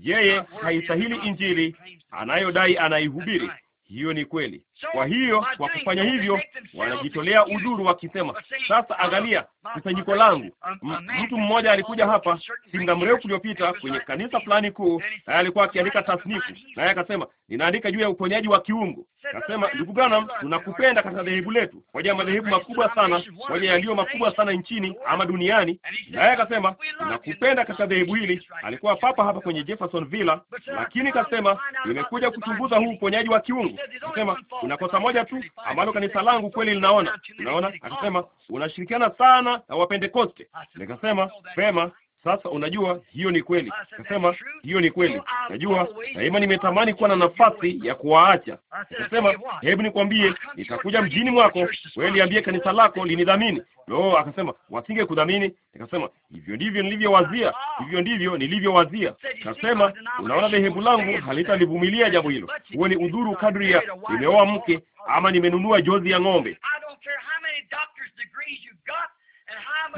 yeye haistahili injili anayodai anaihubiri. Hiyo ni kweli. Kwa hiyo kwa kufanya hivyo wanajitolea udhuru, wakisema sasa, angalia kusanyiko langu. mtu mmoja alikuja hapa si muda mrefu uliopita kwenye kanisa fulani kuu, naye alikuwa akiandika tasnifu, naye akasema, ninaandika juu ya uponyaji wa kiungu. Akasema, ndugu Branham, tunakupenda katika dhehebu letu, moja ya madhehebu makubwa sana, moja yaliyo makubwa sana nchini ama duniani. Naye akasema, tunakupenda katika dhehebu hili. Alikuwa papa hapa kwenye Jefferson Villa, lakini akasema, nimekuja kuchunguza huu uponyaji wa kiungu wangu. Akasema kuna kosa moja tu ambalo kanisa langu kweli linaona. Unaona, akasema unashirikiana sana na Wapentekoste. Nikasema vema, sasa unajua hiyo ni kweli. nasema hiyo ni kweli, najua daima nimetamani kuwa na nafasi ya kuwaacha. Nasema hebu nikwambie, nitakuja mjini mwako, wewe niambie kanisa lako linidhamini. Lo, akasema wasinge kudhamini. Nikasema hivyo ndivyo nilivyowazia, hivyo ndivyo nilivyowazia. kasema unaona, dhehebu langu halitalivumilia jambo hilo. Huo ni udhuru kadri ya nimeoa mke ama nimenunua jozi ya ng'ombe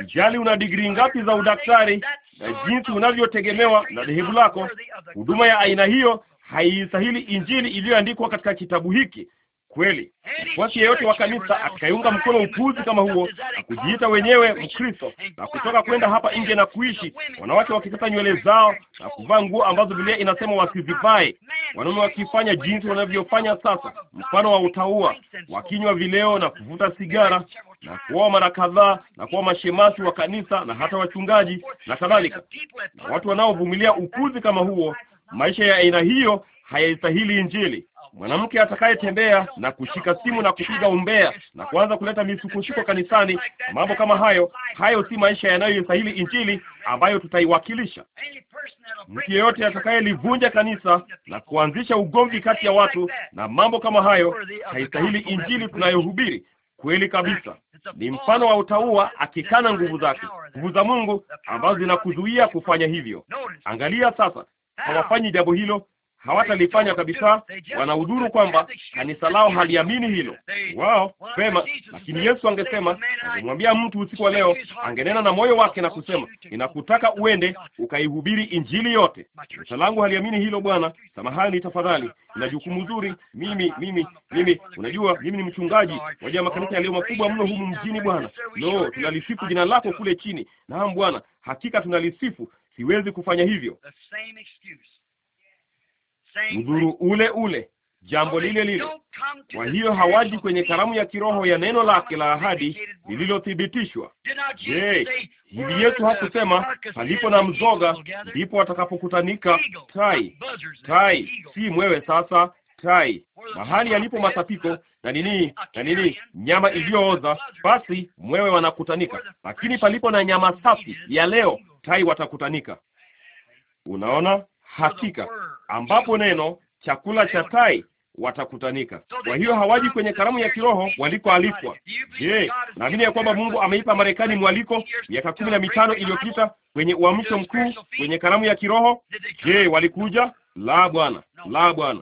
Jali una digrii ngapi za udaktari na jinsi unavyotegemewa na dhehebu lako. Huduma ya aina hiyo haistahili Injili iliyoandikwa katika kitabu hiki, kweli. Mfuasi yeyote wa kanisa akaiunga mkono upuzi kama huo na kujiita wenyewe Mkristo na kutoka kwenda hapa nje na kuishi, wanawake wakikata nywele zao na kuvaa nguo ambazo Biblia inasema wasizivae, wanaume wakifanya jinsi wanavyofanya sasa, mfano wa utaua, wakinywa vileo na kuvuta sigara na kuoa mara kadhaa na kuwa mashemasi wa kanisa na hata wachungaji na kadhalika, na watu wanaovumilia upuzi kama huo, maisha ya aina hiyo hayastahili Injili mwanamke atakayetembea na kushika simu na kupiga umbea na kuanza kuleta misukosuko kanisani, mambo kama hayo, hayo si maisha yanayostahili Injili ambayo tutaiwakilisha. Mtu yeyote atakayelivunja kanisa na kuanzisha ugomvi kati ya watu na mambo kama hayo, haistahili Injili tunayohubiri. Kweli kabisa, ni mfano wa utaua akikana nguvu zake, nguvu za Mungu ambazo zinakuzuia kufanya hivyo. Angalia sasa, hawafanyi jambo hilo hawatalifanya kabisa. wanahuduru kwamba kanisa lao haliamini hilo. Wao sema, lakini Yesu angesema, angemwambia mtu usiku wa leo, angenena na moyo wake na kusema, ninakutaka uende ukaihubiri injili yote. Kanisa langu haliamini hilo. Bwana, samahani tafadhali, na jukumu zuri mimi, mimi, mimi. Unajua mimi ni mchungaji, wa ya makanisa yaliyo makubwa mno humu mjini. Bwana, no, tunalisifu jina lako kule chini. Naam Bwana, hakika tunalisifu. Siwezi kufanya hivyo udhuru ule ule, jambo lile lile. Kwa hiyo hawaji kwenye karamu ya kiroho ya neno lake la ahadi lililothibitishwa. Je, hivi Yesu hakusema palipo na mzoga ndipo watakapokutanika tai? Tai si mwewe sasa, tai mahali yalipo matapiko na nini na nini, nyama iliyooza, basi mwewe wanakutanika. Lakini palipo na nyama safi ya leo, tai watakutanika. Unaona, hakika, ambapo neno chakula cha tai watakutanika. Kwa hiyo hawaji kwenye karamu ya kiroho walikoalikwa. Je, naamini ya kwamba Mungu ameipa Marekani mwaliko miaka kumi na mitano iliyopita kwenye uamsho mkuu kwenye karamu ya kiroho? Je, walikuja? La, bwana, la, bwana.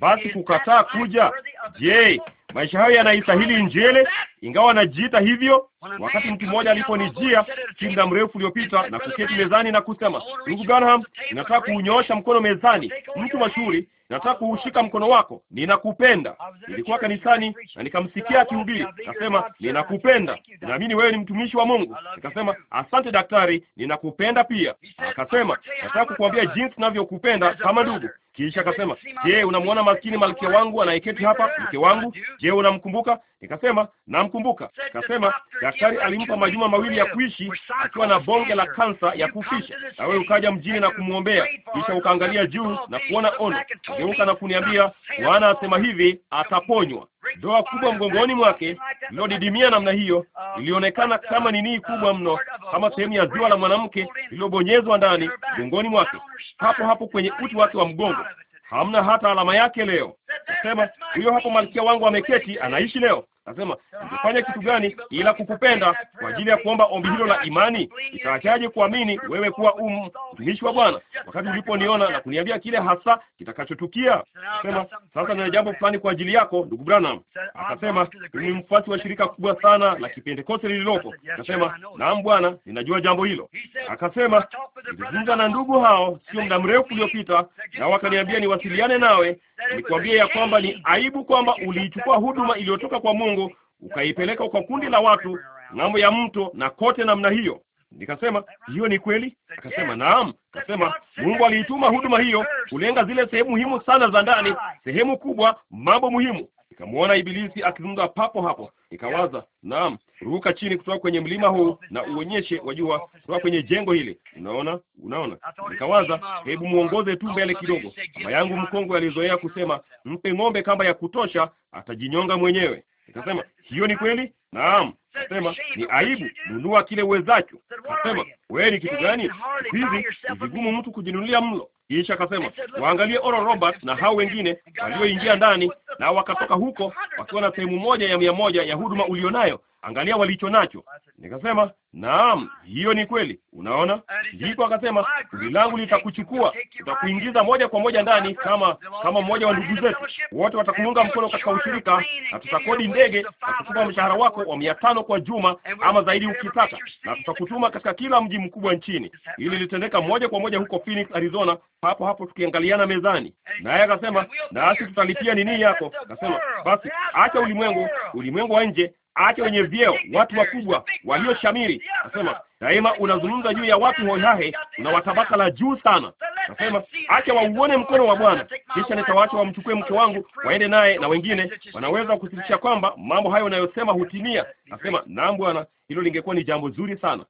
Basi kukataa kuja, je, maisha hayo yanaistahili Injili ingawa wanajiita hivyo? Wakati mtu mmoja aliponijia si muda mrefu uliopita na kuketi mezani na kusema, ndugu Branham, ninataka kuunyoosha mkono mezani, mtu mashuhuri, nataka kuushika mkono wako, ninakupenda. Nilikuwa kanisani na nikamsikia akihubiri, nasema ninakupenda, naamini wewe ni mtumishi wa Mungu. Nikasema asante daktari, ninakupenda pia. Akasema nataka kukuambia jinsi ninavyokupenda kama ndugu. Kisha akasema, je, unamwona maskini malkia wangu anayeketi hapa, mke wangu? Je, unamkumbuka? Nikasema namkumbuka. Akasema Daktari alimpa majuma mawili ya kuishi akiwa na bonge la kansa ya kufisha, na wewe ukaja mjini na kumwombea, kisha ukaangalia juu na kuona ono, ugeuka na kuniambia Bwana asema hivi, ataponywa. Doa kubwa mgongoni mwake lilodidimia namna hiyo ilionekana kama nini kubwa mno, kama sehemu ya ziwa la mwanamke lililobonyezwa ndani mgongoni mwake, hapo hapo kwenye uti wake wa mgongo. Hamna hata alama yake leo. Sema huyo hapo, malkia wangu ameketi, anaishi leo. Nasema nitafanya kitu gani ila kukupenda kwa ajili ya kuomba ombi hilo la imani? Itawachaje kuamini wewe kuwa um mtumishi wa Bwana wakati uliponiona na kuniambia kile hasa kitakachotukia? Nasema sasa nina jambo fulani kwa ajili yako ndugu Branham. Akasema ni mfuasi wa shirika kubwa sana la Kipentekoste lililoko. Akasema naam bwana, ninajua jambo hilo. Akasema nilizungumza na ndugu hao sio muda mrefu uliopita, na wakaniambia niwasiliane nawe, nikwambie ya kwamba ni aibu kwamba uliichukua huduma iliyotoka kwa Mungu yangu ukaipeleka kwa kundi la watu ng'ambo ya mto na kote namna hiyo. Nikasema, hiyo ni kweli? Akasema, naam. Akasema, Mungu aliituma huduma hiyo kulenga zile sehemu muhimu sana za ndani, sehemu kubwa, mambo muhimu. Nikamwona Ibilisi akizungumza papo hapo. Nikawaza, naam, ruka chini kutoka kwenye mlima huu na uonyeshe, wajua, kutoka kwenye jengo hili. Unaona, unaona. Nikawaza, hebu muongoze tu mbele kidogo. Mama yangu mkongwe alizoea kusema, mpe ng'ombe kamba ya kutosha, atajinyonga mwenyewe. Nasema hiyo ni kweli. Naam, nasema ni aibu, nunua kile uwezacho. Nasema wewe ni kitu gani hizi? Ni vigumu mtu kujinunulia mlo. Kisha akasema waangalie Oral Roberts na hao wengine walioingia ndani, na wakatoka huko wakiwa na sehemu moja ya mia moja ya huduma ulionayo angalia walicho nacho. Nikasema, naam, hiyo ni kweli, unaona. Ndipo akasema, kundi langu litakuchukua, tutakuingiza moja kwa moja ndani, kama kama mmoja wa ndugu zetu. Wote watakuunga mkono katika ushirika, na tutakodi ndege na kutuma mshahara wako wa mia tano kwa juma ama zaidi ukitaka, na tutakutuma katika kila mji mkubwa nchini. Hili lilitendeka moja kwa moja huko Phoenix, Arizona, hapo hapo tukiangaliana mezani. Naye akasema, nasi tutalipia nini yako. Akasema, basi acha ulimwengu, ulimwengu wa nje acha wenye vyeo, watu wakubwa walioshamiri. Nasema daima unazungumza juu ya watu hohahe na watabaka la juu sana. Nasema acha wauone mkono wa Bwana, kisha nitawaacha wamchukue mke wangu waende naye, na wengine wanaweza kuthibitisha kwamba mambo hayo unayosema hutimia. Nasema naam Bwana, hilo lingekuwa ni jambo zuri sana.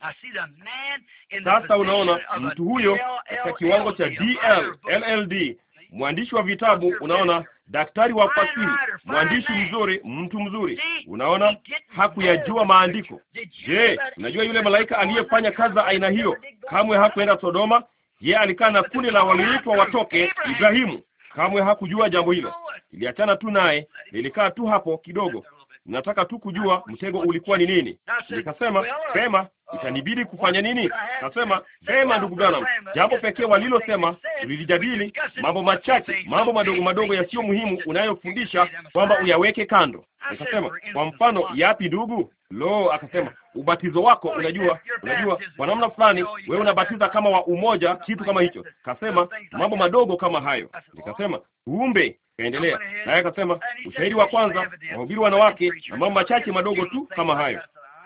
Sasa unaona mtu huyo katika kiwango cha DL LLD, mwandishi wa vitabu, unaona daktari wa fasihi, mwandishi mzuri, mtu mzuri. Unaona, hakuyajua maandiko. Je, unajua yule malaika aliyefanya kazi za aina hiyo kamwe hakuenda Sodoma? Ye alikaa na kundi la waliitwa watoke Ibrahimu. Kamwe hakujua jambo hilo, iliachana tu naye, nilikaa tu hapo kidogo. Nataka tu kujua mtego ulikuwa ni nini. Nikasema, pema uh, itanibidi kufanya nini? Nasema sema, ndugu Branham, jambo pekee walilosema, tulilijadili mambo machache, mambo madogo madogo yasiyo muhimu unayofundisha kwamba uyaweke kando. Nikasema kwa mfano, yapi ndugu? Lo, akasema ubatizo wako, unajua, unajua kwa namna fulani wewe unabatiza kama wa umoja, kitu kama hicho. Kasema mambo madogo kama hayo. Nikasema kumbe kaendelea naye, akasema ushahidi wa kwanza, wahubiri wanawake, na mambo machache madogo tu kama hayo.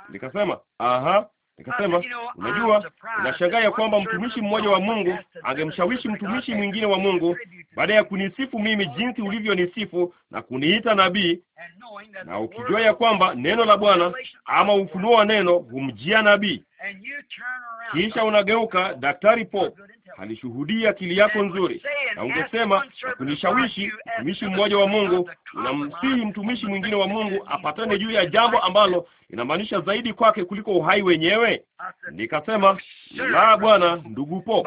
Nikasema aha, Nikasema, unajua, inashangaa ya kwamba mtumishi mmoja wa Mungu angemshawishi mtumishi mwingine wa Mungu baada ya kunisifu mimi jinsi ulivyonisifu na kuniita nabii, na ukijua ya kwamba neno la Bwana ama ufunuo wa neno humjia nabii kisha unageuka. Daktari Pop alishuhudia akili yako nzuri, na ungesema kunishawishi mtumishi mmoja wa Mungu, unamsihi mtumishi mwingine wa Mungu apatane juu ya jambo ambalo inamaanisha zaidi kwake kuliko uhai wenyewe. Nikasema oh, la, bwana ndugu Pop,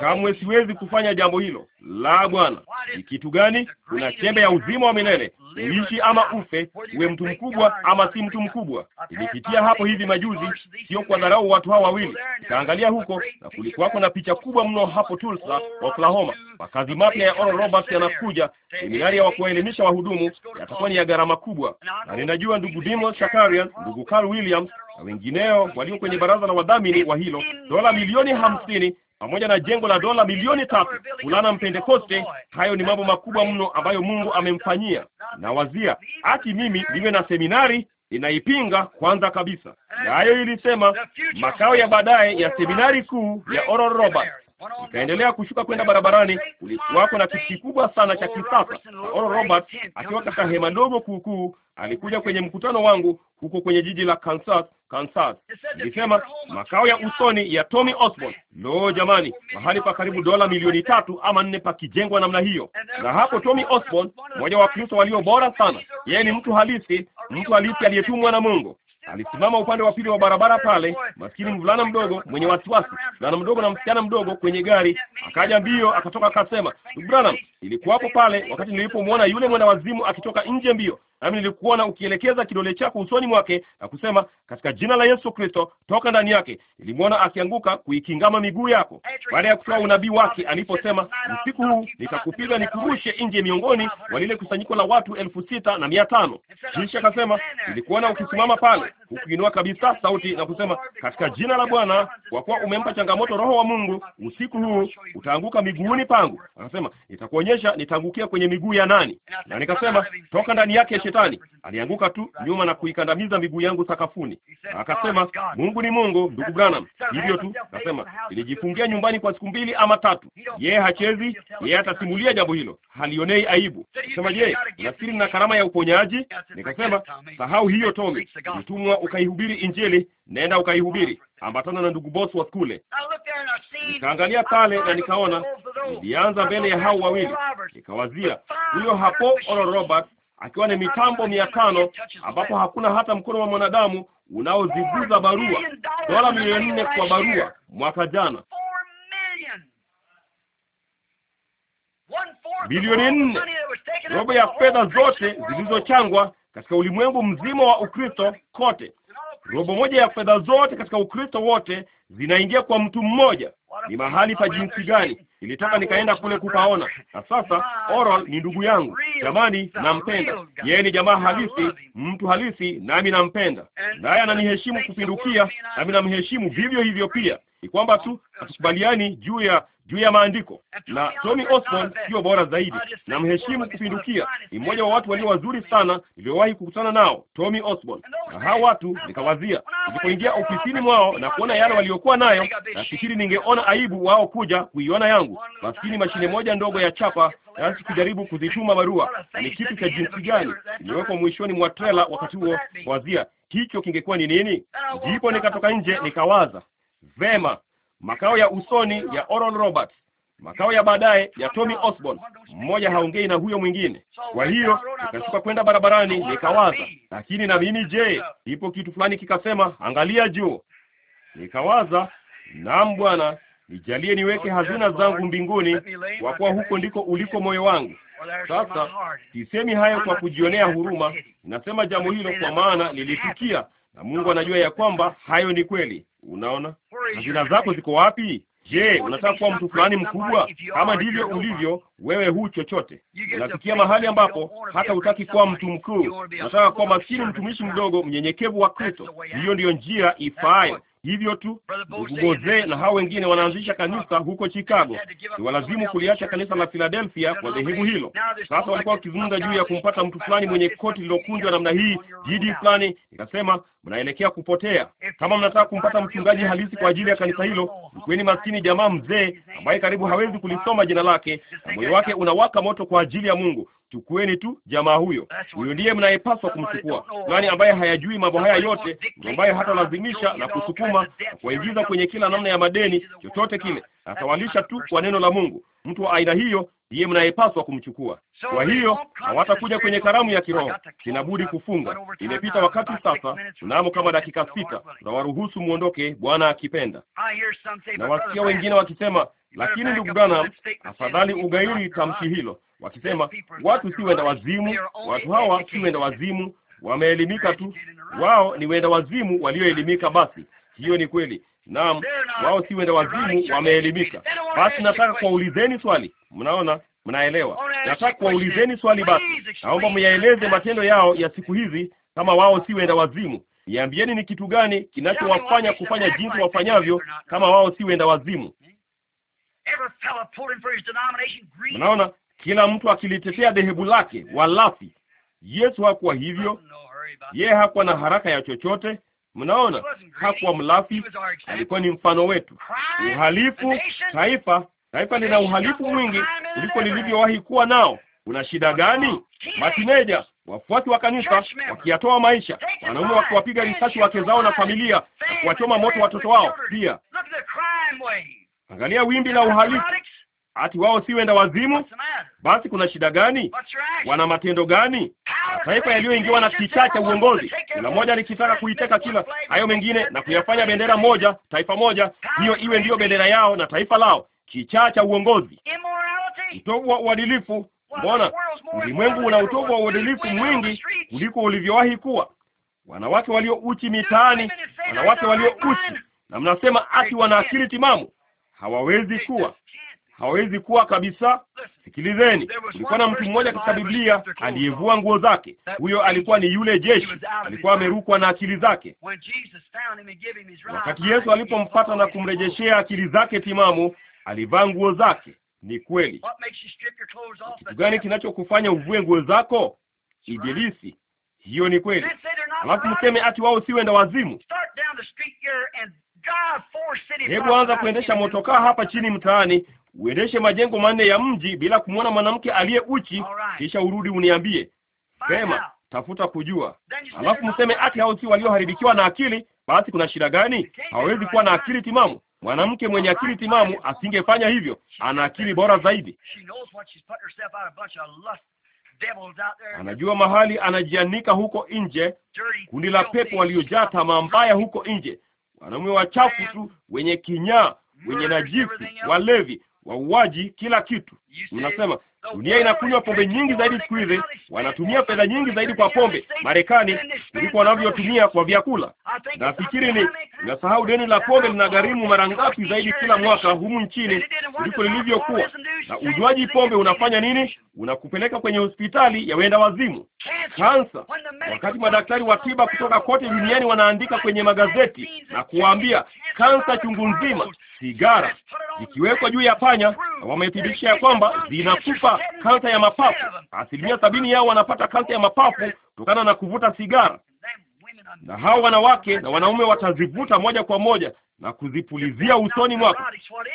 Kamwe siwezi kufanya jambo hilo. La, Bwana. Ni kitu gani? Kuna chembe ya uzima wa milele, uishi ama ufe, uwe mtu mkubwa ama si mtu mkubwa. Nilipitia hapo hivi majuzi, sio kwa dharau watu hawa wawili, nikaangalia huko na kulikuwako na picha kubwa mno hapo Tulsa, Oklahoma. Makazi mapya ya Oral Roberts yanakuja. Seminari ya kuwaelimisha wahudumu yatakuwa ni ya gharama kubwa, na ninajua ndugu Dimo Shakarian, ndugu Carl Williams na wengineo walio kwenye baraza la wadhamini wa hilo, dola milioni hamsini pamoja na jengo la dola milioni tatu fulana Mpentekoste. Hayo ni mambo makubwa mno ambayo Mungu amemfanyia. Na wazia ati mimi niwe na seminari inaipinga kwanza kabisa. hayo ilisema makao ya baadaye ya seminari kuu ya Oral Roberts ikaendelea kushuka kwenda barabarani. Kulikuwako na kitu kikubwa sana cha kisasa. Oral Roberts akiwa katika hema ndogo kuukuu alikuja kwenye mkutano wangu huko kwenye jiji la Kansas, Kansas. Nilisema makao ya usoni ya Tommy Osborne. Lo, jamani, mahali pa karibu dola milioni tatu ama nne pakijengwa namna hiyo. Na hapo Tommy Osborne, mmoja wa Kristo walio bora sana, yeye ni mtu halisi, mtu halisi aliyetumwa na Mungu alisimama upande wa pili wa barabara pale, maskini mvulana mdogo mwenye wasiwasi, mvulana mdogo na msichana mdogo kwenye gari, akaja mbio, akatoka akasema, ndugu Branham, ilikuwapo pale wakati nilipomwona yule mwenda wazimu akitoka nje mbio, nami nilikuona ukielekeza kidole chako usoni mwake na kusema, katika jina la Yesu Kristo, toka ndani yake. Nilimwona akianguka kuikingama miguu yako, baada ya kutoa unabii wake aliposema, usiku huu nitakupiga nikurushe nje miongoni mwa lile kusanyiko la watu elfu sita na mia tano. Kisha akasema, nilikuona ukisimama pale kukiinua kabisa sauti na kusema, katika jina la Bwana, kwa kuwa umempa changamoto Roho wa Mungu, usiku huu utaanguka miguuni pangu. Anasema nitakuonyesha nitaangukia kwenye miguu ya nani. Na nikasema, toka ndani yake Shetani. Alianguka tu nyuma na kuikandamiza miguu yangu sakafuni. Akasema, Mungu ni Mungu, ndugu Branham. Hivyo tu akasema, nilijifungia nyumbani kwa siku mbili ama tatu. Yeye hachezi, yeye atasimulia jambo hilo, halionei aibu. Sema je, nafikiri na karama ya uponyaji? Nikasema, sahau hiyo Tommy, umetumwa ukaihubiri Injili, nenda ukaihubiri, ambatana na ndugu bosi wa skule. Nikaangalia pale na nikaona, nilianza mbele ya hao wawili, nikawazia huyo hapo Oral Roberts akiwa na mitambo mia tano ambapo hakuna hata mkono wa mwanadamu unaoziguza barua, dola milioni nne kwa barua mwaka jana, bilioni nne, robo ya fedha zote zilizochangwa katika ulimwengu mzima wa Ukristo kote. Robo moja ya fedha zote katika Ukristo wote zinaingia kwa mtu mmoja. Ni mahali pa jinsi gani! Nilitaka nikaenda kule kupaona, na sasa Oral ni ndugu yangu, jamani, nampenda yeye, ni jamaa halisi, mtu halisi, nami nampenda, naye ananiheshimu kupindukia, nami namheshimu vivyo hivyo pia ni kwamba tu hatukubaliani juu ya juu ya maandiko, na Tommy Osborne sio bora zaidi, na mheshimu kupindukia. Ni mmoja wa watu walio wazuri sana niliyowahi kukutana nao, Tommy Osborne. Na hao watu nikawazia, nilipoingia ofisini mwao na kuona yale waliokuwa nayo, nafikiri ningeona aibu wao kuja kuiona yangu. Maskini mashine uh, moja ndogo ya uh, chapa, nasi kujaribu kuzituma barua, na ni kitu cha jinsi gani imewekwa mwishoni mwa trela. Wakati huo wazia hicho kingekuwa ni nini, ndipo nikatoka nje nikawaza Vema, makao ya usoni ya Oral Roberts, makao ya baadaye ya Tommy Osborne, mmoja haongei na huyo mwingine. Kwa hiyo nikashuka kwenda barabarani, nikawaza, lakini na mimi je, ipo kitu fulani kikasema, angalia juu. Nikawaza, naam Bwana, nijalie niweke hazina zangu mbinguni, kwa kuwa huko ndiko uliko moyo wangu. Sasa sisemi hayo kwa kujionea huruma, nasema jambo hilo kwa maana nilisikia, na Mungu anajua ya kwamba hayo ni kweli. Unaona, hazina zako ziko wapi? Je, unataka kuwa mtu fulani mkubwa? Kama ndivyo ulivyo wewe, huu chochote. Unafikia mahali ambapo hata hutaki kuwa mtu mkuu, unataka kuwa maskini mtumishi mdogo mnyenyekevu wa Kristo. Hiyo ndiyo njia ifaayo hivyo tu Bozee na hao wengine wanaanzisha kanisa huko Chicago, ni walazimu kuliacha kanisa la Philadelphia kwa dhehebu hilo. Sasa walikuwa wakizungumza juu ya kumpata mtu fulani mwenye koti lilokunjwa namna hii, jidi fulani. Nikasema mnaelekea kupotea. Kama mnataka kumpata mchungaji halisi kwa ajili ya kanisa hilo, mkweni maskini jamaa mzee ambaye karibu hawezi kulisoma jina lake na moyo wake unawaka moto kwa ajili ya Mungu chukueni tu jamaa huyo. Huyo ndiye mnayepaswa kumchukua. Nani ambaye hayajui mambo haya yote, ambaye hatalazimisha na kusukuma na kuwaingiza kwenye kila namna ya madeni, chochote kile, atawalisha tu kwa neno la Mungu. Mtu wa aina hiyo ndiye mnayepaswa kumchukua. Kwa hiyo hawatakuja kwenye karamu ya kiroho. inabudi kufunga. Imepita uh, wakati sasa, tunamo kama dakika sita, waruhusu muondoke, Bwana akipenda. Na wasikia wengine wakisema lakini ndugu Branham, afadhali ugairi tamshi hilo, wakisema watu si wenda wazimu, watu hawa si wenda wazimu, wameelimika tu, wao ni wenda wazimu walioelimika. Basi hiyo ni kweli. Naam, wao si wenda wazimu, wameelimika. Basi nataka kuwaulizeni swali. Mnaona, mnaelewa? Nataka kuwaulizeni swali. Basi naomba myaeleze matendo yao ya siku hizi, kama wao si wenda wazimu. Niambieni ni kitu gani kinachowafanya kufanya jinsi wafanyavyo, kama wao si wenda wazimu. Mnaona, kila mtu akilitetea dhehebu lake, walafi. Yesu hakuwa hivyo, oh, yeye hakuwa na haraka ya chochote. Mnaona, hakuwa mlafi, alikuwa ni mfano wetu. Uhalifu taifa, taifa lina uhalifu mwingi kuliko lilivyowahi kuwa nao. Una shida gani? Matineja, wafuasi wa kanisa wakiyatoa maisha, wanaume wakiwapiga risasi wake zao na familia na kuwachoma moto watoto wao pia Angalia wimbi la uhalifu, ati wao si wenda wazimu? Basi kuna shida gani? Wana matendo gani? Mataifa yaliyoingiwa na kichaa cha uongozi, kila moja likitaka kuiteka kila hayo mengine na kuyafanya bendera moja, taifa moja, hiyo iwe ndiyo bendera yao na taifa lao, kichaa cha uongozi, utovu wa uadilifu. Mbona ulimwengu una utovu wa uadilifu mwingi kuliko ulivyowahi kuwa? Wanawake walio uchi mitaani, wanawake walio uchi, na mnasema ati wana akili timamu hawawezi kuwa hawawezi kuwa kabisa. Sikilizeni, kulikuwa na mtu mmoja katika Biblia aliyevua nguo zake. Huyo alikuwa ni yule jeshi, alikuwa amerukwa na akili zake. Wakati Yesu alipompata na kumrejeshea akili zake timamu, alivaa nguo zake. Ni kweli. Kitu gani kinachokufanya uvue nguo zako? Ibilisi. Hiyo ni kweli. Alafu mseme ati wao si wazimu Hebu anza kuendesha motokaa hapa chini mtaani, uendeshe majengo manne ya mji bila kumwona mwanamke aliye uchi, kisha urudi uniambie. Sema, tafuta kujua, alafu mseme ati hao si walioharibikiwa na akili. Basi kuna shida gani? Hawezi kuwa na akili timamu. Mwanamke mwenye akili timamu asingefanya hivyo, ana akili bora zaidi. Anajua mahali anajianika huko nje, kundi la pepo waliojaa tamaa mbaya huko nje, wanaume wachafu tu, wenye kinyaa, wenye najisi, walevi, wauaji, kila kitu. Unasema Dunia inakunywa pombe nyingi zaidi siku hizi, wanatumia fedha nyingi zaidi kwa pombe Marekani kuliko wanavyotumia kwa vyakula. Nafikiri ni nasahau, deni la pombe linagharimu mara ngapi zaidi kila mwaka humu nchini kuliko lilivyokuwa. Na ujuaji pombe unafanya nini? Unakupeleka kwenye hospitali ya wenda wazimu, kansa. Wakati madaktari wa tiba kutoka kote duniani wanaandika kwenye magazeti na kuwaambia kansa chungu nzima sigara zikiwekwa juu ya panya, na wamethibitisha ya kwamba zinakufa kansa ya mapafu. Asilimia sabini yao wanapata kansa ya mapafu kutokana na kuvuta sigara, na hao wanawake na wanaume watazivuta moja kwa moja na kuzipulizia usoni mwako.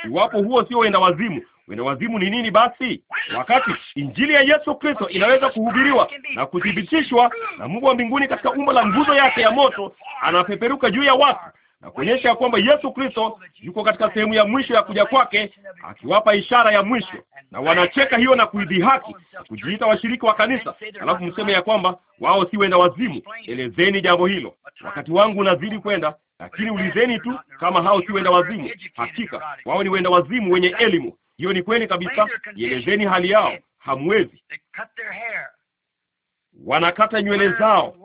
Iwapo huo sio wenda wazimu, wenda wazimu ni nini basi? Wakati injili ya Yesu Kristo inaweza kuhubiriwa na kuthibitishwa na Mungu wa mbinguni katika umbo la nguzo yake ya moto, anapeperuka juu ya watu na kuonyesha kwamba Yesu Kristo yuko katika sehemu ya mwisho ya kuja kwake, akiwapa ishara ya mwisho, na wanacheka hiyo na kuidhihaki na kujiita washiriki wa kanisa, alafu mseme ya kwamba wao si wenda wazimu. Elezeni jambo hilo. Wakati wangu unazidi kwenda, lakini ulizeni tu kama hao si wenda wazimu. Hakika wao ni wenda wazimu wenye elimu. Hiyo ni kweli kabisa. Ielezeni hali yao, hamwezi. Wanakata nywele zao,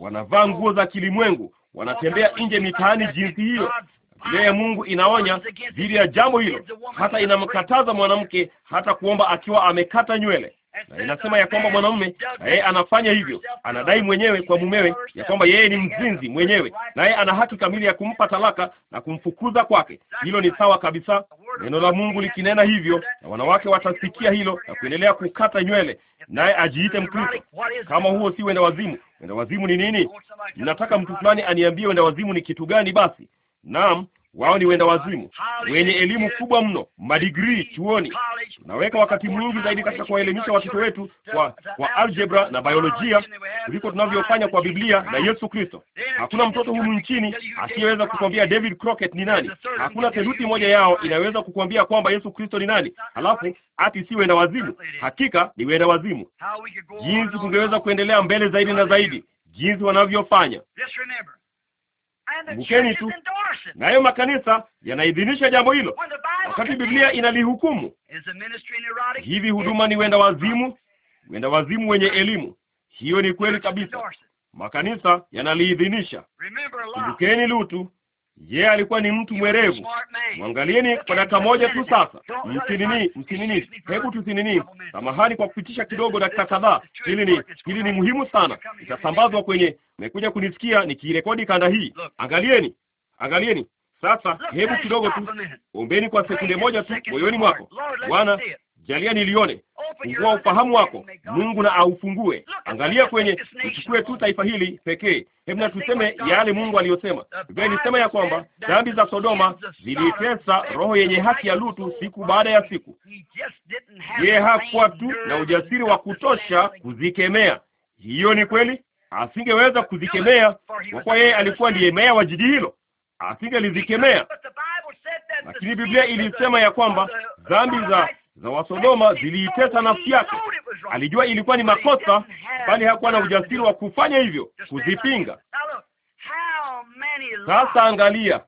wanavaa nguo za kilimwengu wanatembea nje mitaani jinsi hiyo. ya Mungu inaonya dhidi ya jambo hilo, hata inamkataza mwanamke hata kuomba akiwa amekata nywele na inasema ya kwamba mwanamume naye anafanya hivyo, anadai mwenyewe kwa mumewe ya kwamba yeye ni mzinzi mwenyewe, naye ana haki kamili ya kumpa talaka na kumfukuza kwake. Hilo ni sawa kabisa, neno la Mungu likinena hivyo, na wanawake watasikia hilo na kuendelea kukata nywele, naye ajiite Mkristo. Kama huo si wenda wazimu, wenda wazimu ni nini? Ninataka mtu fulani aniambie wenda wazimu ni kitu gani? Basi naam, wao ni wenda wazimu wenye elimu kubwa mno, madigrii chuoni. Tunaweka wakati mwingi zaidi katika kuwaelimisha watoto wetu kwa kwa algebra na biolojia kuliko tunavyofanya kwa Biblia na Yesu Kristo. Hakuna mtoto humu nchini asiyeweza kukwambia David Crockett ni nani. Hakuna theluthi moja yao inaweza kukwambia kwamba Yesu Kristo ni nani, halafu ati si wenda wazimu. Hakika ni wenda wazimu. Jinsi tungeweza kuendelea mbele zaidi na zaidi, jinsi wanavyofanya mbukeni tu, nayo makanisa yanaidhinisha jambo hilo. Wakati Biblia inalihukumu hivi, huduma ni wenda wazimu, wenda wazimu wenye elimu. Hiyo ni kweli kabisa, makanisa yanaliidhinisha. Kumbukeni Lutu yeye alikuwa ni mtu mwerevu. Mwangalieni kwa dakika moja tu sasa, msinini, msinini, hebu tusinini. Samahani kwa kupitisha kidogo dakika kadhaa. Hili ni hili ni muhimu sana, itasambazwa kwenye. Mmekuja kunisikia nikirekodi kanda hii. Angalieni, angalieni sasa, hebu kidogo tu, ombeni kwa sekunde moja tu moyoni mwako. Bwana, Jalia nilione, fungua ufahamu wako Mungu na aufungue. Angalia kwenye, uchukue tu taifa hili pekee. Hebu na tuseme yale Mungu aliyosema. Biblia ilisema ya kwamba dhambi za Sodoma zilitesa roho yenye haki ya Lutu siku baada ya siku. Yeye hakuwa tu na ujasiri wa kutosha kuzikemea. Hiyo ni kweli, asingeweza kuzikemea kwa kuwa yeye alikuwa ndiye meya wa jiji hilo, asingelizikemea. Lakini Biblia ilisema ya kwamba dhambi za za Wasodoma ziliitesa nafsi yake. Alijua ilikuwa ni makosa, bali hakuwa na ujasiri wa kufanya hivyo, kuzipinga. Sasa angalia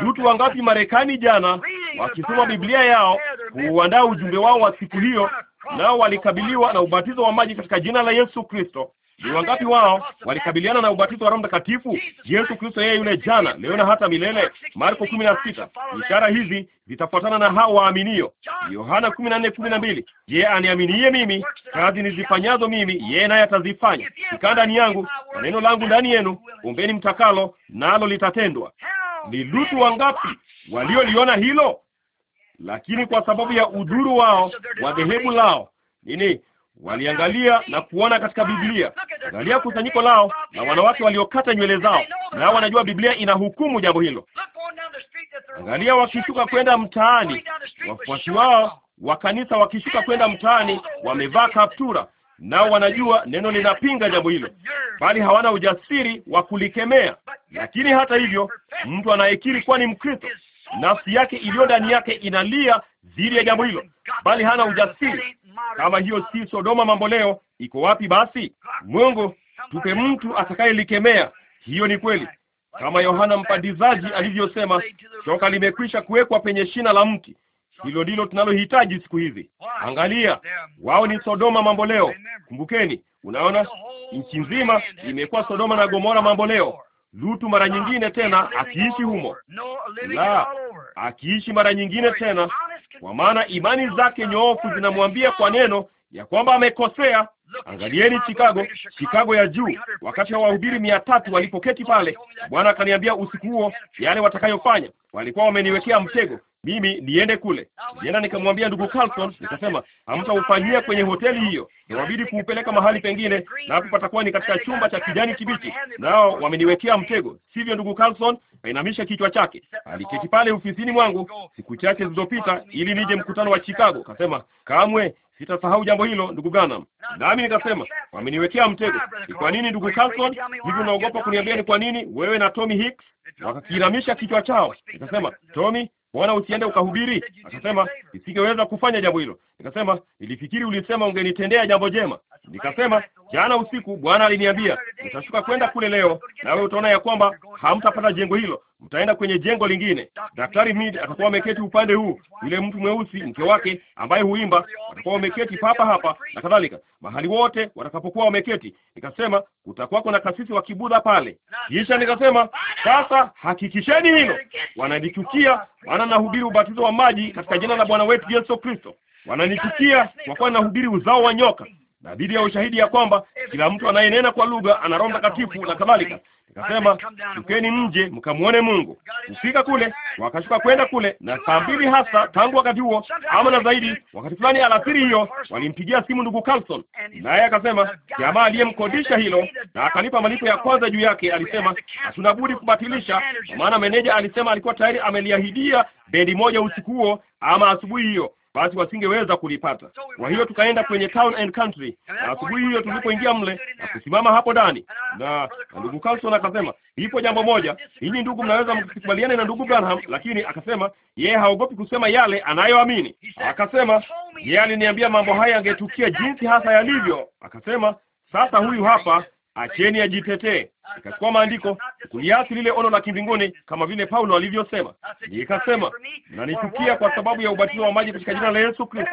ndutu wangapi Marekani jana wakisoma Biblia yao kuuandaa ujumbe wao wa siku hiyo, nao walikabiliwa na ubatizo wa maji katika jina la Yesu Kristo, ni wangapi wao walikabiliana na ubatizo wa Roho Mtakatifu? Yesu Kristo yeye yule jana, leo na hata milele. Marko kumi na sita. Ishara hizi zitafuatana na hao waaminio. Yohana kumi na nne kumi na mbili. aniaminie mimi, kazi nizifanyazo mimi yeye naye atazifanya, ikaa ndani yangu na neno langu ndani yenu. Ombeni mtakalo, nalo litatendwa. Ni Lutu wangapi walioliona hilo? Lakini kwa sababu ya udhuru wao wa dhehebu lao nini waliangalia na kuona katika Biblia. Angalia kusanyiko lao na wanawake waliokata nywele zao, nao wanajua Biblia inahukumu jambo hilo. Angalia wakishuka kwenda mtaani, wafuasi wao wa kanisa wakishuka kwenda mtaani, wamevaa kaptura, nao wanajua neno linapinga jambo hilo, bali hawana ujasiri wa kulikemea. Lakini hata hivyo, mtu anayekiri kuwa ni Mkristo, nafsi yake iliyo ndani yake inalia dhidi ya jambo hilo, bali hana ujasiri kama hiyo si Sodoma mambo leo, iko wapi basi? Mungu, tupe mtu atakayelikemea. Hiyo ni kweli, kama Yohana Mbatizaji alivyosema, shoka limekwisha kuwekwa penye shina la mti. Hilo ndilo tunalohitaji siku hizi. Angalia, wao ni Sodoma mambo leo. Kumbukeni, unaona, nchi nzima imekuwa Sodoma na Gomora mambo leo. Lutu mara nyingine tena akiishi humo, la akiishi mara nyingine tena kwa maana imani zake nyoofu zinamwambia kwa neno ya kwamba amekosea. Angalieni Chicago, Chicago ya juu, wakati wa wahubiri mia tatu walipoketi pale, Bwana akaniambia usiku huo yale watakayofanya. Walikuwa wameniwekea mtego, mimi niende kule. Nienda nikamwambia ndugu Carlson, nikasema hamtaufanyia kwenye hoteli hiyo, nawabidi kuupeleka mahali pengine, na hapo patakuwa ni katika chumba cha kijani kibichi. Nao wameniwekea mtego, sivyo? Ndugu Carlson kainamisha kichwa chake, aliketi pale ofisini mwangu siku chache zilizopita, ili nije mkutano wa Chicago. Kasema kamwe sitasahau jambo hilo, ndugu Ganam. Nami nikasema wameniwekea mtego. Ni kwa nini, ndugu Carlson? Hivi unaogopa kuniambia ni kwa nini wewe na Tommy Hicks? Wakakiramisha kichwa chao. Nikasema Tommy Bwana, usiende ukahubiri. Akasema isingeweza kufanya jambo hilo. Nikasema nilifikiri ulisema ungenitendea jambo jema. Nikasema Jana usiku Bwana aliniambia utashuka kwenda kule leo, nawe utaona ya kwamba hamtapata jengo hilo, mtaenda kwenye jengo lingine. Daktari Mid atakuwa ameketi upande huu, yule mtu mweusi, mke wake ambaye huimba, atakuwa wameketi papa hapa na kadhalika, mahali wote watakapokuwa wameketi. Nikasema kutakuwa kuna kasisi wa kibudha pale, kisha nikasema sasa, hakikisheni hilo. Wananichukia, maana nahubiri ubatizo wa maji katika jina la Bwana wetu Yesu Kristo. Wananichukia kwa kuwa nahubiri uzao wa nyoka na dhidi ya ushahidi ya kwamba kila mtu anayenena kwa lugha ana Roho Mtakatifu na kadhalika. Nikasema, tukeni nje mkamwone Mungu. Kufika kule, wakashuka kwenda kule, na saa mbili hasa tangu wakati huo ama na zaidi, wakati fulani alasiri hiyo walimpigia simu ndugu Carlson, naye akasema jamaa aliyemkodisha hilo na akanipa malipo ya kwanza juu yake, alisema hatuna budi kubatilisha, kwa maana meneja alisema alikuwa tayari ameliahidia bendi moja usiku huo ama asubuhi hiyo basi wasingeweza kulipata. Kwa hiyo tukaenda kwenye town and country, na asubuhi hiyo tulipoingia mle na kusimama hapo ndani, uh, na ndugu Carlson akasema, ipo jambo moja, ninyi ndugu mnaweza mkikubaliane na ndugu Branham, lakini akasema yeye haogopi kusema yale anayoamini. Akasema yeye aliniambia mambo haya yangetukia jinsi hasa yalivyo. Akasema sasa huyu hapa acheni ajitetee. Ikachukua maandiko kuliasi lile ono la kimbinguni, kama vile Paulo alivyosema. Nikasema, mnanichukia kwa sababu ya ubatizo wa maji katika jina la Yesu Kristo.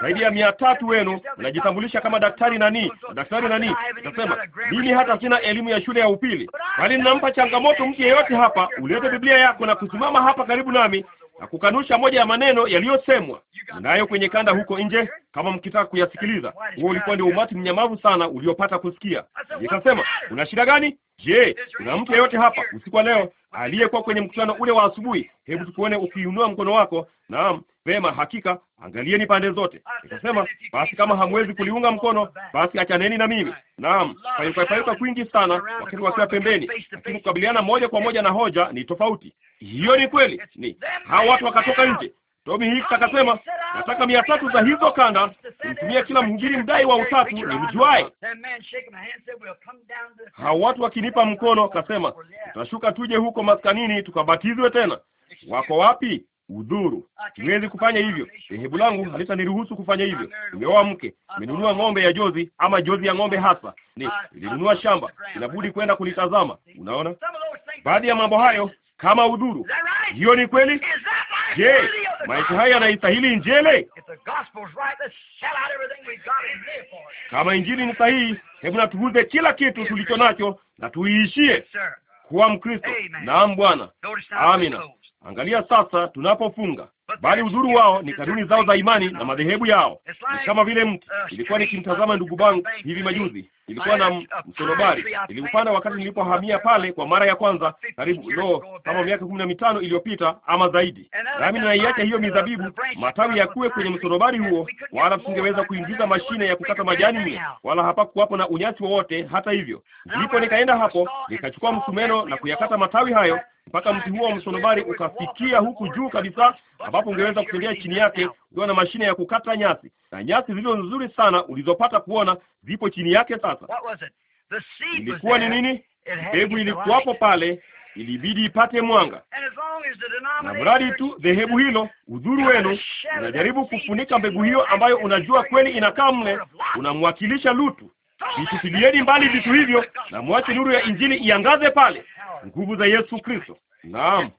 Zaidi ya mia tatu wenu mnajitambulisha kama daktari nani, daktari nani. Nikasema mimi hata sina elimu ya shule ya upili, bali ninampa changamoto mtu yeyote hapa, ulete Biblia yako na kusimama hapa karibu nami na kukanusha moja ya maneno yaliyosemwa. Nayo kwenye kanda huko nje, kama mkitaka kuyasikiliza. Huo ulikuwa ndio umati mnyamavu sana uliopata kusikia. Nikasema, una shida gani? Je, kuna mtu yeyote hapa usiku wa leo aliyekuwa kwenye mkutano ule wa asubuhi? Hebu tukuone ukiinua mkono wako. Naam, vema, hakika. Angalieni pande zote. Nikasema basi, kama hamwezi kuliunga mkono, basi achaneni na mimi. Naam, payuka payuka kwingi sana wakati wakiwa pembeni, lakini kukabiliana moja kwa moja na hoja ni tofauti. Hiyo ni kweli. Ni hao watu wakatoka nje, Tomi Hicks akasema, nataka mia tatu za hizo kanda, nimtumia kila mhubiri mdai wa utatu ni mjuae. Hao watu wakinipa mkono, akasema tutashuka tuje huko maskanini tukabatizwe tena. Wako wapi? Udhuru, siwezi kufanya hivyo, dhehebu langu halitaniruhusu kufanya hivyo. Nimeoa mke, nimenunua ng'ombe ya jozi ama jozi ya ng'ombe hasa, ni nilinunua shamba, inabudi kwenda kulitazama. Unaona, baadhi ya mambo hayo kama udhuru. Hiyo ni kweli. Je, maisha haya yanaistahili Injili? Kama Injili ni sahihi, hebu natuuze kila kitu tulicho nacho na tuiishie kuwa Mkristo. Naam Bwana, amina. Angalia sasa tunapofunga, bali udhuru wao ni kanuni zao za imani na madhehebu yao. Ni kama vile mtu, nilikuwa nikimtazama ndugu bangu hivi majuzi, nilikuwa na msonobari, niliupanda wakati nilipohamia pale kwa mara ya kwanza, karibu lo, kama miaka kumi na mitano iliyopita ama zaidi, nami ninaiacha hiyo mizabibu, matawi yakuwe kwenye msonobari huo, wala tusingeweza kuingiza mashine ya kukata majani mle, wala hapakuwapo na unyasi wowote. Hata hivyo, ndipo nikaenda hapo, nikachukua msumeno na kuyakata matawi hayo mpaka mti huo wa msonobari ukafikia huku juu kabisa, ambapo ungeweza kutembea chini yake ukiwa na mashine ya kukata nyasi, na nyasi zilizo nzuri sana ulizopata kuona zipo chini yake. Sasa ilikuwa ni nini? Mbegu ilikuwapo pale, ilibidi ipate mwanga, na mradi tu dhehebu hilo, udhuru wenu unajaribu kufunika mbegu hiyo ambayo unajua kweli inakaa mle, unamwakilisha Lutu vitupilieni mbali vitu hivyo na mwache nuru ya injili iangaze pale, nguvu za Yesu Kristo. Naam,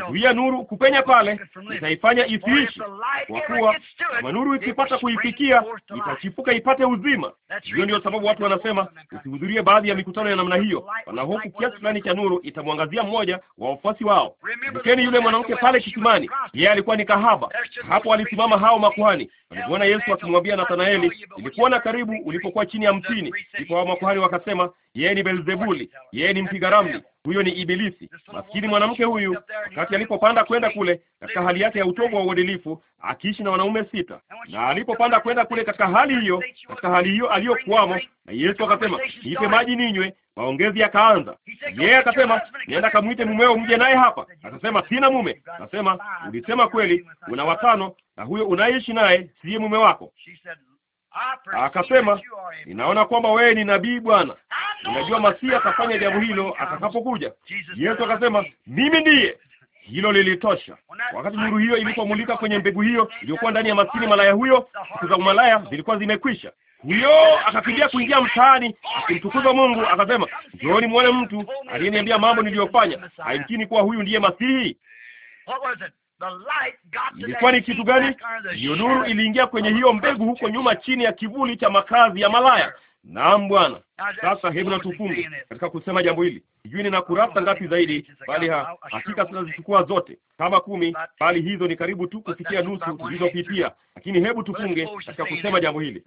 kuzuia nuru kupenya pale, itaifanya isiishi, kwa kuwa kama nuru ikipata kuifikia itachipuka ipate uzima. Hiyo ndio sababu watu wanasema usihudhurie baadhi ya mikutano ya namna hiyo, wanahofu kiasi fulani cha nuru itamwangazia mmoja wa wafuasi wao. Kumbukeni yule mwanamke pale kisimani, yeye alikuwa ni kahaba. Hapo alisimama hao makuhani, alipoona Yesu akimwambia Nathanaeli, ilikuona karibu ulipokuwa chini ya mtini. Ndipo hao makuhani wakasema, yeye ni Beelzebuli, yeye ni mpiga ramli, huyo ni Ibilisi. Maskini mwanamke huyu, wakati alipopanda kwenda kule katika hali yake ya utovu wa uadilifu, akiishi na wanaume sita, na alipopanda kwenda kule katika hali hiyo, katika hali hiyo aliyokuwamo, na Yesu akasema, nipe maji ninywe, maongezi yakaanza. Yeye akasema, nenda kamwite mumeo mje naye hapa. Akasema, sina mume. Akasema, ulisema kweli, una watano, na huyo unayeishi naye siye mume wako. Akasema, ninaona kwamba wewe ni nabii Bwana, ninajua Masia atafanya jambo hilo atakapokuja. Yesu akasema, mimi ndiye. Hilo lilitosha. Wakati nuru hiyo ilipomulika kwenye mbegu hiyo iliyokuwa ndani ya maskini malaya huyo, siku za umalaya zilikuwa zimekwisha. Huyo akakimbia kuingia mtaani akimtukuza Mungu, akasema, njooni muone mtu aliyeniambia mambo niliyofanya, haimkini kuwa huyu ndiye Masihi ilikuwa ni kitu gani? Hiyo nuru iliingia kwenye hiyo mbegu huko nyuma, chini ya kivuli cha makazi ya malaya. Naam Bwana. Sasa hebu na katika kusema jambo hili. Sijui nina kurasa ngapi zaidi, bali ha, hakika sitazichukua zote kama kumi, bali hizo ni karibu tu kufikia nusu zilizopitia, lakini hebu tufunge katika kusema jambo hili.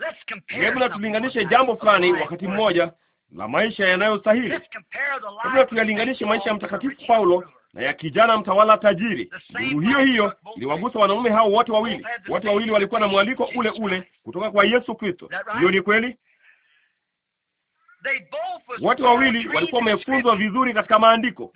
Hebu na tulinganishe jambo fulani wakati mmoja la maisha yanayostahili. Hebu na tuyalinganishe maisha ya Mtakatifu Paulo na ya kijana mtawala tajiri. Nuru hiyo hiyo iliwagusa wanaume hao wote wawili. Wote wawili walikuwa na mwaliko ule ule kutoka kwa Yesu Kristo. Hiyo ni kweli. Wote wawili walikuwa wamefunzwa vizuri katika maandiko.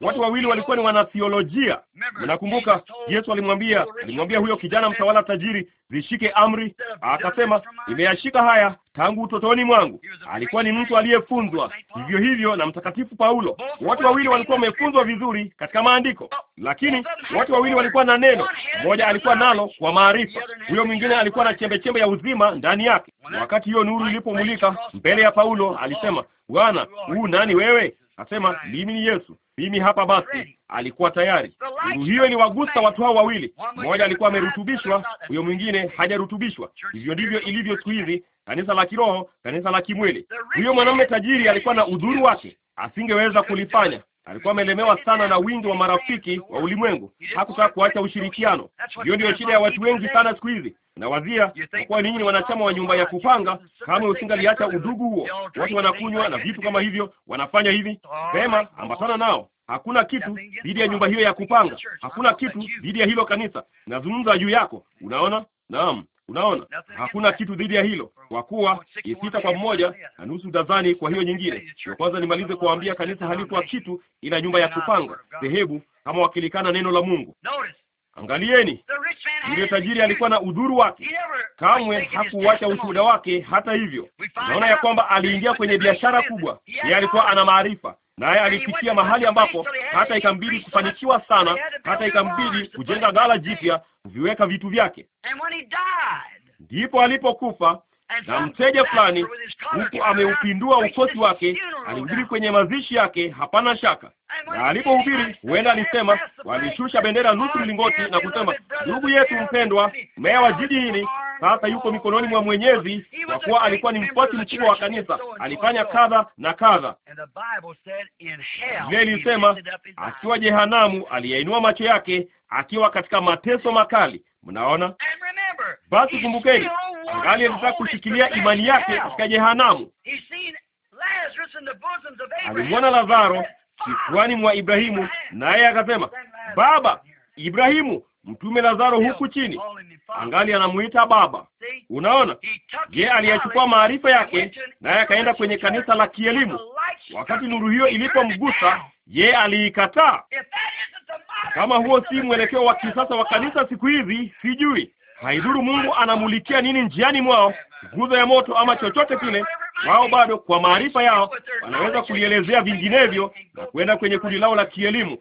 Wote wawili walikuwa ni wanathiolojia. Mnakumbuka Yesu alimwambia alimwambia huyo kijana mtawala tajiri, zishike amri, akasema, nimeyashika haya tangu utotoni mwangu. Alikuwa ni mtu aliyefunzwa vivyo hivyo na Mtakatifu Paulo. Watu wawili walikuwa wamefunzwa vizuri katika maandiko, lakini watu wawili walikuwa na neno. Mmoja alikuwa nalo kwa maarifa, huyo mwingine alikuwa na chembechembe ya uzima ndani yake. Wakati hiyo nuru ilipomulika mbele ya Paulo, alisema, Bwana, huu nani wewe? Asema, mimi ni Yesu. Mimi hapa basi, alikuwa tayari. Nuru hiyo iliwagusa watu hao wawili, mmoja alikuwa amerutubishwa, huyo mwingine hajarutubishwa. Hivyo ndivyo ilivyo siku hizi, kanisa la kiroho, kanisa la kimwili. Huyo mwanamume tajiri alikuwa na udhuru wake, asingeweza kulifanya Alikuwa amelemewa sana na wingi wa marafiki wa ulimwengu, hakutaka kuacha ushirikiano. Hiyo ndiyo shida ya watu wengi sana siku hizi. Na wazia kwa kuwa ninyi ni wanachama wa nyumba ya kupanga, kama usingaliacha udugu huo. Watu wanakunywa na vitu kama hivyo, wanafanya hivi. Sema ambatana nao. Hakuna kitu dhidi ya nyumba hiyo ya kupanga, hakuna kitu dhidi ya hilo kanisa. Nazungumza juu yako, unaona. Naam, Unaona, hakuna kitu dhidi ya hilo, kwa kuwa isita kwa mmoja na nusu dazani kwa hiyo nyingine. Kwa kwanza nimalize kuwaambia, kanisa halikuwa kitu, ila nyumba ya kupanga dhehebu kama wakilikana neno la Mungu. Angalieni, yule tajiri alikuwa na udhuru wake, kamwe hakuwacha ushuhuda wake. Hata hivyo, naona ya kwamba aliingia kwenye biashara kubwa. Yeye alikuwa ana maarifa, naye alifikia mahali ambapo hata ikambidi kufanikiwa sana, hata ikambidi kujenga ghala jipya, kuviweka vitu vyake. Ndipo alipokufa na mteja fulani huku ameupindua ukosi wake, alihubiri kwenye mazishi yake, hapana shaka. Na alipohubiri, huenda alisema, walishusha bendera nusu mlingoti na kusema, ndugu yetu mpendwa, meya wa jiji hili sasa yuko mikononi mwa Mwenyezi, kwa kuwa alikuwa ni mfuasi mkubwa wa kanisa, alifanya kadha na kadha. ile ilisema akiwa jehanamu, aliyeinua macho yake, akiwa katika mateso makali. Mnaona? Basi kumbukeni, angali alitaka kushikilia imani yake katika jehanamu. Alimwona Lazaro kifuani mwa Ibrahimu, naye akasema, Baba Ibrahimu, mtume Lazaro huku chini. Angali anamuita baba. Unaona, je, aliyachukua maarifa yake, naye akaenda kwenye kanisa la kielimu. Wakati nuru hiyo ilipomgusa, ye aliikataa? Kama huo si mwelekeo wa kisasa wa kanisa siku hizi, sijui. Haidhuru Mungu anamulikia nini njiani mwao, nguzo ya moto ama chochote kile, wao bado kwa maarifa yao wanaweza kulielezea vinginevyo na kwenda kwenye kundi lao la kielimu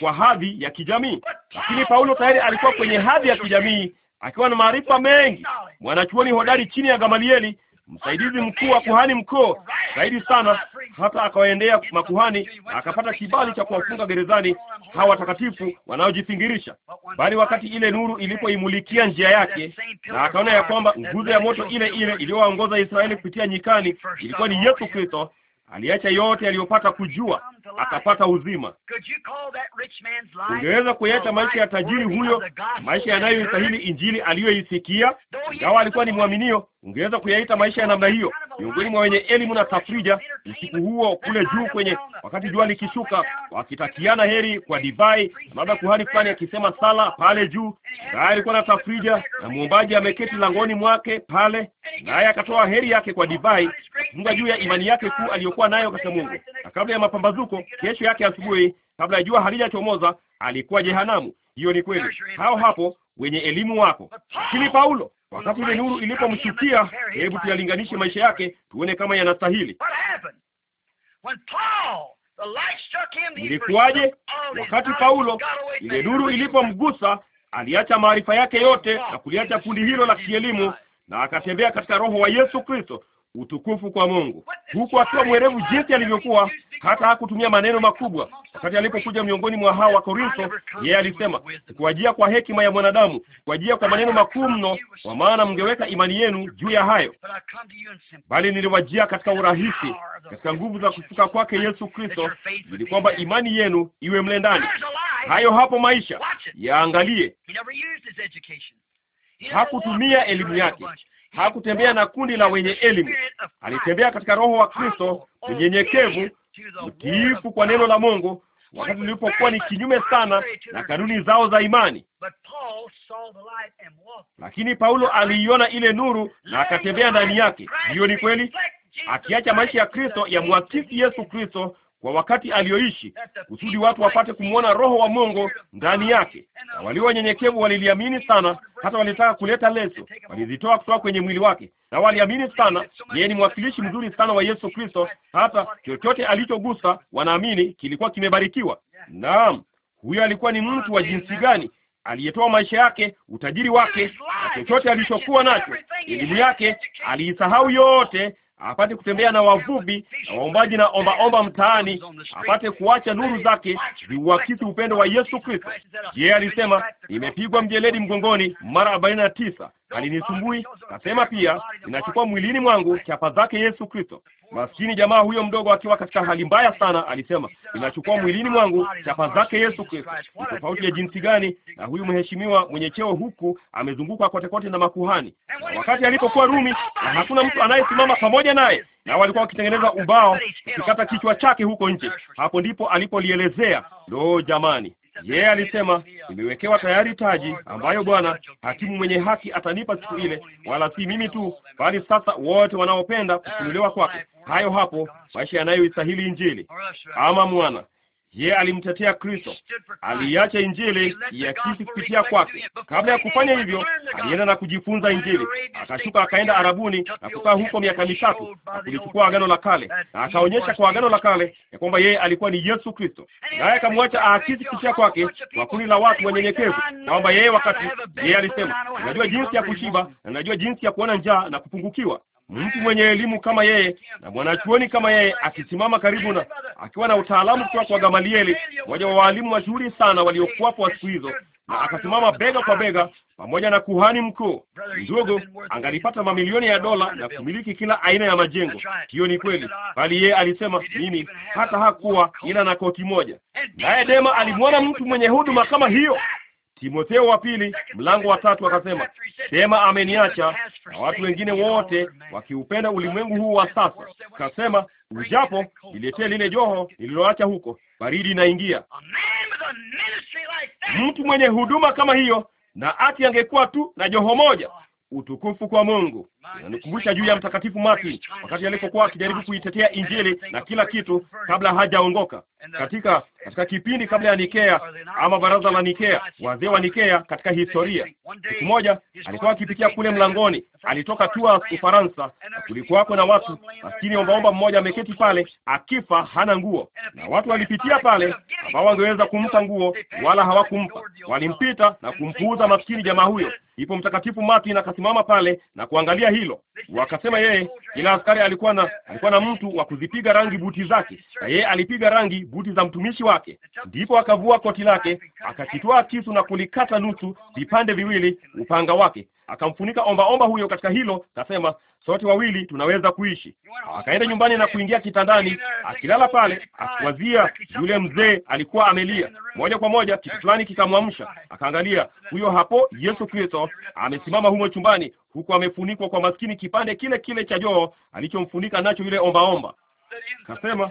kwa hadhi ya kijamii. Lakini Paulo tayari alikuwa kwenye hadhi ya kijamii akiwa na maarifa mengi, mwanachuoni hodari chini ya Gamalieli msaidizi mkuu wa kuhani mkuu zaidi sana, hata akawaendea makuhani akapata kibali cha kuwafunga gerezani hawa watakatifu wanaojifingirisha. Bali wakati ile nuru ilipoimulikia njia yake, na akaona ya kwamba nguzo ya moto ile ile iliyowaongoza Israeli kupitia nyikani ilikuwa ni Yesu Kristo, aliacha yote aliyopata kujua akapata uzima. Ungeweza kuyaita maisha ya tajiri huyo maisha yanayoistahili injili aliyoisikia, ingawa alikuwa ni mwaminio? Ungeweza kuyaita maisha ya namna hiyo? Miongoni mwa wenye elimu na tafrija, usiku huo kule juu kwenye, wakati jua likishuka, wakitakiana heri kwa divai, labda kuhani fulani akisema sala pale juu, naye alikuwa na tafrija, na mwombaji ameketi langoni mwake pale, naye akatoa heri yake kwa divai, kufunga juu ya imani yake kuu aliyokuwa nayo katika Mungu, na kabla ya mapambazuko huko, kesho yake asubuhi, kabla ya jua halijachomoza, alikuwa jehanamu. Hiyo ni kweli, hao hapo wenye elimu wako. Lakini Paulo, wakati ile nuru ilipomshukia, hebu tuyalinganishe maisha yake, tuone kama yanastahili. Ilikuwaje wakati Paulo, ile nuru ilipomgusa, aliacha maarifa yake yote na kuliacha kundi hilo la kielimu na akatembea katika roho wa Yesu Kristo, Utukufu kwa Mungu, huku akiwa mwerevu jinsi alivyokuwa. Hata hakutumia maneno makubwa. Wakati alipokuja miongoni mwa hawa wa Korintho, yeye alisema kuwajia kwa hekima ya mwanadamu, kuwajia kwa maneno makuu mno, kwa maana mngeweka imani yenu juu ya hayo, bali niliwajia katika urahisi, katika nguvu za kufuka kwake Yesu Kristo, ili kwamba imani yenu iwe mle ndani. Hayo hapo maisha, yaangalie. Hakutumia elimu yake hakutembea na kundi la wenye elimu, alitembea katika roho wa Kristo, unyenyekevu, utiifu kwa neno la Mungu, wakati nilipokuwa ni kinyume sana na kanuni zao za imani. Lakini Paulo aliiona ile nuru na akatembea ndani yake. Hiyo ni kweli, akiacha maisha ya Kristo yamwakisi Yesu Kristo kwa wakati aliyoishi, kusudi watu wapate kumwona Roho wa Mungu ndani yake. Na walio wanyenyekevu waliliamini sana, hata walitaka kuleta leso, walizitoa kutoka kwenye mwili wake, na waliamini sana. Yeye ni mwakilishi mzuri sana wa Yesu Kristo, hata chochote alichogusa, wanaamini kilikuwa kimebarikiwa. Naam, huyo alikuwa ni mtu wa jinsi gani aliyetoa maisha yake, utajiri wake, na chochote alichokuwa nacho, elimu yake, aliisahau yote apate kutembea na wavuvi na waombaji na ombaomba mtaani, apate kuacha nuru zake ziuakisi upendo wa Yesu Kristo. Yeye alisema, nimepigwa mjeledi mgongoni mara arobaini na tisa, halinisumbui. Nasema pia ninachukua mwilini mwangu chapa zake Yesu Kristo. Maskini jamaa huyo mdogo akiwa katika hali mbaya sana, alisema ninachukua mwilini mwangu chapa zake Yesu Kristo. Ni tofauti ya jinsi gani na huyu mheshimiwa mwenye cheo huku amezungukwa kote kote na makuhani, na wakati alipokuwa Rumi na hakuna mtu anayesimama pamoja naye na walikuwa wakitengeneza ubao ukikata kichwa chake huko nje. Hapo ndipo alipolielezea. Lo, jamani, yeye yeah, alisema nimewekewa tayari taji ambayo Bwana hakimu mwenye haki atanipa siku ile, wala si mimi tu, bali sasa wote wanaopenda kufunuliwa kwake. Hayo hapo maisha yanayoistahili Injili. Ama mwana yeye alimtetea Kristo, aliacha injili ya kitu kupitia kwake. Kabla ya kufanya hivyo, alienda na kujifunza injili, akashuka akaenda Arabuni na kukaa huko miaka mitatu na kulichukua agano la kale, na akaonyesha kwa agano la kale ya kwamba yeye alikuwa ni Yesu Kristo, naye akamwacha aakisi kupitia kwake kwa kundi la watu wanyenyekevu, kwamba yeye wakati yeye alisema, najua jinsi ya kushiba na najua jinsi ya kuona njaa na kupungukiwa mtu mwenye elimu kama yeye na mwanachuoni kama yeye akisimama karibu na akiwa na utaalamu kutoka kwa Gamalieli, mmoja wa walimu mashuhuri sana waliokuwapo wa siku hizo, na akasimama bega kwa bega pamoja na kuhani mkuu. Ndugu angalipata mamilioni ya dola na kumiliki kila aina ya majengo, hiyo ni kweli, bali yeye alisema mimi hata hakuwa ila na koti moja. Naye Dema alimwona mtu mwenye huduma kama hiyo Timotheo wa pili mlango wa tatu akasema, sema ameniacha na watu wengine wote wakiupenda ulimwengu huu wa sasa. Kasema, ujapo niletee lile joho nililoacha huko, baridi inaingia. Mtu mwenye huduma kama hiyo na ati angekuwa tu na joho moja, Utukufu kwa Mungu. Inanikumbusha juu ya mtakatifu Martin wakati alipokuwa akijaribu kuitetea Injili na kila kitu kabla hajaongoka. Katika katika kipindi kabla ya Nikea ama baraza la Nikea, wazee wa Nikea katika historia. Siku moja alikuwa akipitia kule mlangoni, alitoka Tours Ufaransa, na kulikuwako na watu maskini ombaomba, mmoja ameketi pale akifa, hana nguo, na watu walipitia pale ambao wangeweza kumpa nguo, wala hawakumpa. Walimpita na kumpuuza maskini jamaa huyo Ndipo mtakatifu Martin akasimama pale na kuangalia hilo. Wakasema yeye, kila askari alikuwa na alikuwa na mtu wa kuzipiga rangi buti zake, na yeye alipiga rangi buti za mtumishi wake. Ndipo akavua koti lake, akakitoa kisu na kulikata nusu vipande viwili upanga wake, akamfunika omba omba huyo katika hilo, kasema sote wawili tunaweza kuishi. Akaenda nyumbani na kuingia kitandani, akilala pale akiwazia, yule mzee alikuwa amelia. Moja kwa moja kitu fulani kikamwamsha, akaangalia, huyo hapo Yesu Kristo amesimama humo chumbani, huku amefunikwa kwa maskini kipande kile kile cha joo alichomfunika nacho yule ombaomba. Kasema,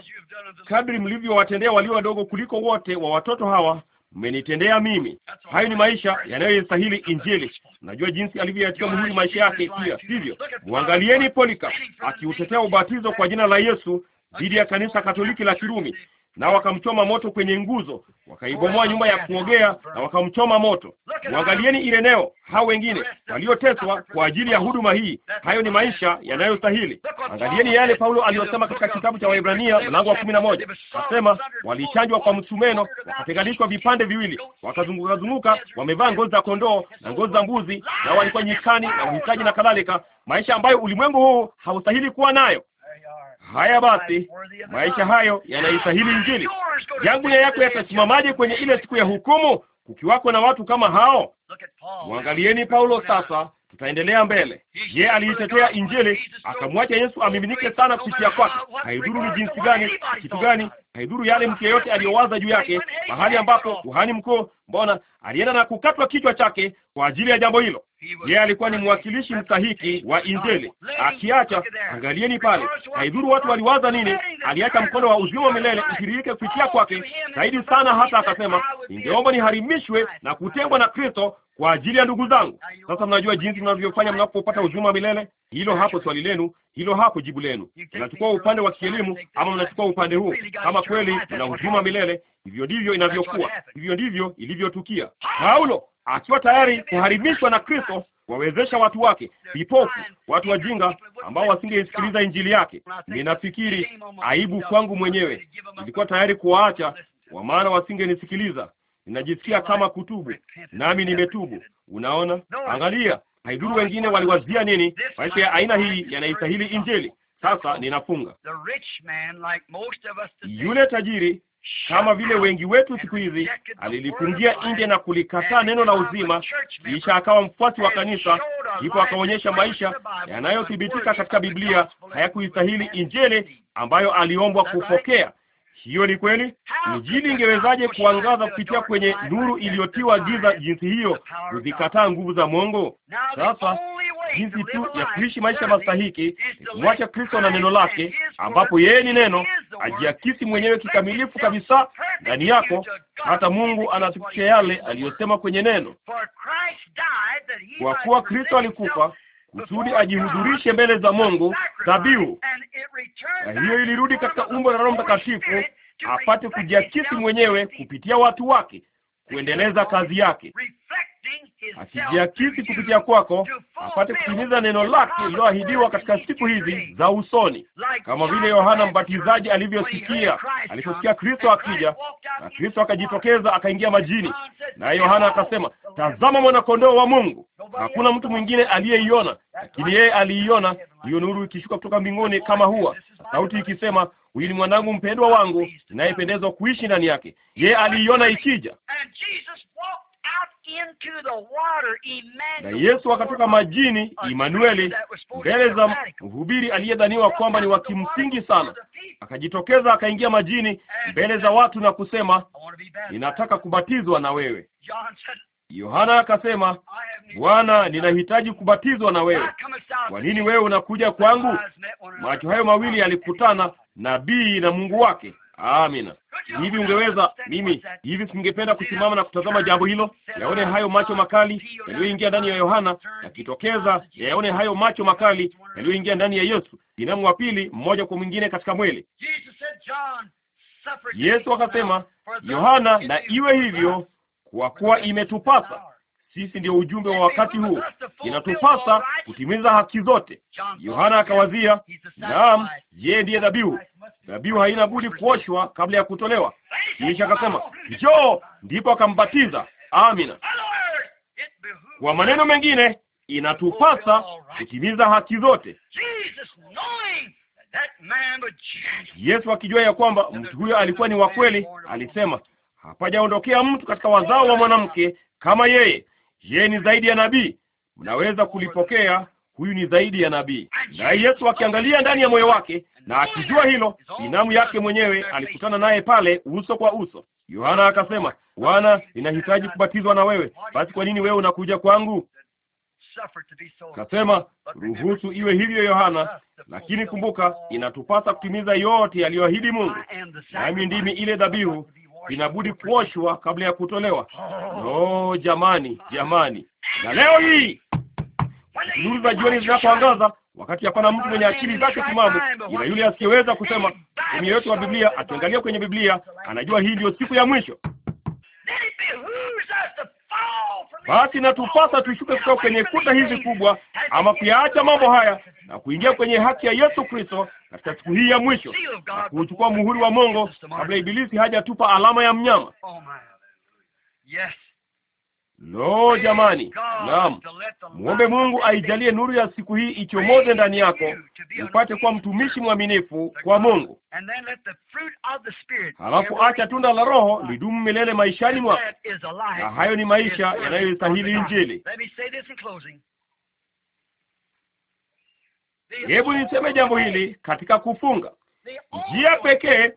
kadri mlivyowatendea walio wadogo kuliko wote wa watoto hawa, mmenitendea mimi. Hayo ni maisha yanayostahili Injili. Najua jinsi alivyoyatia muhimu maisha yake pia, sivyo? Mwangalieni Polika akiutetea ubatizo kwa jina la Yesu dhidi ya kanisa Katoliki la Kirumi na wakamchoma moto kwenye nguzo, wakaibomoa nyumba ya kuogea na wakamchoma moto. Mwangalieni Ireneo, hao wengine walioteswa kwa ajili ya huduma hii. Hayo ni maisha yanayostahili. Angalieni yale Paulo aliyosema katika kitabu cha Waebrania mlango wa kumi na moja, asema walichanjwa kwa msumeno, wakatenganishwa vipande viwili, wakazunguka zunguka, wamevaa ngozi za kondoo na ngozi za mbuzi, na walikuwa nyikani na uhitaji na kadhalika, maisha ambayo ulimwengu huu haustahili kuwa nayo. Haya basi, maisha hayo yanaistahili Injili. ya yako yatasimamaje kwenye ile siku ya hukumu kukiwako na watu kama hao? Mwangalieni Paulo. Sasa tutaendelea mbele. ye aliitetea Injili, akamwacha Yesu amiminike sana kupitia kwake. Haidhuru ni jinsi gani, kitu gani haidhuru yale mtu yeyote aliyowaza juu yake, mahali ambapo kuhani mkuu, mbona alienda na kukatwa kichwa chake kwa ajili ya jambo hilo. Yeye alikuwa ni mwakilishi mstahiki wa Injili. Akiacha, angalieni pale, haidhuru watu waliwaza nini, aliacha mkondo wa uzima wa milele ushirike kupitia kwake zaidi sana, hata akasema, ningeomba niharimishwe na kutengwa na Kristo kwa ajili ya ndugu zangu. Sasa mnajua jinsi mnavyofanya mnapopata uzima wa milele. Hilo hapo swali lenu, hilo hapo jibu lenu. Mnachukua upande wa kielimu ama mnachukua upande huu, kama kweli na uzima milele. Hivyo ndivyo inavyokuwa, hivyo ndivyo ilivyotukia. Paulo akiwa tayari kuharibishwa na Kristo wawezesha watu wake vipofu, watu wajinga ambao wasingeisikiliza injili yake. Ninafikiri aibu kwangu mwenyewe, nilikuwa tayari kuwaacha, kwa maana wasingenisikiliza. Ninajisikia kama kutubu, nami nimetubu. Unaona, angalia, haidhuru wengine waliwazia nini. Maisha ya aina hii yanaistahili injili. Sasa ninafunga. Yule tajiri kama vile wengi wetu siku hizi alilifungia nje na kulikataa neno la uzima, kisha akawa mfuasi wa kanisa, ndipo akaonyesha maisha yanayothibitika katika Biblia hayakuistahili injili ambayo aliombwa kupokea. Hiyo ni kweli. Injili ingewezaje kuangaza kupitia kwenye nuru iliyotiwa giza jinsi hiyo, kuzikataa nguvu za mwongo? Sasa jinsi tu ya kuishi maisha mastahiki kumwacha Kristo na neno lake, ambapo yeye ni neno, ajiakisi mwenyewe kikamilifu kabisa ndani yako, hata Mungu anatukisha yale aliyosema kwenye neno, kwa kuwa Kristo alikufa kusudi ajihudhurishe mbele za Mungu dhabihu, na hiyo ilirudi katika umbo la Roho Mtakatifu apate kujiakisi mwenyewe kupitia watu wake kuendeleza kazi yake akijiakisi kupitia kwako, apate kutimiza neno lake lililoahidiwa katika siku hizi za usoni, kama vile Yohana Mbatizaji alivyosikia aliposikia Kristo akija, na Kristo akajitokeza akaingia majini, naye Yohana akasema, tazama mwanakondoo wa Mungu. Hakuna mtu mwingine aliyeiona, lakini yeye aliiona hiyo nuru ikishuka kutoka mbinguni kama huwa, sauti ikisema Huyu ni mwanangu mpendwa wangu, ninayependezwa kuishi ndani yake. Yeye aliiona ikija, na Yesu akatoka majini, Imanueli, mbele za mhubiri aliyedhaniwa kwamba ni wa kimsingi sana, akajitokeza akaingia majini mbele za watu na kusema, ninataka kubatizwa na wewe. Yohana akasema, Bwana, ninahitaji kubatizwa na wewe, kwa nini wewe unakuja kwangu? Macho hayo mawili yalikutana, nabii na Mungu wake. Amina. Hivi ungeweza mimi, hivi singependa kusimama na kutazama jambo hilo, yaone hayo macho makali yaliyoingia ndani ya Yohana, yakitokeza yaone hayo macho makali yaliyoingia ndani ya Yesu, binamu wa pili, mmoja kwa mwingine katika mwili. Yesu akasema, Yohana, na iwe hivyo, kwa kuwa imetupasa sisi ndio ujumbe wa wakati huu, inatupasa kutimiza haki zote. Yohana akawazia, naam, yeye ndiye dhabihu. Dhabihu haina budi kuoshwa kabla ya kutolewa. Kisha akasema njoo, ndipo akambatiza. Amina. Kwa maneno mengine, inatupasa kutimiza haki zote. Yesu akijua ya kwamba mtu huyo alikuwa ni wa kweli, alisema hapajaondokea mtu katika wazao wa mwanamke kama yeye, Je, ni zaidi ya nabii? Mnaweza kulipokea, huyu ni zaidi ya nabii. Na Yesu akiangalia ndani ya moyo wake na akijua hilo, binamu yake mwenyewe alikutana naye pale uso kwa uso. Yohana akasema, Bwana, ninahitaji kubatizwa na wewe, basi kwa nini wewe unakuja kwangu? Kasema, ruhusu iwe hivyo Yohana, lakini kumbuka, inatupasa kutimiza yote yaliyoahidi Mungu. Nami ndimi ile dhabihu inabudi kuoshwa kabla ya kutolewa. No, jamani, jamani! Na leo hii nuru za jioni zinapoangaza, wakati hapana mtu mwenye akili zake timamu, ila yule asiyeweza kusema, mtu yeyote wa Biblia akiangalia kwenye Biblia anajua hii ndio siku ya mwisho. Basi natupasa tushuke kutoka kwenye kuta hizi kubwa, ama kuyaacha mambo haya na kuingia kwenye haki ya Yesu Kristo katika siku hii ya mwisho na kuuchukua muhuri wa Mungu kabla Ibilisi hajatupa alama ya mnyama. Oh, yes. Lo, jamani, naam, mwombe Mungu aijalie nuru ya siku hii ichomoze ndani yako, upate kuwa mtumishi mwaminifu kwa Mungu. Halafu acha tunda la Roho lidumu milele maishani mwako, na hayo ni maisha yanayostahili Injili. Hebu niseme jambo hili katika kufunga. Njia pekee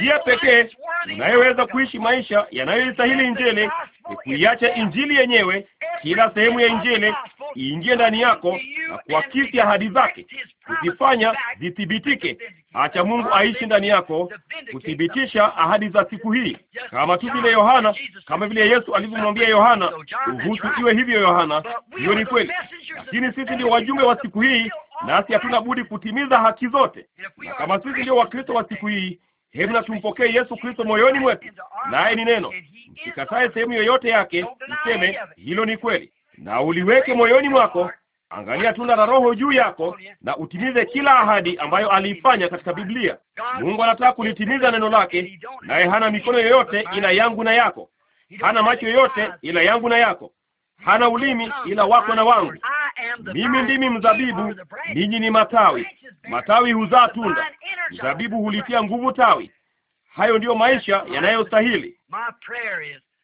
Njia pekee unayoweza kuishi maisha yanayoistahili Injili ni kuiacha Injili yenyewe. Kila sehemu ya Injili iingie ndani yako na kuakisi ahadi zake, kuzifanya zithibitike. Acha Mungu aishi ndani yako, kuthibitisha ahadi za siku hii, kama tu vile Yohana, kama vile Yesu alivyomwambia Yohana, uhusu iwe hivyo, Yohana. Hiyo ni kweli, lakini sisi ndio wajumbe wa siku hii, nasi hatuna budi kutimiza haki zote, na kama sisi ndio Wakristo wa siku hii Hebu na tumpokee Yesu Kristo moyoni mwetu, naye ni neno. Msikatae sehemu yoyote yake, mseme hilo ni kweli, na uliweke moyoni mwako. Angalia tunda la Roho juu yako na utimize kila ahadi ambayo aliifanya katika Biblia. Mungu anataka kulitimiza neno lake, naye hana mikono yoyote ila yangu na yako, hana macho yoyote ila yangu na yako, hana ulimi ila wako na wangu, mimi ndimi mzabibu, ninyi ni matawi. Matawi huzaa tunda, mzabibu hulitia nguvu tawi. Hayo ndiyo maisha yanayostahili.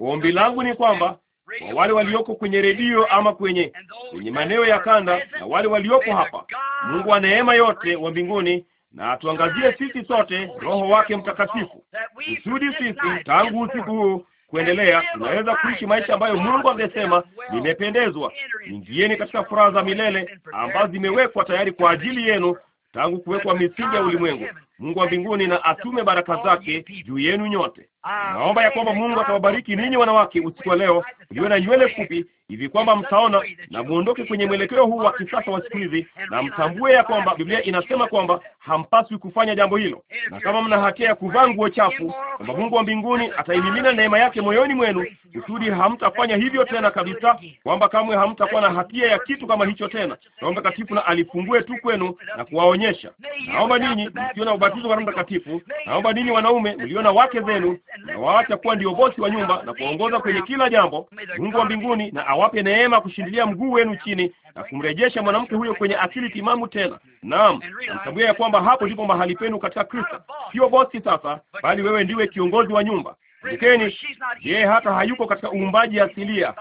Ombi langu ni kwamba kwa wale walioko kwenye redio ama kwenye kwenye maeneo ya kanda na wale walioko hapa, Mungu wa neema yote wa mbinguni na atuangazie sisi sote Roho wake Mtakatifu kusudi sisi tangu usiku huu kuendelea, unaweza kuishi maisha ambayo Mungu angesema, nimependezwa. Ingieni katika furaha za milele ambazo zimewekwa tayari kwa ajili yenu tangu kuwekwa misingi ya ulimwengu. Mungu wa mbinguni na atume baraka zake juu yenu nyote. Naomba ya kwamba Mungu atawabariki ninyi wanawake usiku wa leo, mliwe na nywele fupi hivi kwamba mtaona na muondoke kwenye mwelekeo huu wa kisasa wa siku hizi, na mtambue ya kwamba Biblia inasema kwamba hampaswi kufanya jambo hilo, na kama mna hatia ya kuvaa nguo chafu, kwamba Mungu wa mbinguni ataimimina neema yake moyoni mwenu kusudi hamtafanya hivyo tena kabisa, kwamba kamwe hamtakuwa na hatia ya kitu kama hicho tena. Naomba katifu na alifungue tu kwenu na kuwaonyesha. Naomba ninyi msiwe mnabatizwa kwa Roho Mtakatifu, naobadili wanaume mlio na wake zenu, na waacha kuwa ndio bosi wa nyumba na kuwaongoza kwenye kila jambo. Mungu wa mbinguni na awape neema kushindilia mguu wenu chini na kumrejesha mwanamke huyo kwenye asili timamu tena. Naam, namtambua ya kwamba hapo ndipo mahali penu katika Kristo. Sio bosi sasa, bali wewe ndiwe kiongozi wa nyumba. Kumbukeni, yeye hata hayuko katika uumbaji asilia.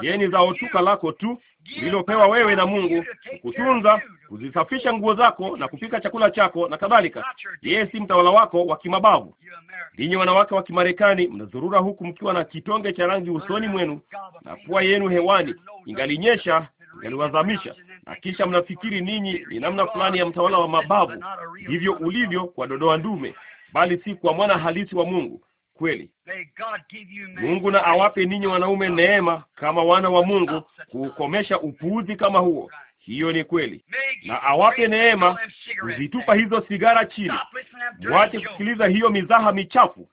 Yeye ni zao tuka lako tu lililopewa wewe na Mungu, kutunza, kuzisafisha nguo zako na kupika chakula chako na kadhalika. Yeye si mtawala wako wa kimabavu. Ninyi wanawake wa Kimarekani mnazurura huku mkiwa na kitonge cha rangi usoni mwenu na pua yenu hewani, ingalinyesha ingaliwazamisha, na kisha mnafikiri ninyi ni namna fulani ya mtawala wa mabavu. Hivyo ulivyo kwa dodoa ndume, bali si kwa mwana halisi wa Mungu kweli. Mungu na awape ninyi wanaume neema kama wana wa Mungu kukomesha upuuzi kama huo. Hiyo ni kweli, na awape neema kuzitupa hizo sigara chini. Mwache kusikiliza hiyo mizaha michafu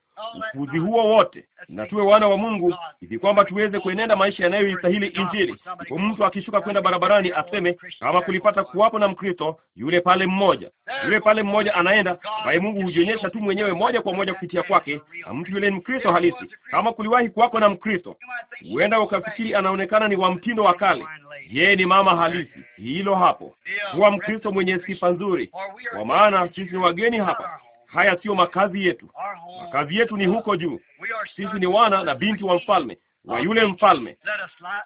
upuzi huo wote, na tuwe wana wa Mungu ili kwamba tuweze kuenenda maisha yanayoistahili Injili. Kwa mtu akishuka kwenda barabarani aseme kama kulipata kuwapo na Mkristo yule pale mmoja, yule pale mmoja anaenda, ambaye Mungu hujionyesha tu mwenyewe moja kwa moja kupitia kwake, na mtu yule ni Mkristo halisi. Kama kuliwahi kuwako na Mkristo, huenda ukafikiri anaonekana ni wa mtindo wa kale. Yeye ni mama halisi, hilo hapo, kuwa Mkristo mwenye sifa nzuri, kwa maana sisi wageni hapa Haya siyo makazi yetu. Makazi yetu ni huko juu. Sisi ni wana na binti wa mfalme wa yule mfalme.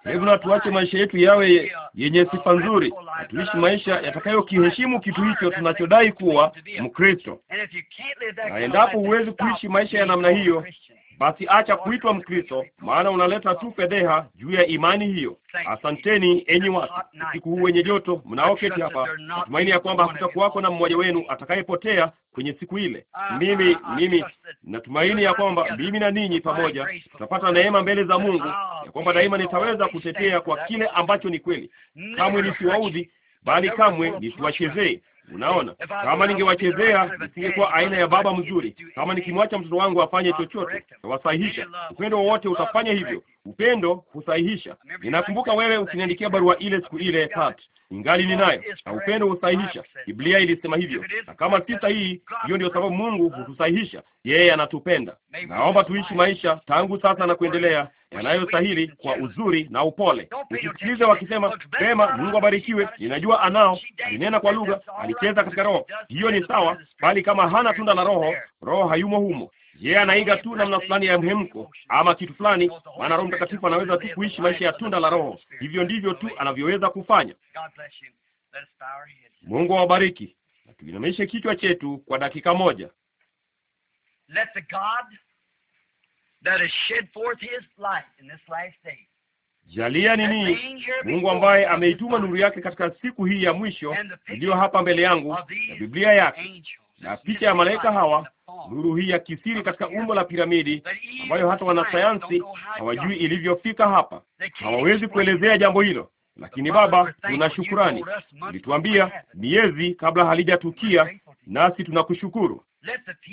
Hebu na tuache maisha yetu yawe yenye uh, sifa nzuri, na tuishi maisha yatakayokiheshimu kitu hicho tunachodai kuwa Mkristo. Na endapo huwezi kuishi maisha ya namna hiyo basi acha kuitwa Mkristo, maana unaleta tu fedheha juu ya imani hiyo. Asanteni enyi watu, usiku huu wenye joto mnaoketi hapa, natumaini ya kwamba hakutakuwako na mmoja wenu atakayepotea kwenye siku ile. Ah, ah, mimi ah, mimi natumaini ya kwamba mimi na ninyi pamoja tutapata neema mbele za Mungu, ya kwamba daima nitaweza kutetea kwa kile ambacho ni kweli. Kamwe nisiwaudhi, bali kamwe nisiwachezee Unaona, kama ningewachezea nisingekuwa aina ya baba mzuri. Kama nikimwacha mtoto wangu afanye chochote, tawasahihisha. Upendo wowote utafanya hivyo. Upendo husahihisha. Ninakumbuka wewe ukiniandikia barua ile siku ile, Pat, ingali ninayo, na upendo husahihisha. Biblia ilisema hivyo, na kama si sahihi, hiyo ndio sababu Mungu hutusahihisha. Yeye anatupenda. Naomba tuishi maisha tangu sasa na kuendelea yanayostahili kwa uzuri na upole. Ukisikiliza wakisema sema, Mungu abarikiwe, ninajua anao, alinena kwa lugha, alicheza katika roho. Hiyo ni sawa, bali kama hana tunda la Roho, roho hayumo humo yeye yeah, anaiga tu namna fulani ya mhemko ama kitu fulani, maana Roho Mtakatifu anaweza tu kuishi maisha ya tunda la Roho. Hivyo ndivyo tu anavyoweza kufanya. Mungu awabariki, na tuinamishe kichwa chetu kwa dakika moja. Let the God Jalia nini Mungu ambaye ameituma nuru yake katika siku hii ya mwisho iliyo hapa mbele yangu, na Biblia yake na picha ya malaika hawa, nuru hii ya kisiri katika umbo la piramidi, ambayo hata wanasayansi hawajui ilivyofika hapa, hawawezi kuelezea jambo hilo. Lakini Baba, tuna shukurani, ulituambia miezi kabla halijatukia, nasi tunakushukuru.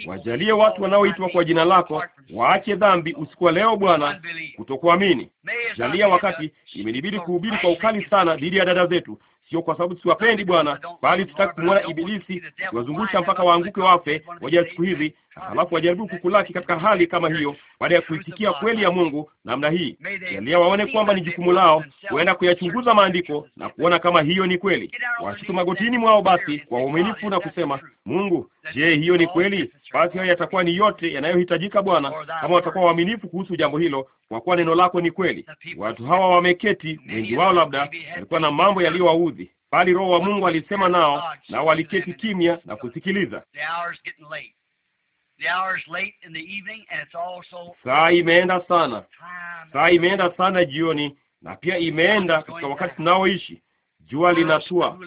Wajalie watu wanaoitwa kwa jina lako waache dhambi usiku wa leo Bwana, kutokuamini. Jalia wakati imenibidi kuhubiri kwa ukali sana dhidi ya dada zetu, sio kwa sababu siwapendi Bwana, bali sitaki kumwona ibilisi wazungusha mpaka waanguke wafe moja ya siku hizi, halafu wajaribu kukulaki katika hali kama hiyo, baada ya kuitikia kweli ya Mungu namna hii, jalia waone kwamba ni jukumu lao kuenda kuyachunguza maandiko na kuona kama hiyo ni kweli. Washutu magotini mwao basi kwa uaminifu na kusema, Mungu, je, hiyo ni kweli? Basi hayo yatakuwa ni yote yanayohitajika Bwana, kama watakuwa waaminifu kuhusu jambo hilo, kwa kuwa neno lako ni kweli. Watu hawa wameketi, wengi wao labda walikuwa na mambo yaliyowaudhi, bali Roho wa Mungu alisema nao, na waliketi kimya na kusikiliza. Saa imeenda sana, saa imeenda sana jioni, na pia imeenda katika wakati tunaoishi. Jua linatua,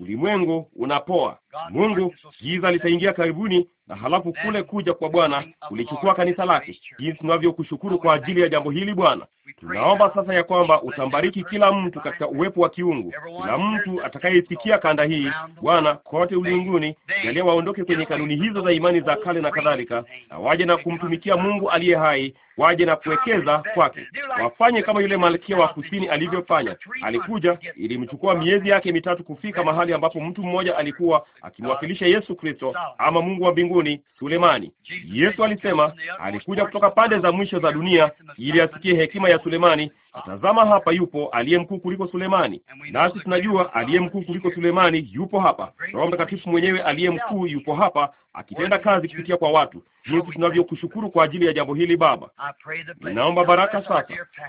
ulimwengu unapoa, Mungu giza litaingia karibuni, na halafu kule kuja kwa Bwana kulichukua kanisa lake. Jinsi tunavyokushukuru kwa ajili ya jambo hili Bwana. Tunaomba sasa ya kwamba utambariki kila mtu katika uwepo wa kiungu, kila mtu atakayesikia kanda hii Bwana, kote ulimwenguni. Jalia waondoke kwenye kanuni hizo za imani za kale na kadhalika, na waje na kumtumikia Mungu aliye hai, waje na kuwekeza kwake, wafanye kama yule malkia wa kusini alivyofanya. Alikuja, ilimchukua miezi yake mitatu kufika mahali ambapo mtu mmoja alikuwa akimwakilisha Yesu Kristo ama Mungu wa mbinguni Sulemani. Yesu alisema alikuja kutoka pande za mwisho za dunia ili asikie hekima ya Sulemani Tazama hapa yupo aliye mkuu kuliko Sulemani, nasi tunajua aliye mkuu kuliko Sulemani yupo hapa. Roho Mtakatifu mwenyewe aliye mkuu yupo hapa akitenda kazi kupitia kwa watu. Jinsi tunavyokushukuru kwa ajili ya jambo hili Baba. Ninaomba baraka sasa,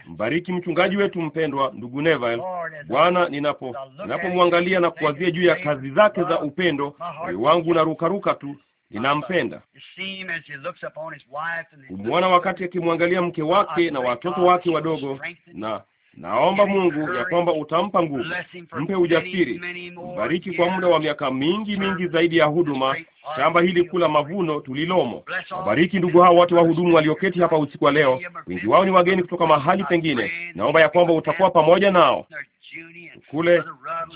mbariki mchungaji wetu mpendwa, ndugu Neville. Bwana, ninapo ninapomwangalia na kuwazia juu ya kazi zake za upendo, moyo wangu unarukaruka tu ninampenda. Kumwona wakati akimwangalia mke wake na watoto wake wadogo, na naomba Mungu ya kwamba utampa nguvu, mpe ujasiri, mbariki kwa muda wa miaka mingi mingi zaidi ya huduma, shamba hili kula mavuno tulilomo. Wabariki ndugu hao wote wahudumu walioketi hapa usiku wa leo, wengi wao ni wageni kutoka mahali pengine. Naomba ya kwamba utakuwa pamoja nao, kule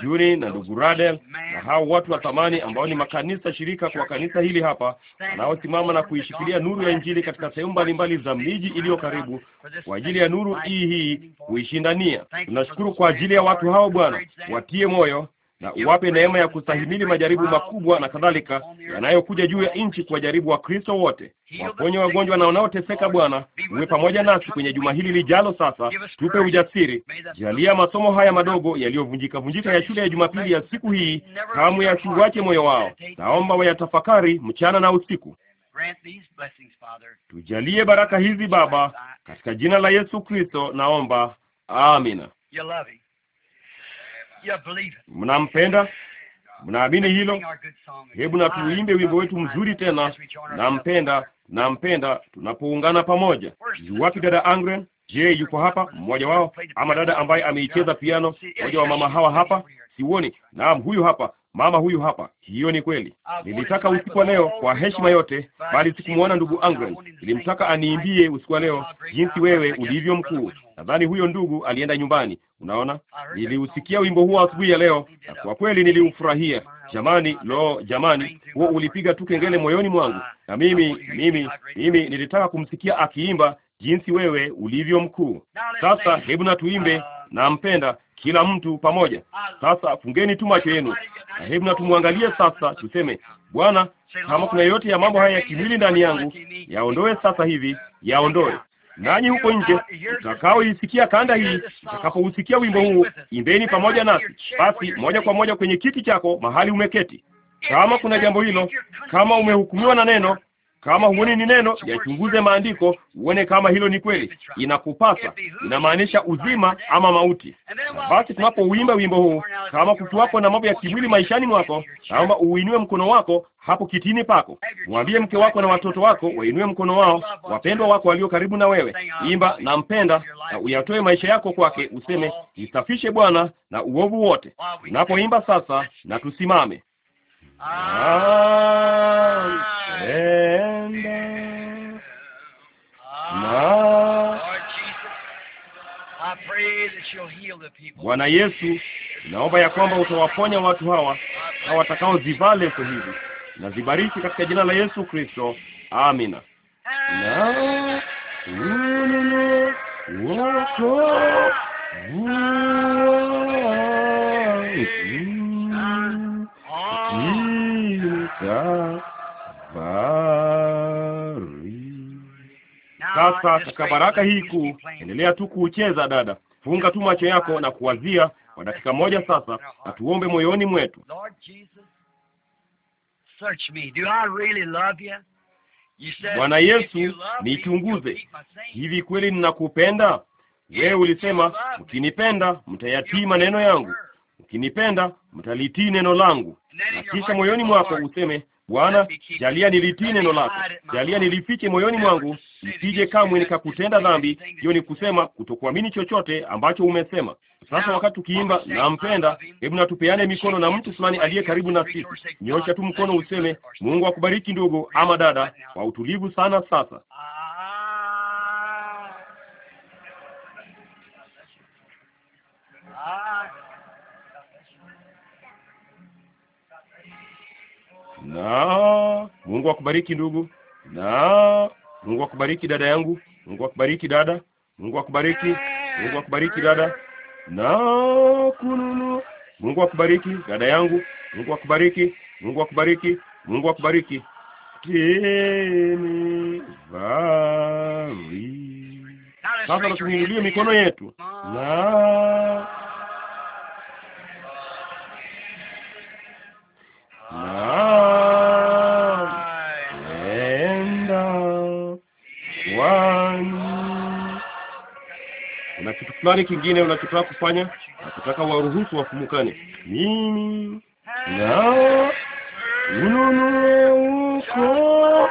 Juni na ndugu Radel na hao watu wa thamani ambao ni makanisa shirika kwa kanisa hili hapa, wanaosimama na kuishikilia nuru ya Injili katika sehemu mbalimbali za miji iliyo karibu kwa ajili ya nuru hii hii kuishindania. Tunashukuru kwa ajili ya watu hao, Bwana, watie moyo na uwape neema ya kustahimili majaribu makubwa na kadhalika yanayokuja juu ya nchi kuwajaribu Wakristo wote. Waponye wagonjwa na wanaoteseka. Bwana, uwe pamoja nasi kwenye juma hili lijalo. Sasa tupe ujasiri, jalia masomo haya madogo yaliyovunjika vunjika ya shule ya Jumapili ya siku hii kamwe yasiuache moyo wao. Naomba wayatafakari mchana na usiku. Tujalie baraka hizi Baba, katika jina la Yesu Kristo naomba, amina. Mnampenda, mnaamini hilo? Hebu na tuimbe wimbo wetu mzuri tena, nampenda, nampenda, tunapoungana pamoja. Yu wapi dada Angren? Je, yuko hapa mmoja wao, ama dada ambaye ameicheza piano? Mmoja wa mama hawa hapa, siuoni. Naam, huyu hapa mama huyu hapa. Hiyo ni kweli. Nilitaka usiku wa leo kwa heshima yote, bali sikumwona ndugu Angel. Nilimtaka aniimbie usiku wa leo jinsi wewe ulivyo mkuu. Nadhani huyo ndugu alienda nyumbani. Unaona, niliusikia wimbo huo asubuhi ya leo, na kwa kweli niliufurahia. Jamani, lo, jamani, huo ulipiga tu kengele ah, moyoni mwangu, ah, na mimi ah, mimi mimi nilitaka kumsikia akiimba jinsi wewe ulivyo mkuu. Sasa hebu na tuimbe, nampenda kila mtu pamoja. Sasa fungeni tu macho yenu na hebu natumwangalie sasa, tuseme Bwana, kama kuna yote ya mambo haya ya kimwili ndani yangu, yaondoe sasa hivi, yaondoe. Nanyi huko nje mtakaoisikia kanda hii, mtakapousikia wimbo huu, imbeni pamoja nasi. Basi moja kwa moja kwenye kiti chako mahali umeketi. Kama kuna jambo hilo, kama umehukumiwa na neno, kama huone ni neno, yachunguze maandiko uone kama hilo ni kweli. Inakupasa, inamaanisha uzima ama mauti. Na basi tunapouimba wimbo huu, kama kukiwapo na mambo ya kimwili maishani mwako, naomba uinue mkono wako hapo kitini pako, mwambie mke wako na watoto wako wainue mkono wao, wapendwa wako walio karibu na wewe, imba nampenda, na uyatoe maisha yako kwake, useme nisafishe Bwana na uovu wote. Unapoimba sasa, na tusimame. Bwana Yesu, naomba ya kwamba utawaponya watu hawa na watakaozivaa leso hizi na zibariki katika jina la Yesu Kristo, amina. na unene wako Sasa katika baraka hii kuu, endelea tu kuucheza dada, funga tu macho yako na kuwazia kwa dakika moja sasa, na tuombe moyoni mwetu. Bwana Yesu, nichunguze, hivi kweli ninakupenda? Wewe ulisema mkinipenda mtayatii maneno yangu, mkinipenda mtalitii neno langu. Na kisha moyoni mwako useme Bwana, jalia nilitii neno lako, jalia nilifiche moyoni mwangu, nisije kamwe nikakutenda dhambi, hiyo ni kusema kutokuamini chochote ambacho umesema. Sasa wakati tukiimba nampenda, hebu natupeane mikono na mtu fulani aliye karibu na sisi. Nyosha tu mkono useme, Mungu akubariki ndugu ama dada, kwa utulivu sana. Sasa na Mungu akubariki ndugu, na Mungu akubariki dada yangu, Mungu akubariki dada, Mungu akubariki, Mungu akubariki dada, na kununu, Mungu akubariki dada yangu, Mungu akubariki, Mungu akubariki, Mungu akubariki teni Sasa natuinulie mikono yetu na fulani kingine unachotaka kufanya, nakutaka waruhusu wafumukane. Mimi na ununue uko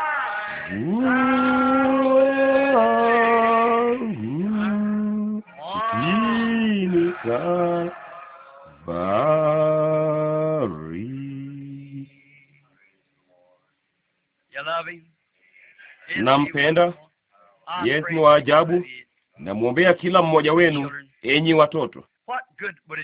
nampenda. Yesu ni wa ajabu Namwombea kila mmoja wenu, enyi watoto.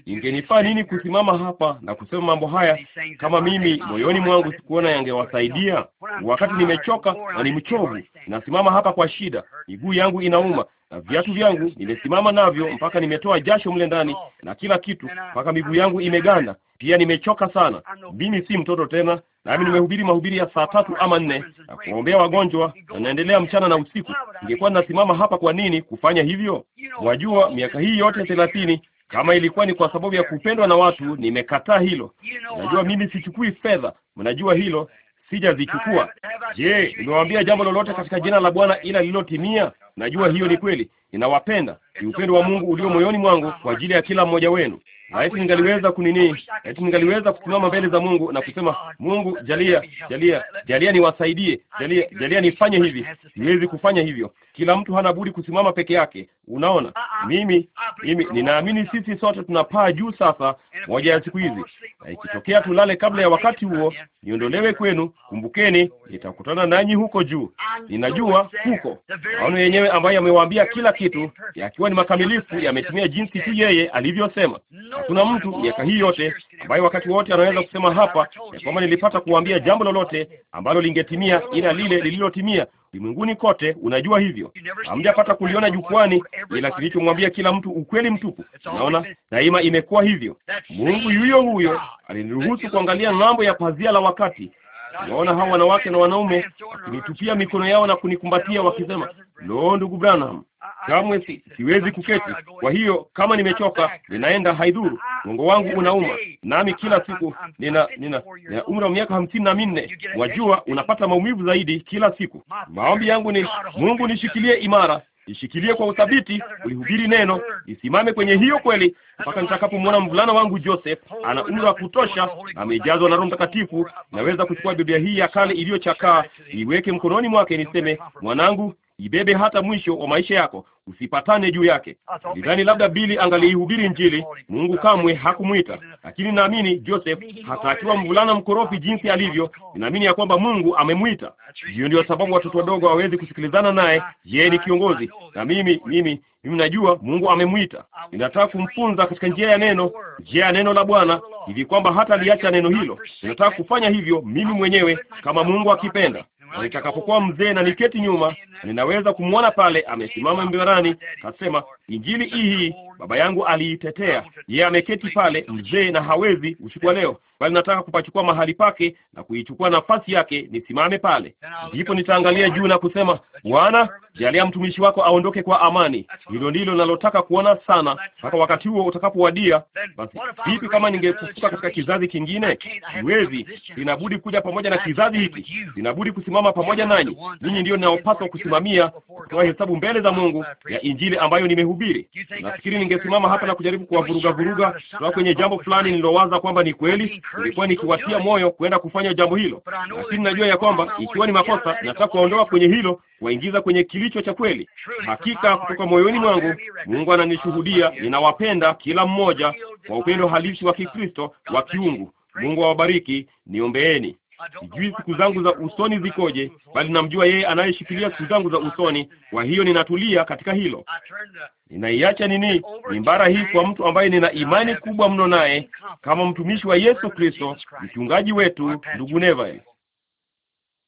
Ingenifaa nini kusimama hapa na kusema mambo haya kama mimi moyoni mwangu sikuona yangewasaidia? Wakati nimechoka na ni mchovu, nasimama hapa kwa shida, miguu yangu inauma na viatu vyangu nimesimama navyo mpaka nimetoa jasho mle ndani na kila kitu, mpaka miguu yangu imeganda, pia nimechoka sana. Mimi si mtoto tena, nami nimehubiri mahubiri ya saa tatu ama nne na kuombea wagonjwa na naendelea mchana na usiku. Ningekuwa ninasimama hapa, kwa nini kufanya hivyo? Mwajua, miaka hii yote thelathini kama ilikuwa ni kwa sababu ya kupendwa na watu, nimekataa hilo. Najua mimi sichukui fedha, mnajua hilo, sijazichukua. Je, nimewaambia jambo lolote katika jina la Bwana ila lililotimia? Najua hiyo ni kweli ninawapenda. Ni upendo wa Mungu ulio moyoni mwangu kwa ajili ya kila mmoja wenu. Na eti ningaliweza kunini, eti ningaliweza kusimama mbele za Mungu na kusema, Mungu jalia, jalia, jalia niwasaidie, jalia, jalia nifanye hivi. Siwezi kufanya hivyo. Kila mtu hana budi kusimama peke yake. Unaona, uh-uh. mimi mimi ninaamini sisi sote tunapaa juu sasa, moja ya siku hizi, na ikitokea tulale kabla ya wakati huo, niondolewe kwenu. Oh, kumbukeni, nitakutana nanyi huko juu. Ninajua huko maono yenyewe ambayo amewaambia kila kitu yakiwa ni makamilifu, yametimia jinsi tu yeye alivyosema. Hakuna mtu miaka hii yote ambaye wakati wote anaweza kusema hapa ya kwamba nilipata kuambia jambo lolote ambalo lingetimia ila lile lililotimia ulimwenguni kote. Unajua hivyo, hamjapata kuliona jukwani, ila kilichomwambia kila mtu ukweli mtupu. Unaona, daima imekuwa hivyo. Mungu yuyo huyo aliniruhusu kuangalia ng'ambo ya pazia la wakati Naona hawa wanawake na wanaume wakinitupia mikono yao na kunikumbatia wakisema, lo ndugu Branham, kamwe si, siwezi kuketi. Kwa hiyo kama nimechoka, ninaenda haidhuru, mgongo wangu unauma, nami kila siku nina nina, nina umri wa miaka hamsini na minne. Wajua, unapata maumivu zaidi kila siku. Maombi yangu ni Mungu, nishikilie imara ishikilie kwa uthabiti, ulihubiri neno, isimame kwenye hiyo kweli mpaka nitakapomwona mvulana wangu Joseph ana umri wa kutosha, amejazwa na Roho Mtakatifu, naweza kuchukua Biblia hii ya kale iliyochakaa, iweke mkononi mwake, niseme mwanangu, ibebe hata mwisho wa maisha yako, usipatane juu yake. Nidhani labda Bili angaliihubiri Injili, Mungu kamwe hakumwita, lakini naamini Joseph, hata akiwa mvulana mkorofi jinsi alivyo, ninaamini ya kwamba Mungu amemwita. Hiyo ndio sababu watoto wadogo hawawezi kusikilizana naye. Yeye ni kiongozi, na mimi mimi mimi najua Mungu amemwita. Ninataka kumfunza katika njia ya neno, njia ya neno la Bwana, hivi kwamba hata aliacha neno hilo. Ninataka kufanya hivyo mimi mwenyewe kama Mungu akipenda na nitakapokuwa oh, mzee na niketi nyuma, ninaweza kumwona pale amesimama mbibarani, kasema injili hii Baba yangu aliitetea, yeye ameketi pale mzee na hawezi kuchukua leo, bali nataka kupachukua mahali pake na kuichukua nafasi yake, nisimame pale. Ndipo nitaangalia juu na kusema, Bwana, jalia mtumishi wako aondoke kwa amani. Hilo ndilo nalotaka kuona sana, mpaka wakati huo utakapowadia. Basi vipi kama ningefufuka katika kizazi kingine? Siwezi, inabudi kuja pamoja na kizazi hiki, inabudi kusimama pamoja nanyi. Ninyi ndio ninaopaswa kusimamia, kutoa hesabu mbele za Mungu ya injili ambayo nimehubiri. Nafikiri ningesimama hapa na kujaribu kuwavuruga vuruga na kwenye jambo fulani nililowaza kwamba ni kweli, nilikuwa nikiwatia moyo kwenda kufanya jambo hilo, lakini najua ya kwamba ikiwa ni makosa, nataka kuondoa kwenye hilo, kuwaingiza kwenye kilicho cha kweli. Hakika kutoka moyoni mwangu, Mungu ananishuhudia, ninawapenda kila mmoja kwa upendo halisi wa Kikristo wa kiungu. Mungu awabariki. Niombeeni sijui siku zangu za usoni zikoje, bali namjua yeye anayeshikilia siku zangu za usoni. Kwa hiyo ninatulia katika hilo, ninaiacha nini mimbara hii kwa mtu ambaye nina imani kubwa mno naye, kama mtumishi wa Yesu Kristo, mchungaji wetu, ndugu Neville.